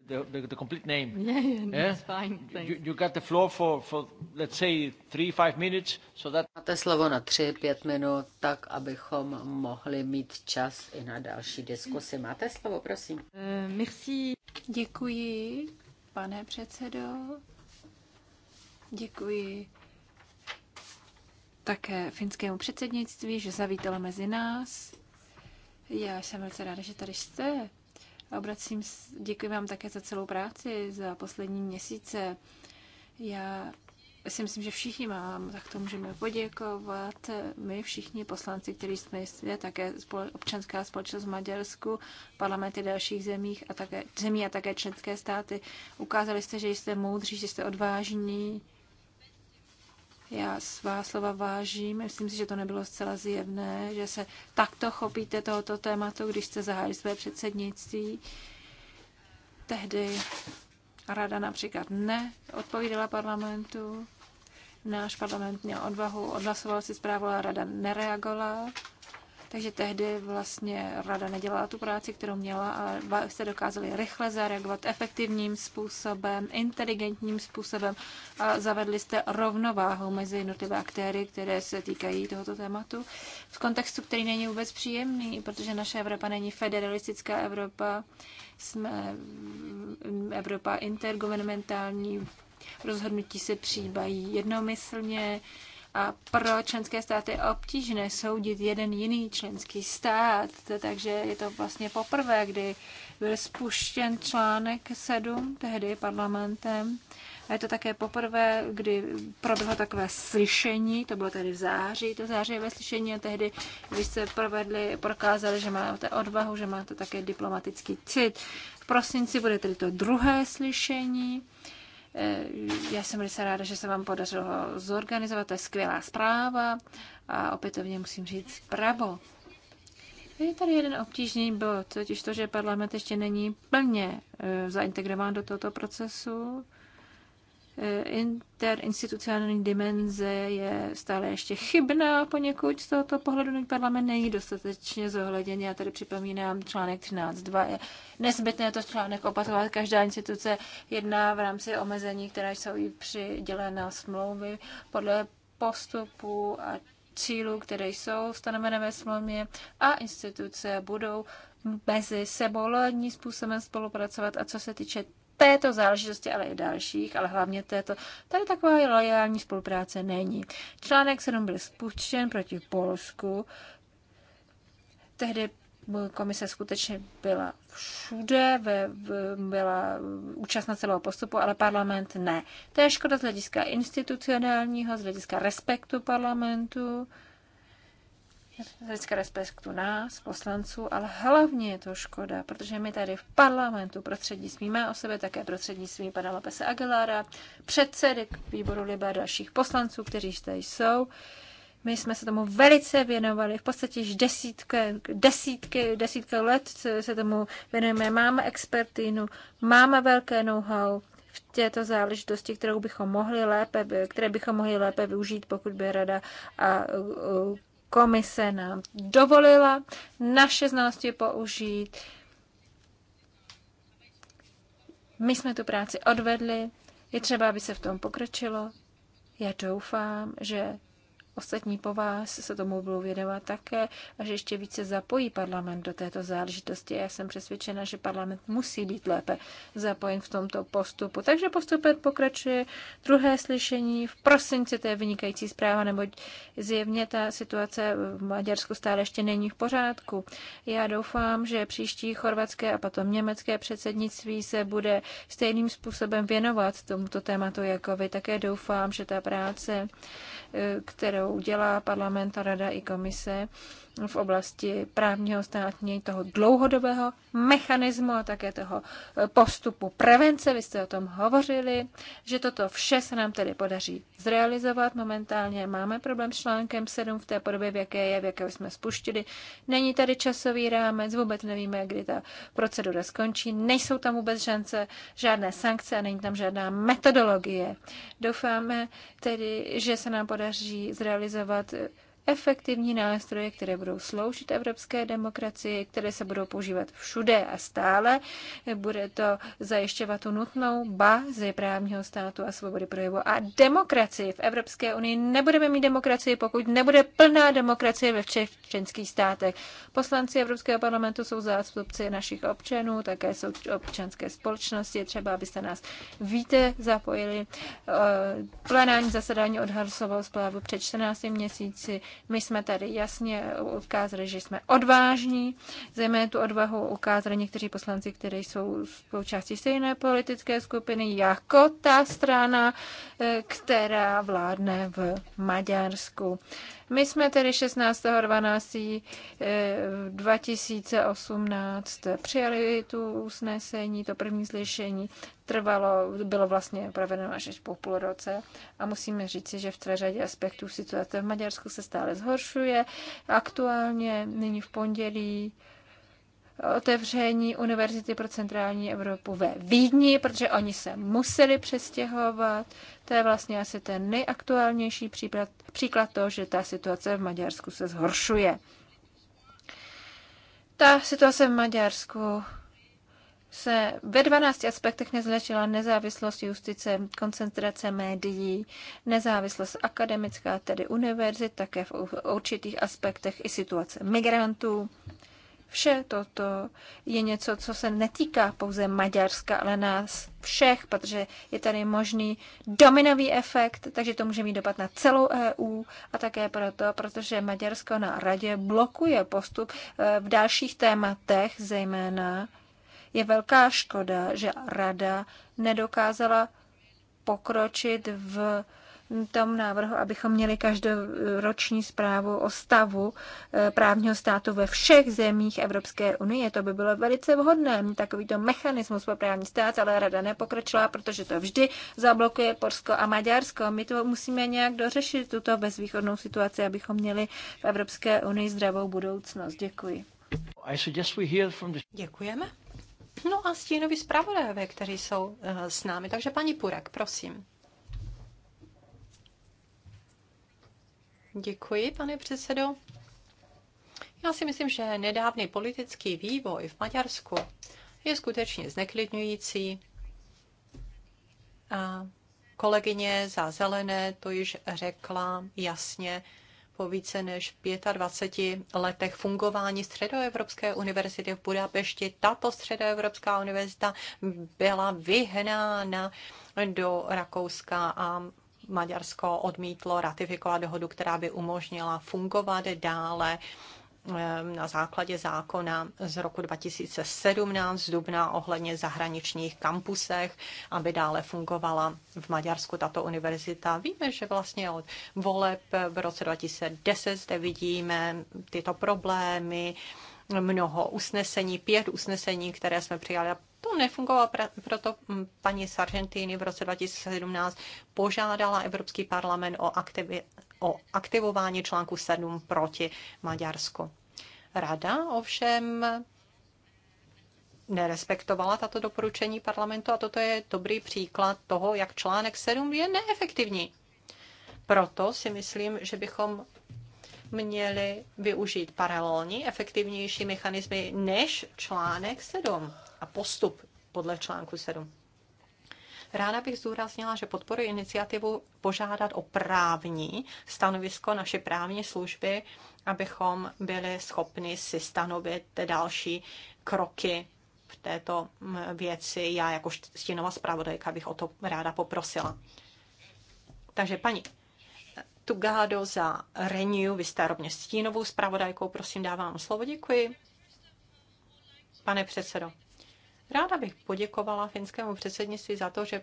The, the, the complete name. Yeah, yeah, yeah? fine. Thanks. You, you got the floor for, for, let's say, three, five minutes, so that... Máte slovo na tři, pět minut, tak abychom mohli mít čas i na další diskusy. Máte slovo, prosím. Uh, merci. Děkuji, pane předsedo. Děkuji také finskému předsednictví, že zavítalo mezi nás. Já jsem velice ráda, že tady jste. obracím, děkuji vám také za celou práci, za poslední měsíce. Já si myslím, že všichni mám, tak to můžeme poděkovat. My všichni poslanci, kteří jsme je také občanská společnost v Maďarsku, parlamenty dalších zemích a také, zemí a také členské státy, ukázali jste, že jste moudří, že jste odvážní, já svá slova vážím. Myslím si, že to nebylo zcela zjevné, že se takto chopíte tohoto tématu, když jste zahájili své předsednictví. Tehdy rada například neodpovídala parlamentu. Náš parlament měl odvahu, odhlasoval si zprávu, ale rada nereagovala. Takže tehdy vlastně rada nedělala tu práci, kterou měla, ale se dokázali rychle zareagovat efektivním způsobem, inteligentním způsobem a zavedli jste rovnováhu mezi jednotlivé aktéry, které se týkají tohoto tématu v kontextu, který není vůbec příjemný, protože naše Evropa není federalistická Evropa, jsme Evropa intergovernmentální, rozhodnutí se přijímají jednomyslně, a pro členské státy je obtížné soudit jeden jiný členský stát. Takže je to vlastně poprvé, kdy byl spuštěn článek 7 tehdy parlamentem. A je to také poprvé, kdy proběhlo takové slyšení, to bylo tady v září, to zářivé slyšení a tehdy když se provedli, prokázali, že máte odvahu, že máte také diplomatický cit. V prosinci bude tedy to druhé slyšení Eh, já jsem velice ráda, že se vám podařilo zorganizovat. To je skvělá zpráva a opětovně musím říct bravo. Je tady jeden obtížný bod, totiž to, že parlament ještě není plně eh, zaintegrován do tohoto procesu. Eh, interinstitucionální dimenze je stále ještě chybná poněkud z tohoto pohledu. Parlament není dostatečně zohleděn. Já tady připomínám článek 13.2. Je nezbytné to článek opatovat. Každá instituce jedná v rámci omezení, která jsou i přidělené smlouvy podle postupu a cílů, které jsou stanovené ve smlouvě a instituce budou mezi sebou způsobem spolupracovat. A co se týče této záležitosti, ale i dalších, ale hlavně této, tady taková lojální spolupráce není. Článek 7 byl spuštěn proti Polsku. Tehdy komise skutečně byla všude, ve, byla účastna celého postupu, ale parlament ne. To je škoda z hlediska institucionálního, z hlediska respektu parlamentu k tu nás, poslanců, ale hlavně je to škoda, protože my tady v parlamentu prostřednictvím o sebe, také prostřednictvím pana Lopese Aguilara, předsedy výboru Liba dalších poslanců, kteří zde jsou, my jsme se tomu velice věnovali, v podstatě již desítky, desítky, desítky let se tomu věnujeme. Máme expertínu, máme velké know-how v této záležitosti, kterou bychom mohli lépe, které bychom mohli lépe využít, pokud by rada a komise nám dovolila naše znalosti použít. My jsme tu práci odvedli, je třeba, aby se v tom pokročilo. Já doufám, že Ostatní po vás se tomu budou věnovat také a že ještě více zapojí parlament do této záležitosti. Já jsem přesvědčena, že parlament musí být lépe zapojen v tomto postupu. Takže postupem pokračuje druhé slyšení v prosinci, to je vynikající zpráva, neboť zjevně ta situace v Maďarsku stále ještě není v pořádku. Já doufám, že příští chorvatské a potom německé předsednictví se bude stejným způsobem věnovat tomuto tématu jako vy. Také doufám, že ta práce, eh, kterou kterou udělá parlament, rada i komise, v oblasti právního státní, toho dlouhodobého mechanismu a také toho eh, postupu prevence. Vy jste o tom hovořili, že toto vše se nám tedy podaří zrealizovat. Momentálně máme problém s článkem 7 v té podobě, v jaké je, v jaké jsme spuštili. Není tady časový rámec, vůbec nevíme, kdy ta procedura skončí. Nejsou tam vůbec žence, žádné sankce a není tam žádná metodologie. Doufáme tedy, že se nám podaří zrealizovat efektivní nástroje, které budou sloužit evropské demokracii, které se budou používat všude a stále. Bude to zajišťovat tu nutnou bázi právního státu a svobody projevu a demokracii. V Evropské unii nebudeme mít demokracii, pokud nebude plná demokracie ve všech členských státech. Poslanci Evropského parlamentu jsou zástupci našich občanů, také jsou občanské společnosti. Třeba, abyste nás víte zapojili. Eh, plenární zasedání odhlasoval zprávu před 14 měsíci. My jsme tady jasně ukázali, že jsme odvážní, zejména tu odvahu ukázali někteří poslanci, kteří jsou součástí stejné politické skupiny, jako ta strana, eh, která vládne v Maďarsku. My jsme tedy 16.12.2018 eh, přijali tu usnesení, to první slyšení trvalo, bylo vlastně provedeno až, až po půl roce a musíme říci, že v té řadě aspektů situace v Maďarsku se stále zhoršuje. Aktuálně nyní v pondělí otevření Univerzity pro centrální Evropu ve Vídni, protože oni se museli přestěhovat. To je vlastně asi ten nejaktuálnější příklad, příklad toho, že ta situace v Maďarsku se zhoršuje. Ta situace v Maďarsku se ve 12 aspektech nezlečila nezávislost justice, koncentrace médií, nezávislost akademická, tedy univerzit, také v určitých aspektech i situace migrantů. Vše toto je něco, co se netýká pouze Maďarska, ale nás všech, protože je tady možný dominový efekt, takže to může mít dopad na celou EU a také proto, protože Maďarsko na radě blokuje postup eh, v dalších tématech, zejména je velká škoda, že rada nedokázala pokročit v tom návrhu, abychom měli každoroční zprávu o stavu eh, právního státu ve všech zemích Evropské unie. To by bylo velice vhodné, takovýto mechanismus pro právní stát, ale rada nepokračovala, protože to vždy zablokuje Polsko a Maďarsko. My to musíme nějak dořešit, tuto bezvýchodnou situaci, abychom měli v Evropské unii zdravou budoucnost. Děkuji. Děkujeme. No a stínoví zpravodajové, kteří jsou eh, s námi. Takže paní Purek, prosím. Děkuji, pane předsedo. Já si myslím, že nedávný politický vývoj v Maďarsku je skutečně zneklidňující. A kolegyně za zelené to již řekla jasně po více než 25 letech fungování Středoevropské univerzity v Budapešti. Tato Středoevropská univerzita byla vyhnána do Rakouska a Maďarsko odmítlo ratifikovat dohodu, která by umožnila fungovat dále eh, na základě zákona z roku 2017 z Dubna ohledně zahraničních kampusech, aby dále fungovala v Maďarsku tato univerzita. Víme, že vlastně od voleb v roce 2010 zde vidíme tyto problémy, mnoho usnesení, pět usnesení, které jsme přijali. To nefungovalo, proto paní Sargentini v roce 2017 požádala Evropský parlament o, aktivi- o aktivování článku 7 proti Maďarsku. Rada ovšem nerespektovala tato doporučení parlamentu a toto je dobrý příklad toho, jak článek 7 je neefektivní. Proto si myslím, že bychom měli využít paralelní efektivnější mechanismy než článek 7 a postup podle článku 7. Ráda bych zdůraznila, že podporuji iniciativu požádat o právní stanovisko naše právní služby, abychom byli schopni si stanovit další kroky v této mm, věci. Já jako stínová zpravodajka bych o to ráda poprosila. Takže paní Tugado za Renew. Vy jste rovně stínovou zpravodajkou. Prosím, dávám slovo. Děkuji. Pane předsedo, ráda bych poděkovala finskému předsednictví za to, že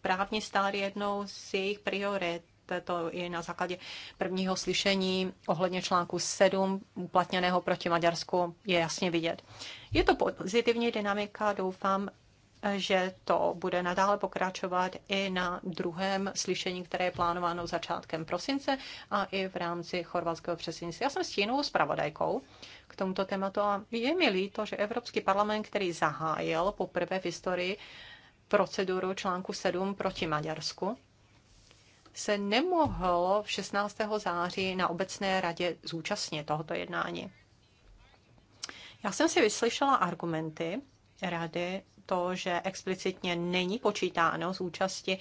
právní stál jednou z jejich priorit to je na základě prvního slyšení ohledně článku 7 uplatněného proti Maďarsku, je jasně vidět. Je to pozitivní dynamika, doufám, že to bude nadále pokračovat i na druhém slyšení, které je plánováno začátkem prosince a i v rámci chorvatského předsednictví. Já jsem stínovou zpravodajkou k tomuto tématu a je mi líto, že Evropský parlament, který zahájil poprvé v historii proceduru článku 7 proti Maďarsku, se nemohl 16. září na obecné radě zúčastnit tohoto jednání. Já jsem si vyslyšela argumenty rady to, že explicitně není počítáno z účasti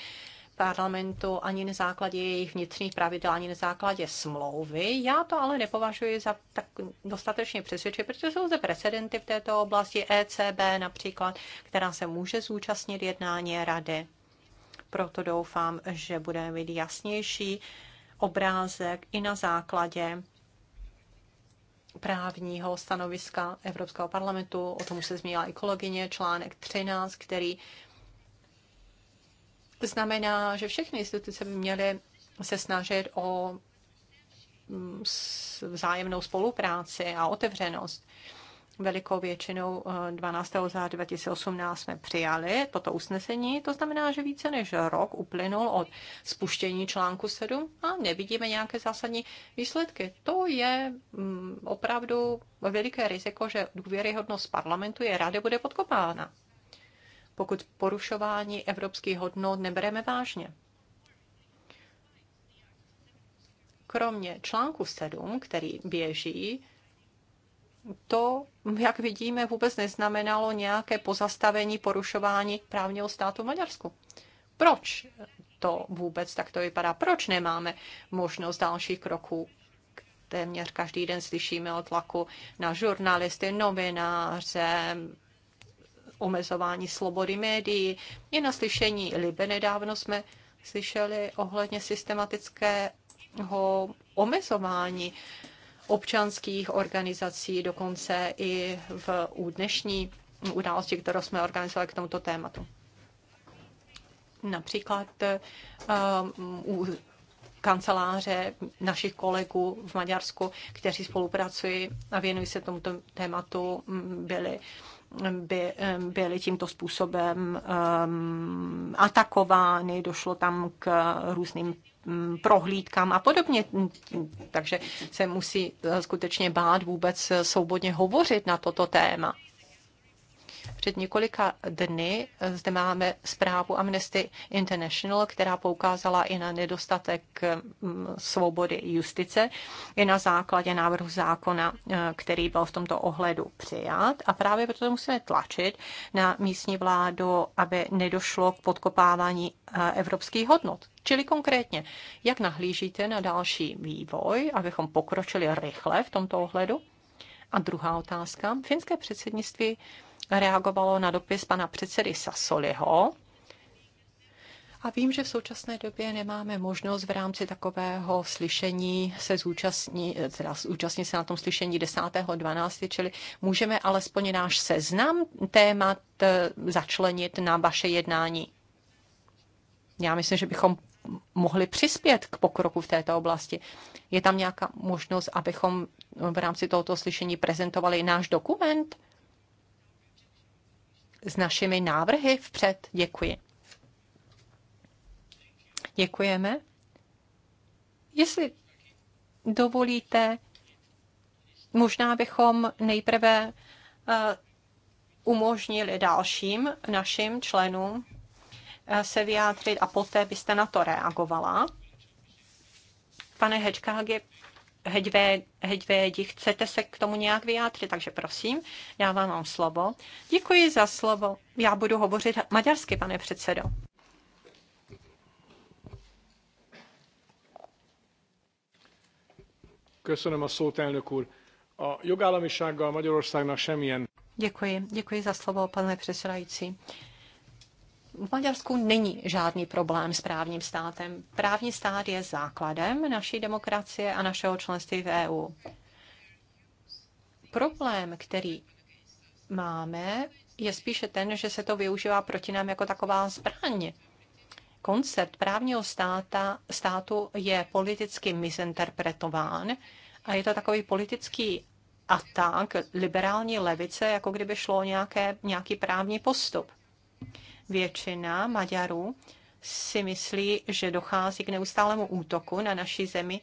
parlamentu ani na základě jejich vnitřních pravidel, ani na základě smlouvy. Já to ale nepovažuji za tak dostatečně přesvědčit, protože jsou zde precedenty v této oblasti, ECB například, která se může zúčastnit jednání rady. Proto doufám, že bude mít jasnější obrázek i na základě právního stanoviska Evropského parlamentu, o tom už se zmínila i kolegyně, článek 13, který znamená, že všechny instituce by měly se snažit o mm, vzájemnou spolupráci a otevřenost velikou většinou 12. Eh, září 2018 jsme přijali toto usnesení. To znamená, že více než rok uplynul od spuštění článku 7 a nevidíme nějaké zásadní výsledky. To je mm, opravdu veliké riziko, že důvěryhodnost parlamentu je rady bude podkopána. Pokud porušování evropských hodnot nebereme vážně. Kromě článku 7, který běží, to, jak vidíme, vůbec neznamenalo nějaké pozastavení porušování právního státu v Maďarsku. Proč to vůbec takto vypadá? Proč nemáme možnost dalších kroků? Téměř každý den slyšíme o tlaku na žurnalisty, novináře, omezování slobody médií. I na slyšení Libe nedávno jsme slyšeli ohledně systematického omezování uh, občanských organizací, dokonce i v u dnešní události, kterou jsme organizovali k tomuto tématu. Například eh, u kanceláře našich kolegů v Maďarsku, kteří spolupracují a věnují se tomuto tématu, mm, byli by, eh, byly tímto způsobem um, atakovány, došlo tam k různým Mm, prohlídkám a podobně. Takže se musí eh, skutečně bát vůbec eh, svobodně hovořit na toto téma. Před několika dny eh, zde máme zprávu Amnesty International, která poukázala i na nedostatek mm, svobody justice, i na základě návrhu zákona, eh, který byl v tomto ohledu přijat. A právě proto musíme tlačit na místní vládu, aby nedošlo k podkopávání eh, evropských hodnot. Čili konkrétně, jak nahlížíte na další vývoj, abychom pokročili rychle v tomto ohledu? A druhá otázka. Finské předsednictví reagovalo na dopis pana předsedy Sasoliho, a vím, že v současné době nemáme možnost v rámci takového slyšení se zúčastnit, teda zúčastnit se na tom slyšení 10.12., čili můžeme alespoň náš seznam témat eh, začlenit na vaše jednání. Já myslím, že bychom mohli přispět k pokroku v této oblasti. Je tam nějaká možnost, abychom v rámci tohoto slyšení prezentovali náš dokument? s našimi návrhy vpřed. Děkuji. Děkujeme. Jestli dovolíte, možná bychom nejprve eh, umožnili dalším našim členům eh, se vyjádřit a poté byste na to reagovala. Pane Hečkági, Hedvé, hedvédi, chcete se k tomu nějak vyjádřit, takže prosím, já vám mám slovo. Děkuji za slovo. Já budu hovořit maďarsky, pane předsedo. Köszönöm a szót, elnök úr. A jogállamisággal Magyarországnak semmilyen... Děkuji, děkuji za slovo, pane předsedající v Maďarsku není žádný problém s právním státem. Právní stát je základem naší demokracie a našeho členství v EU. Problém, který máme, je spíše ten, že se to využívá proti nám jako taková zbraň. Koncept právního státa, státu je politicky misinterpretován a je to takový politický atak liberální levice, jako kdyby šlo nějaké, nějaký právní postup většina Maďarů si myslí, že dochází k neustálému útoku na naší zemi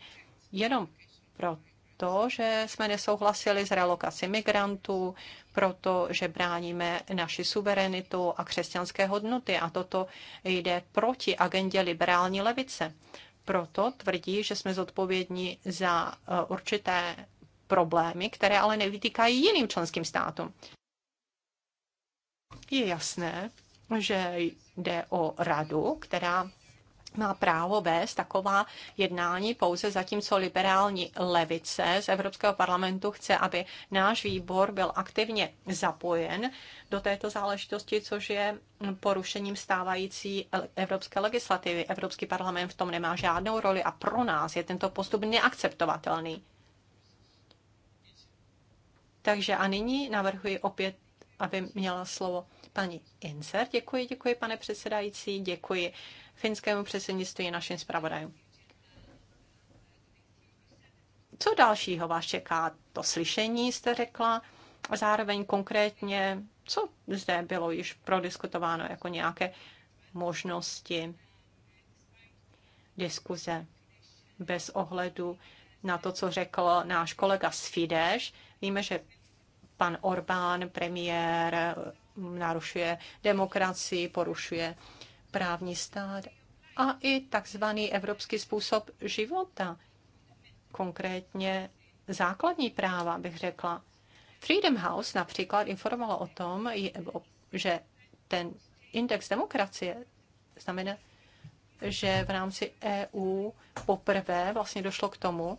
jenom proto, že jsme nesouhlasili s relokací migrantů, proto, že bráníme naši suverenitu a křesťanské hodnoty. A toto jde proti agendě liberální levice. Proto tvrdí, že jsme zodpovědní za eh, určité problémy, které ale nevytýkají jiným členským státům. Je jasné, že jde o radu, která má právo vést taková jednání pouze zatímco liberální levice z Evropského parlamentu chce, aby náš výbor byl aktivně zapojen do této záležitosti, což je porušením stávající evropské legislativy. Evropský parlament v tom nemá žádnou roli a pro nás je tento postup neakceptovatelný. Takže a nyní navrhuji opět aby měla slovo paní Inser. Děkuji, děkuji, pane předsedající, děkuji finskému předsednictví i našim zpravodajům. Co dalšího vás čeká? To slyšení jste řekla, a zároveň konkrétně, co zde bylo již prodiskutováno jako nějaké možnosti diskuze bez ohledu na to, co řekl náš kolega z Fidesz. Víme, že pan Orbán, premiér, mm, narušuje demokracii, porušuje právní stát a i takzvaný evropský způsob života, konkrétně základní práva, bych řekla. Freedom House například informovala o tom, že ten index demokracie znamená, že v rámci EU poprvé vlastně došlo k tomu,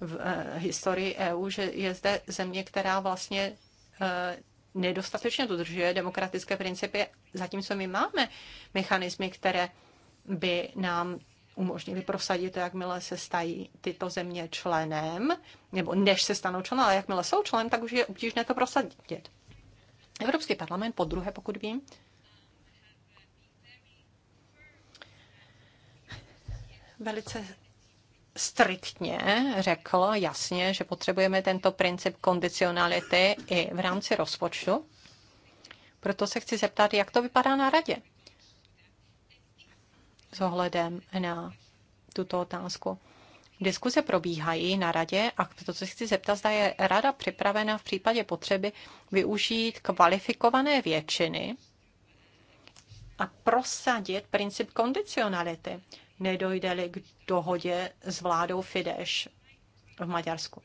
v eh, historii EU, že je zde země, která vlastně eh, nedostatečně dodržuje demokratické principy, zatímco my máme mechanismy, které by nám umožnili prosadit to, jakmile se stají tyto země členem, nebo než se stanou členem, ale jakmile jsou členem, tak už je obtížné to prosadit. Evropský parlament, po druhé, pokud vím, velice striktně řekl jasně, že potřebujeme tento princip kondicionality i v rámci rozpočtu. Proto se chci zeptat, jak to vypadá na radě s ohledem na tuto otázku. Diskuse probíhají na radě a to, co chci zeptat, zda je rada připravena v případě potřeby využít kvalifikované většiny a prosadit princip kondicionality nedojde-li k dohodě s vládou Fidesz v Maďarsku.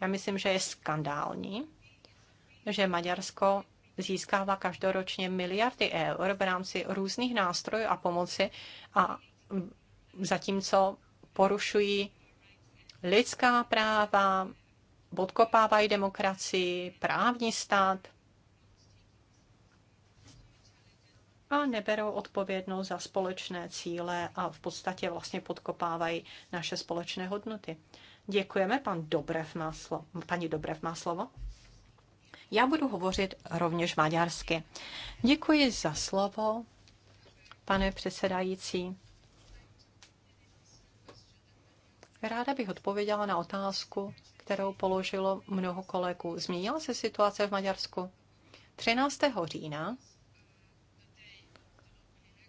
Já myslím, že je skandální, že Maďarsko získává každoročně miliardy eur v rámci různých nástrojů a pomoci a zatímco porušují lidská práva, podkopávají demokracii, právní stát. a neberou odpovědnost za společné cíle a v podstatě vlastně podkopávají naše společné hodnoty. Děkujeme, pan Dobrev má slovo. Paní Dobrev má slovo. Já budu hovořit rovněž maďarsky. Děkuji za slovo, pane předsedající. Ráda bych odpověděla na otázku, kterou položilo mnoho kolegů. Změnila se situace v Maďarsku? 13. října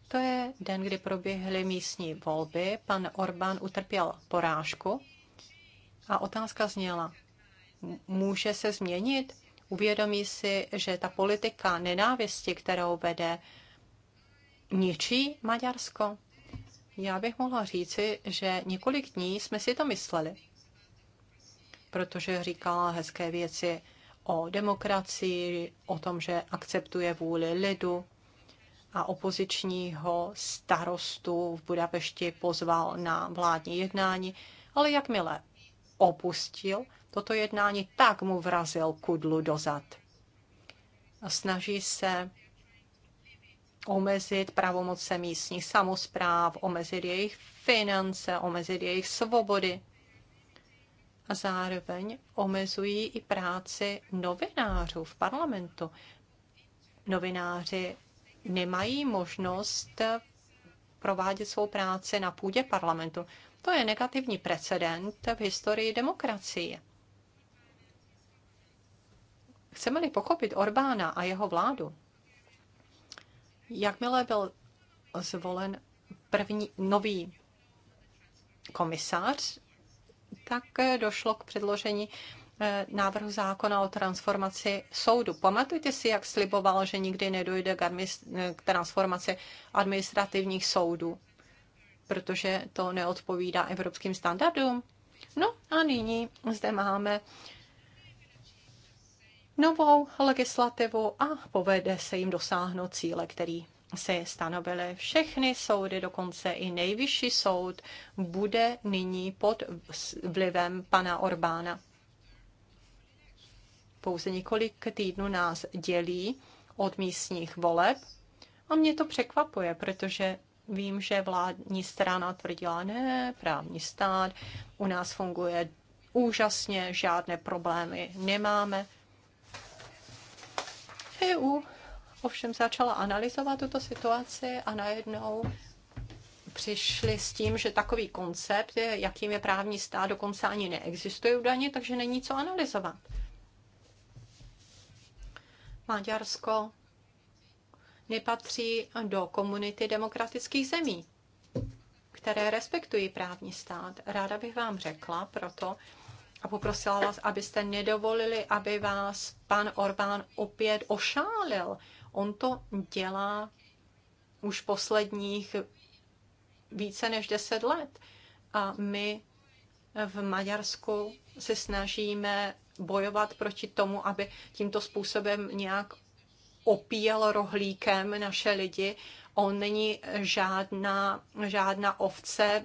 to je den, kdy proběhly místní volby. Pan Orbán utrpěl porážku a otázka zněla, může se změnit? Uvědomí si, že ta politika nenávisti, kterou vede, ničí Maďarsko? Já bych mohla říci, že několik dní jsme si to mysleli, protože říkala hezké věci o demokracii, o tom, že akceptuje vůli lidu, a opozičního starostu v Budapešti pozval na vládní jednání, ale jakmile opustil toto jednání, tak mu vrazil kudlu dozad. A snaží se omezit pravomoce místních samozpráv, omezit jejich finance, omezit jejich svobody. A zároveň omezují i práci novinářů v parlamentu. Novináři nemají možnost provádět svou práci na půdě parlamentu. To je negativní precedent v historii demokracie. Chceme-li pochopit Orbána a jeho vládu, jakmile byl zvolen první nový komisář, tak došlo k předložení Eh, návrhu zákona o transformaci soudu. Pamatujte si, jak sliboval, že nikdy nedojde k, k transformaci administrativních soudů, protože to neodpovídá evropským standardům. No a nyní zde máme novou legislativu a povede se jim dosáhnout cíle, který se stanovily všechny soudy, dokonce i nejvyšší soud, bude nyní pod vlivem pana Orbána. Pouze několik týdnů nás dělí od místních voleb a mě to překvapuje, protože vím, že vládní strana tvrdila, ne, právní stát u nás funguje úžasně, žádné problémy nemáme. EU ovšem začala analyzovat tuto situaci a najednou přišli s tím, že takový koncept, jakým je právní stát, dokonce ani neexistuje údajně, takže není co analyzovat. Maďarsko nepatří do komunity demokratických zemí, které respektují právní stát. Ráda bych vám řekla proto a poprosila vás, abyste nedovolili, aby vás pan Orbán opět ošálil. On to dělá už posledních více než deset let. A my v Maďarsku se snažíme bojovat proti tomu, aby tímto způsobem nějak opíjel rohlíkem naše lidi. On není žádná, žádná ovce,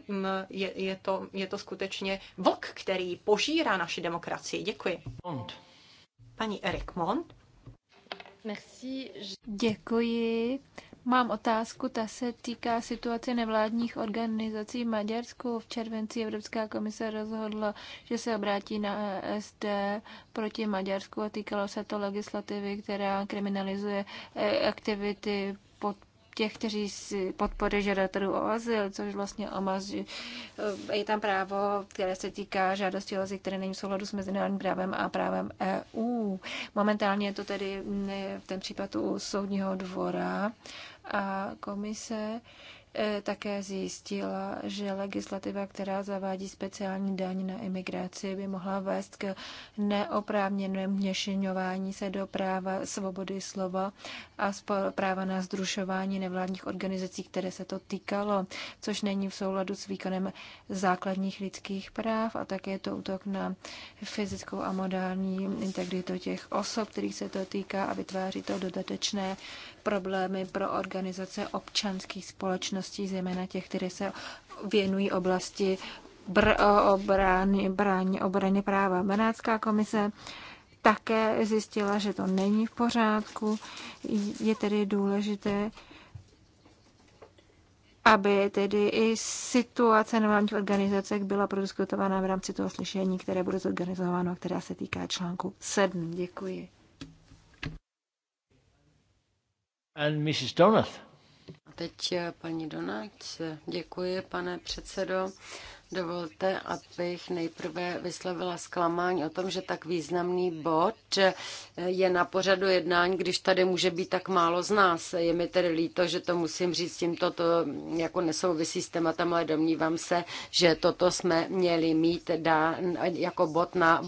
je, je, to, je to skutečně vlk, který požírá naši demokracii. Děkuji. Mont. Paní Erik Mond. Merci. Děkuji. Mám otázku, ta se týká situace nevládních organizací v Maďarsku. V červenci Evropská komise rozhodla, že se obrátí na e SD proti Maďarsku a týkalo se to legislativy, která kriminalizuje e, aktivity pod těch, kteří si podpory žadatelů o azyl, což vlastně omaz, e, je tam právo, které se týká žádosti o azyl, které není v souladu s mezinárodním právem a právem EU. Momentálně je to tedy mm, ten případ u soudního dvora a komise eh, také zjistila, že legislativa, která zavádí speciální daň na imigraci, by mohla vést k neoprávněnému měšeňování se do práva svobody slova a práva na zdrušování nevládních organizací, které se to týkalo, což není v souladu s výkonem základních lidských práv a také je to útok na fyzickou a modální integritu těch osob, kterých se to týká a vytváří to dodatečné problémy pro organizace občanských společností, zejména těch, které se věnují oblasti br- obrany, brání, obrany práva. Benátská komise také zjistila, že to není v pořádku. Je tedy důležité, aby tedy i situace nevládních organizacek byla prodiskutována v rámci toho slyšení, které bude zorganizováno a která se týká článku 7. Děkuji. And Mrs. Donath. A teď eh, paní Donat, děkuji, pane předsedo. Dovolte, abych nejprve vyslovila zklamání o tom, že tak významný bod je na pořadu jednání, když tady může být tak málo z nás. Je mi tedy líto, že to musím říct tímto, to jako nesouvisí s tématem, ale domnívám se, že toto jsme měli mít dá, jako bod na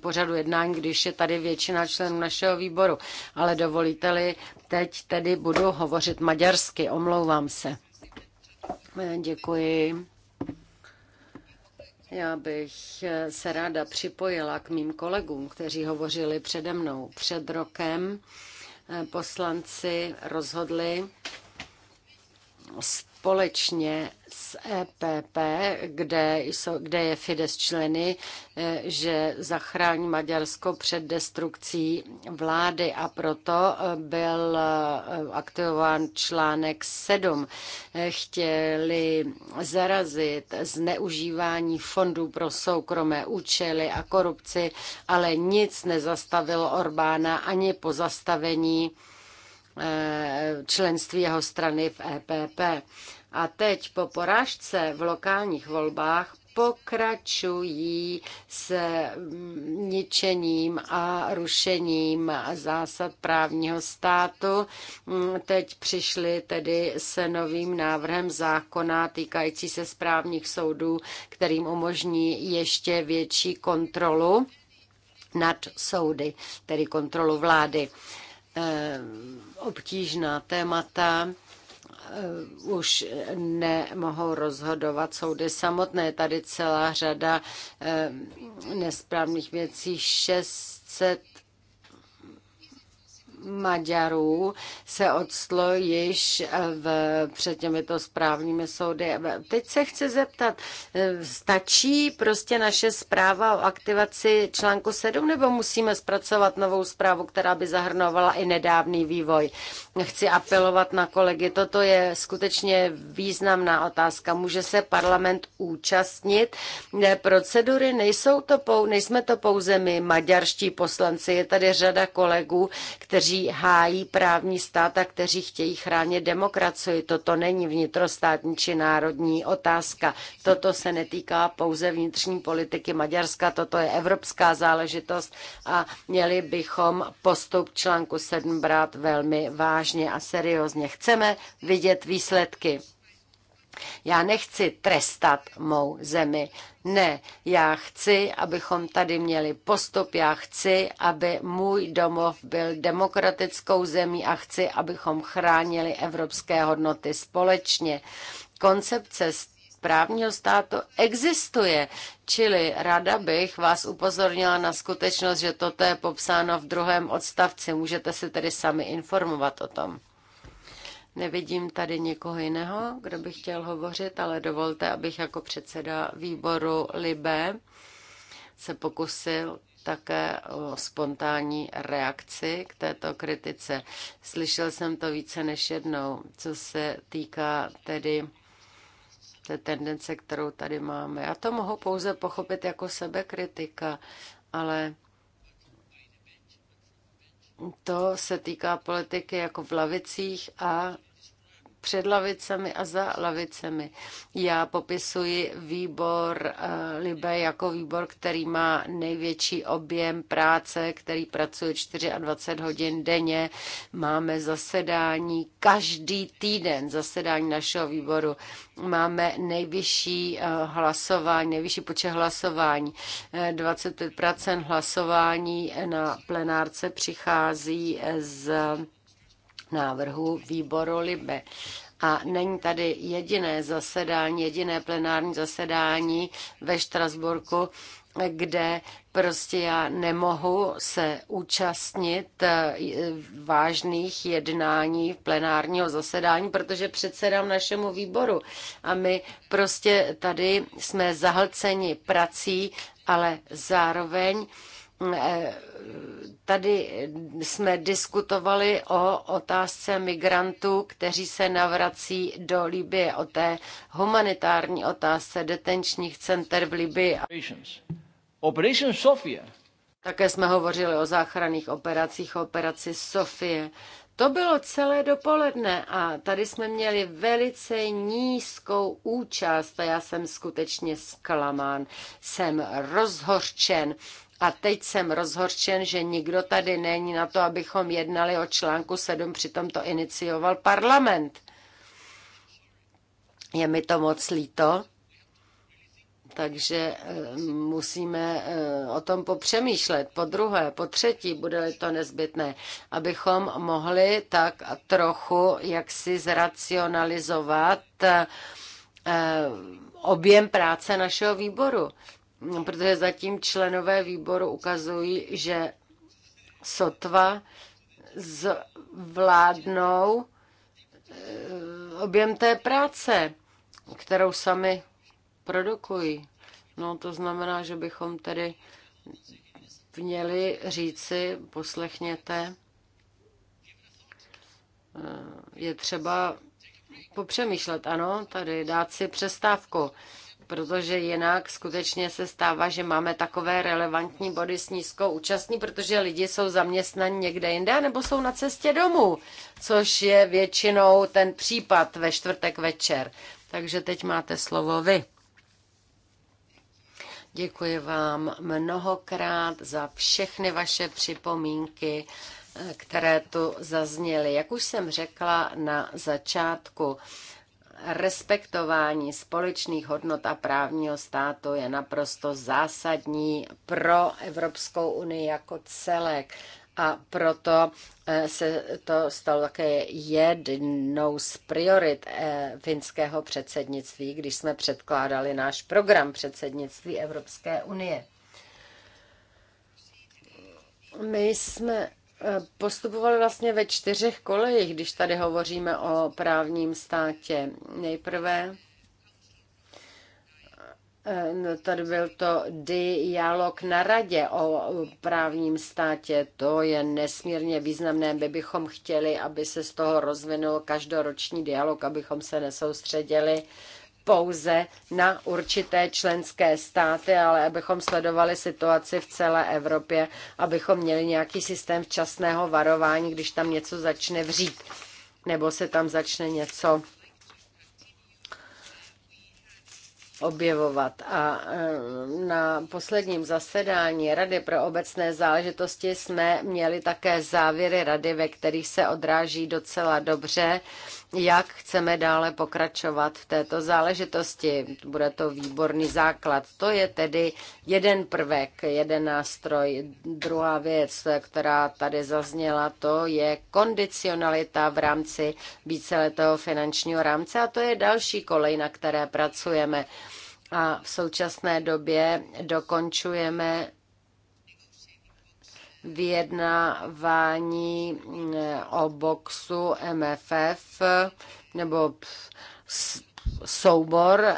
pořadu jednání, když je tady většina členů našeho výboru. Ale dovolíte-li, teď tedy budu hovořit maďarsky, omlouvám se. Děkuji. Já bych eh, se ráda připojila k mým kolegům, kteří hovořili přede mnou. Před rokem eh, poslanci rozhodli společně s EPP, kde, jsou, kde je Fides členy, eh, že zachrání Maďarsko před destrukcí vlády a proto eh, byl eh, aktivován článek 7. Chtěli zarazit zneužívání fondů pro soukromé účely a korupci, ale nic nezastavilo Orbána ani pozastavení členství jeho strany v EPP. A teď po porážce v lokálních volbách pokračují s ničením a rušením zásad právního státu. Teď přišli tedy se novým návrhem zákona týkající se správních soudů, kterým umožní ještě větší kontrolu nad soudy, tedy kontrolu vlády obtížná témata eh, už nemohou rozhodovat soudy samotné. Tady celá řada eh, nesprávných věcí, 600 Maďarů se odstlo již v, před těmito správními soudy. Teď se chci zeptat, eh, stačí prostě naše zpráva o aktivaci článku 7 nebo musíme zpracovat novou zprávu, která by zahrnovala i nedávný vývoj? Chci apelovat na kolegy, toto je skutečně významná otázka. Může se parlament účastnit ne, procedury? Nejsou to, pou, nejsme to pouze my, maďarští poslanci, je tady řada kolegů, kteří kteří hájí právní stát a kteří chtějí chránit demokracii. Toto není vnitrostátní či národní otázka. Toto se netýká pouze vnitřní politiky Maďarska, toto je evropská záležitost a měli bychom postup článku 7 brát velmi vážně a seriózně. Chceme vidět výsledky. Já nechci trestat mou zemi. Ne, já chci, abychom tady měli postup, já chci, aby můj domov byl demokratickou zemí a chci, abychom chránili evropské hodnoty společně. Koncepce právního státu existuje. Čili ráda bych vás upozornila na skutečnost, že toto je popsáno v druhém odstavci. Můžete se tedy sami informovat o tom. Nevidím tady nikoho jiného, kdo by chtěl hovořit, ale dovolte, abych jako předseda výboru Libe se pokusil také o spontánní reakci k této kritice. Slyšel jsem to více než jednou, co se týká tedy té tendence, kterou tady máme. Já to mohu pouze pochopit jako sebekritika, ale to se týká politiky jako v lavicích a před lavicemi a za lavicemi. Já popisuji výbor eh, Libe jako výbor, který má největší objem práce, který pracuje 24 hodin denně. Máme zasedání každý týden, zasedání našeho výboru. Máme nejvyšší eh, hlasování, nejvyšší počet hlasování. 25 eh, hlasování na plenárce přichází z návrhu výboru Libe. A není tady jediné zasedání, jediné plenární zasedání ve Štrasburku, kde prostě já nemohu se účastnit eh, vážných jednání plenárního zasedání, protože předsedám našemu výboru. A my prostě tady jsme zahlceni prací, ale zároveň Tady jsme diskutovali o otázce migrantů, kteří se navrací do Libie, o té humanitární otázce detenčních center v Libii. Operation Také jsme hovořili o záchranných operacích, o operaci Sofie. To bylo celé dopoledne a tady jsme měli velice nízkou účast a já jsem skutečně zklamán, jsem rozhorčen a teď jsem rozhorčen, že nikdo tady není na to, abychom jednali o článku 7, přitom to inicioval parlament. Je mi to moc líto, takže eh, musíme eh, o tom popřemýšlet. Po druhé, po třetí, bude to nezbytné, abychom mohli tak trochu jaksi zracionalizovat eh, objem práce našeho výboru protože zatím členové výboru ukazují, že sotva zvládnou eh, objem té práce, kterou sami produkují. No to znamená, že bychom tedy měli říci, poslechněte, eh, je třeba popřemýšlet, ano, tady dát si přestávku protože jinak skutečně se stává, že máme takové relevantní body s nízkou účastní, protože lidi jsou zaměstnaní někde jinde nebo jsou na cestě domů, což je většinou ten případ ve čtvrtek večer. Takže teď máte slovo vy. Děkuji vám mnohokrát za všechny vaše připomínky, eh, které tu zazněly. Jak už jsem řekla na začátku, respektování společných hodnot a právního státu je naprosto zásadní pro Evropskou unii jako celek. A proto eh, se to stalo také jednou z priorit eh, finského předsednictví, když jsme předkládali náš program předsednictví Evropské unie. My jsme postupovali vlastně ve čtyřech kolejích, když tady hovoříme o právním státě. Nejprve eh, No, tady byl to dialog na radě o právním státě. To je nesmírně významné. My bychom chtěli, aby se z toho rozvinul každoroční dialog, abychom se nesoustředili pouze na určité členské státy, ale abychom sledovali situaci v celé Evropě, abychom měli nějaký systém včasného varování, když tam něco začne vřít nebo se tam začne něco objevovat. A e, na posledním zasedání Rady pro obecné záležitosti jsme měli také závěry rady, ve kterých se odráží docela dobře jak chceme dále pokračovat v této záležitosti. Bude to výborný základ. To je tedy jeden prvek, jeden nástroj. Druhá věc, která tady zazněla, to je kondicionalita v rámci víceletého finančního rámce a to je další kolej, na které pracujeme. A v současné době dokončujeme vyjednávání mm, o boxu MFF nebo soubor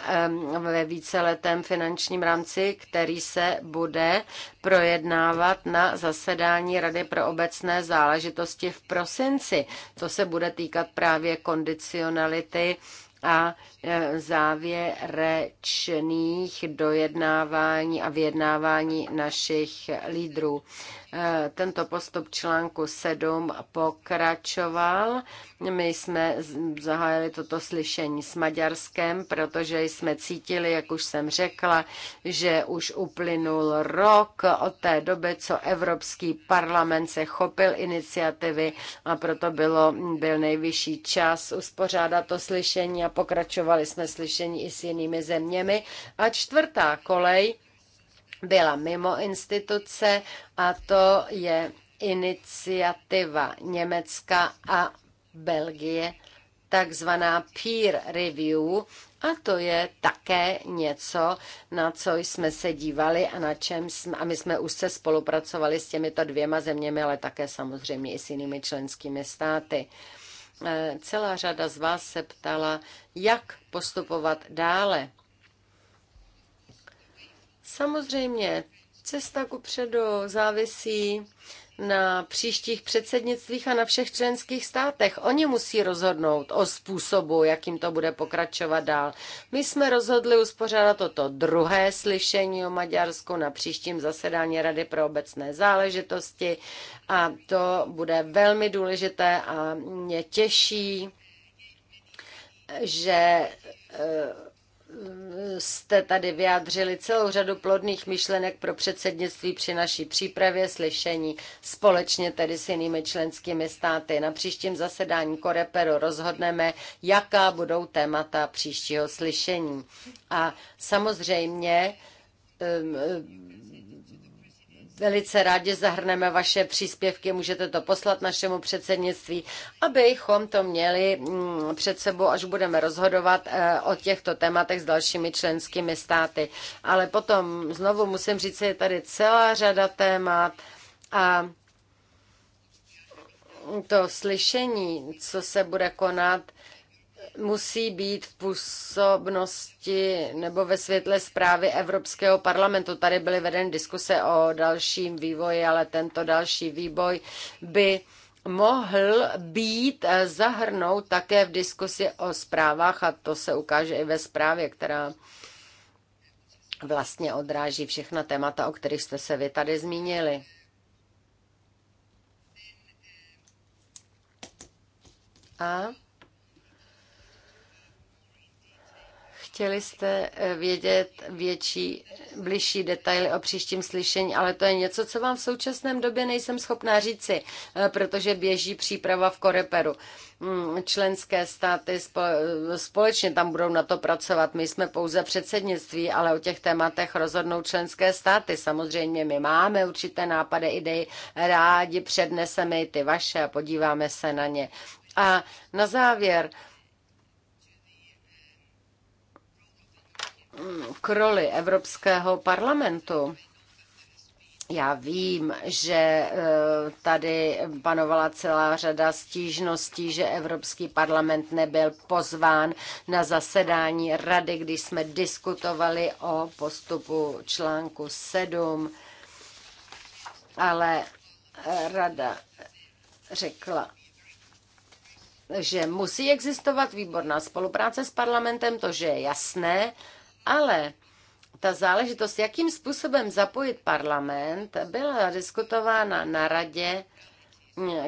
ve víceletém finančním rámci, který se bude projednávat na zasedání Rady pro obecné záležitosti v prosinci. To se bude týkat právě kondicionality a E, závěrečných dojednávání a vyjednávání našich lídrů. E, tento postup článku 7 pokračoval. My jsme zahájili toto slyšení s Maďarskem, protože jsme cítili, jak už jsem řekla, že už uplynul rok od té doby, co Evropský parlament se chopil iniciativy a proto bylo, byl nejvyšší čas uspořádat to slyšení a pokračovat Zorganizovali jsme slyšení i s jinými zeměmi. A čtvrtá kolej byla mimo instituce a to je iniciativa Německa a Belgie, takzvaná peer review, a to je také něco, na co jsme se dívali a na čem jsme, a my jsme už se spolupracovali s těmito dvěma zeměmi, ale také samozřejmě i s jinými členskými státy. Eh, celá řada z vás se ptala, jak postupovat dále. Samozřejmě, cesta ku předu závisí na příštích předsednictvích a na všech členských státech. Oni musí rozhodnout o způsobu, jakým to bude pokračovat dál. My jsme rozhodli uspořádat toto druhé slyšení o Maďarsku na příštím zasedání Rady pro obecné záležitosti a to bude velmi důležité a mě těší, že eh, jste tady vyjádřili celou řadu plodných myšlenek pro předsednictví při naší přípravě slyšení společně tedy s jinými členskými státy. Na příštím zasedání Koreperu rozhodneme, jaká budou témata příštího slyšení. A samozřejmě Velice rádi zahrneme vaše příspěvky, můžete to poslat našemu předsednictví, abychom to měli mm, před sebou, až budeme rozhodovat eh, o těchto tématech s dalšími členskými státy. Ale potom znovu musím říct, je tady celá řada témat a to slyšení, co se bude konat, musí být v působnosti nebo ve světle zprávy Evropského parlamentu. Tady byly vedeny diskuse o dalším vývoji, ale tento další vývoj by mohl být zahrnout také v diskusi o zprávách a to se ukáže i ve zprávě, která vlastně odráží všechna témata, o kterých jste se vy tady zmínili. A Chtěli jste eh, vědět větší, bližší detaily o příštím slyšení, ale to je něco, co vám v současném době nejsem schopná říci, eh, protože běží příprava v Koreperu. Mm, členské státy eh, společně tam budou na to pracovat. My jsme pouze předsednictví, ale o těch tématech rozhodnou členské státy. Samozřejmě my máme určité nápady, idei, rádi předneseme i ty vaše a podíváme se na ně. A na závěr, k roli Evropského parlamentu. Já vím, že e, tady panovala celá řada stížností, že Evropský parlament nebyl pozván na zasedání rady, když jsme diskutovali o postupu článku 7, ale e, rada řekla, že musí existovat výborná spolupráce s parlamentem, to, že je jasné, ale ta záležitost, jakým způsobem zapojit parlament, byla diskutována na radě,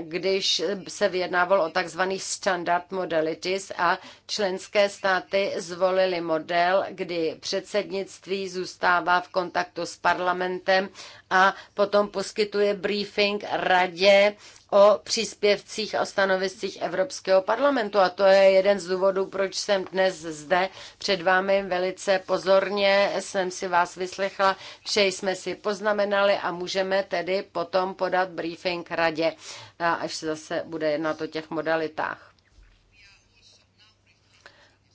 když se vyjednávalo o takzvaných standard modalities a členské státy zvolili model, kdy předsednictví zůstává v kontaktu s parlamentem a potom poskytuje briefing radě o příspěvcích a stanoviscích Evropského parlamentu. A to je jeden z důvodů, proč jsem dnes zde před vámi velice pozorně. Jsem si vás vyslechla, vše jsme si poznamenali a můžeme tedy potom podat briefing radě, až se zase bude jednat o těch modalitách.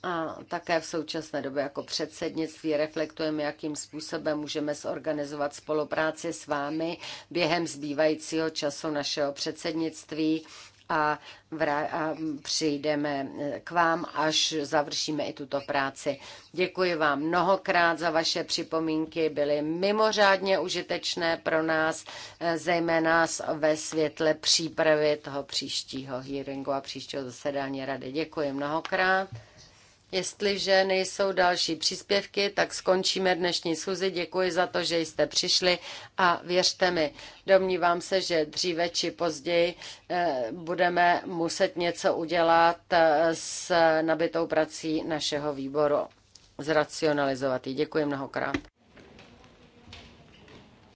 A také v současné době jako předsednictví reflektujeme, jakým způsobem můžeme zorganizovat spolupráci s vámi během zbývajícího času našeho předsednictví a, vra- a přijdeme k vám, až završíme i tuto práci. Děkuji vám mnohokrát za vaše připomínky, byly mimořádně užitečné pro nás, eh, zejména ve světle přípravy toho příštího hearingu a příštího zasedání rady. Děkuji mnohokrát. Jestliže nejsou další příspěvky, tak skončíme dnešní schůzi. Děkuji za to, že jste přišli a věřte mi, domnívám se, že dříve či později eh, budeme muset něco udělat eh, s nabitou prací našeho výboru, zracionalizovat ji. Děkuji mnohokrát.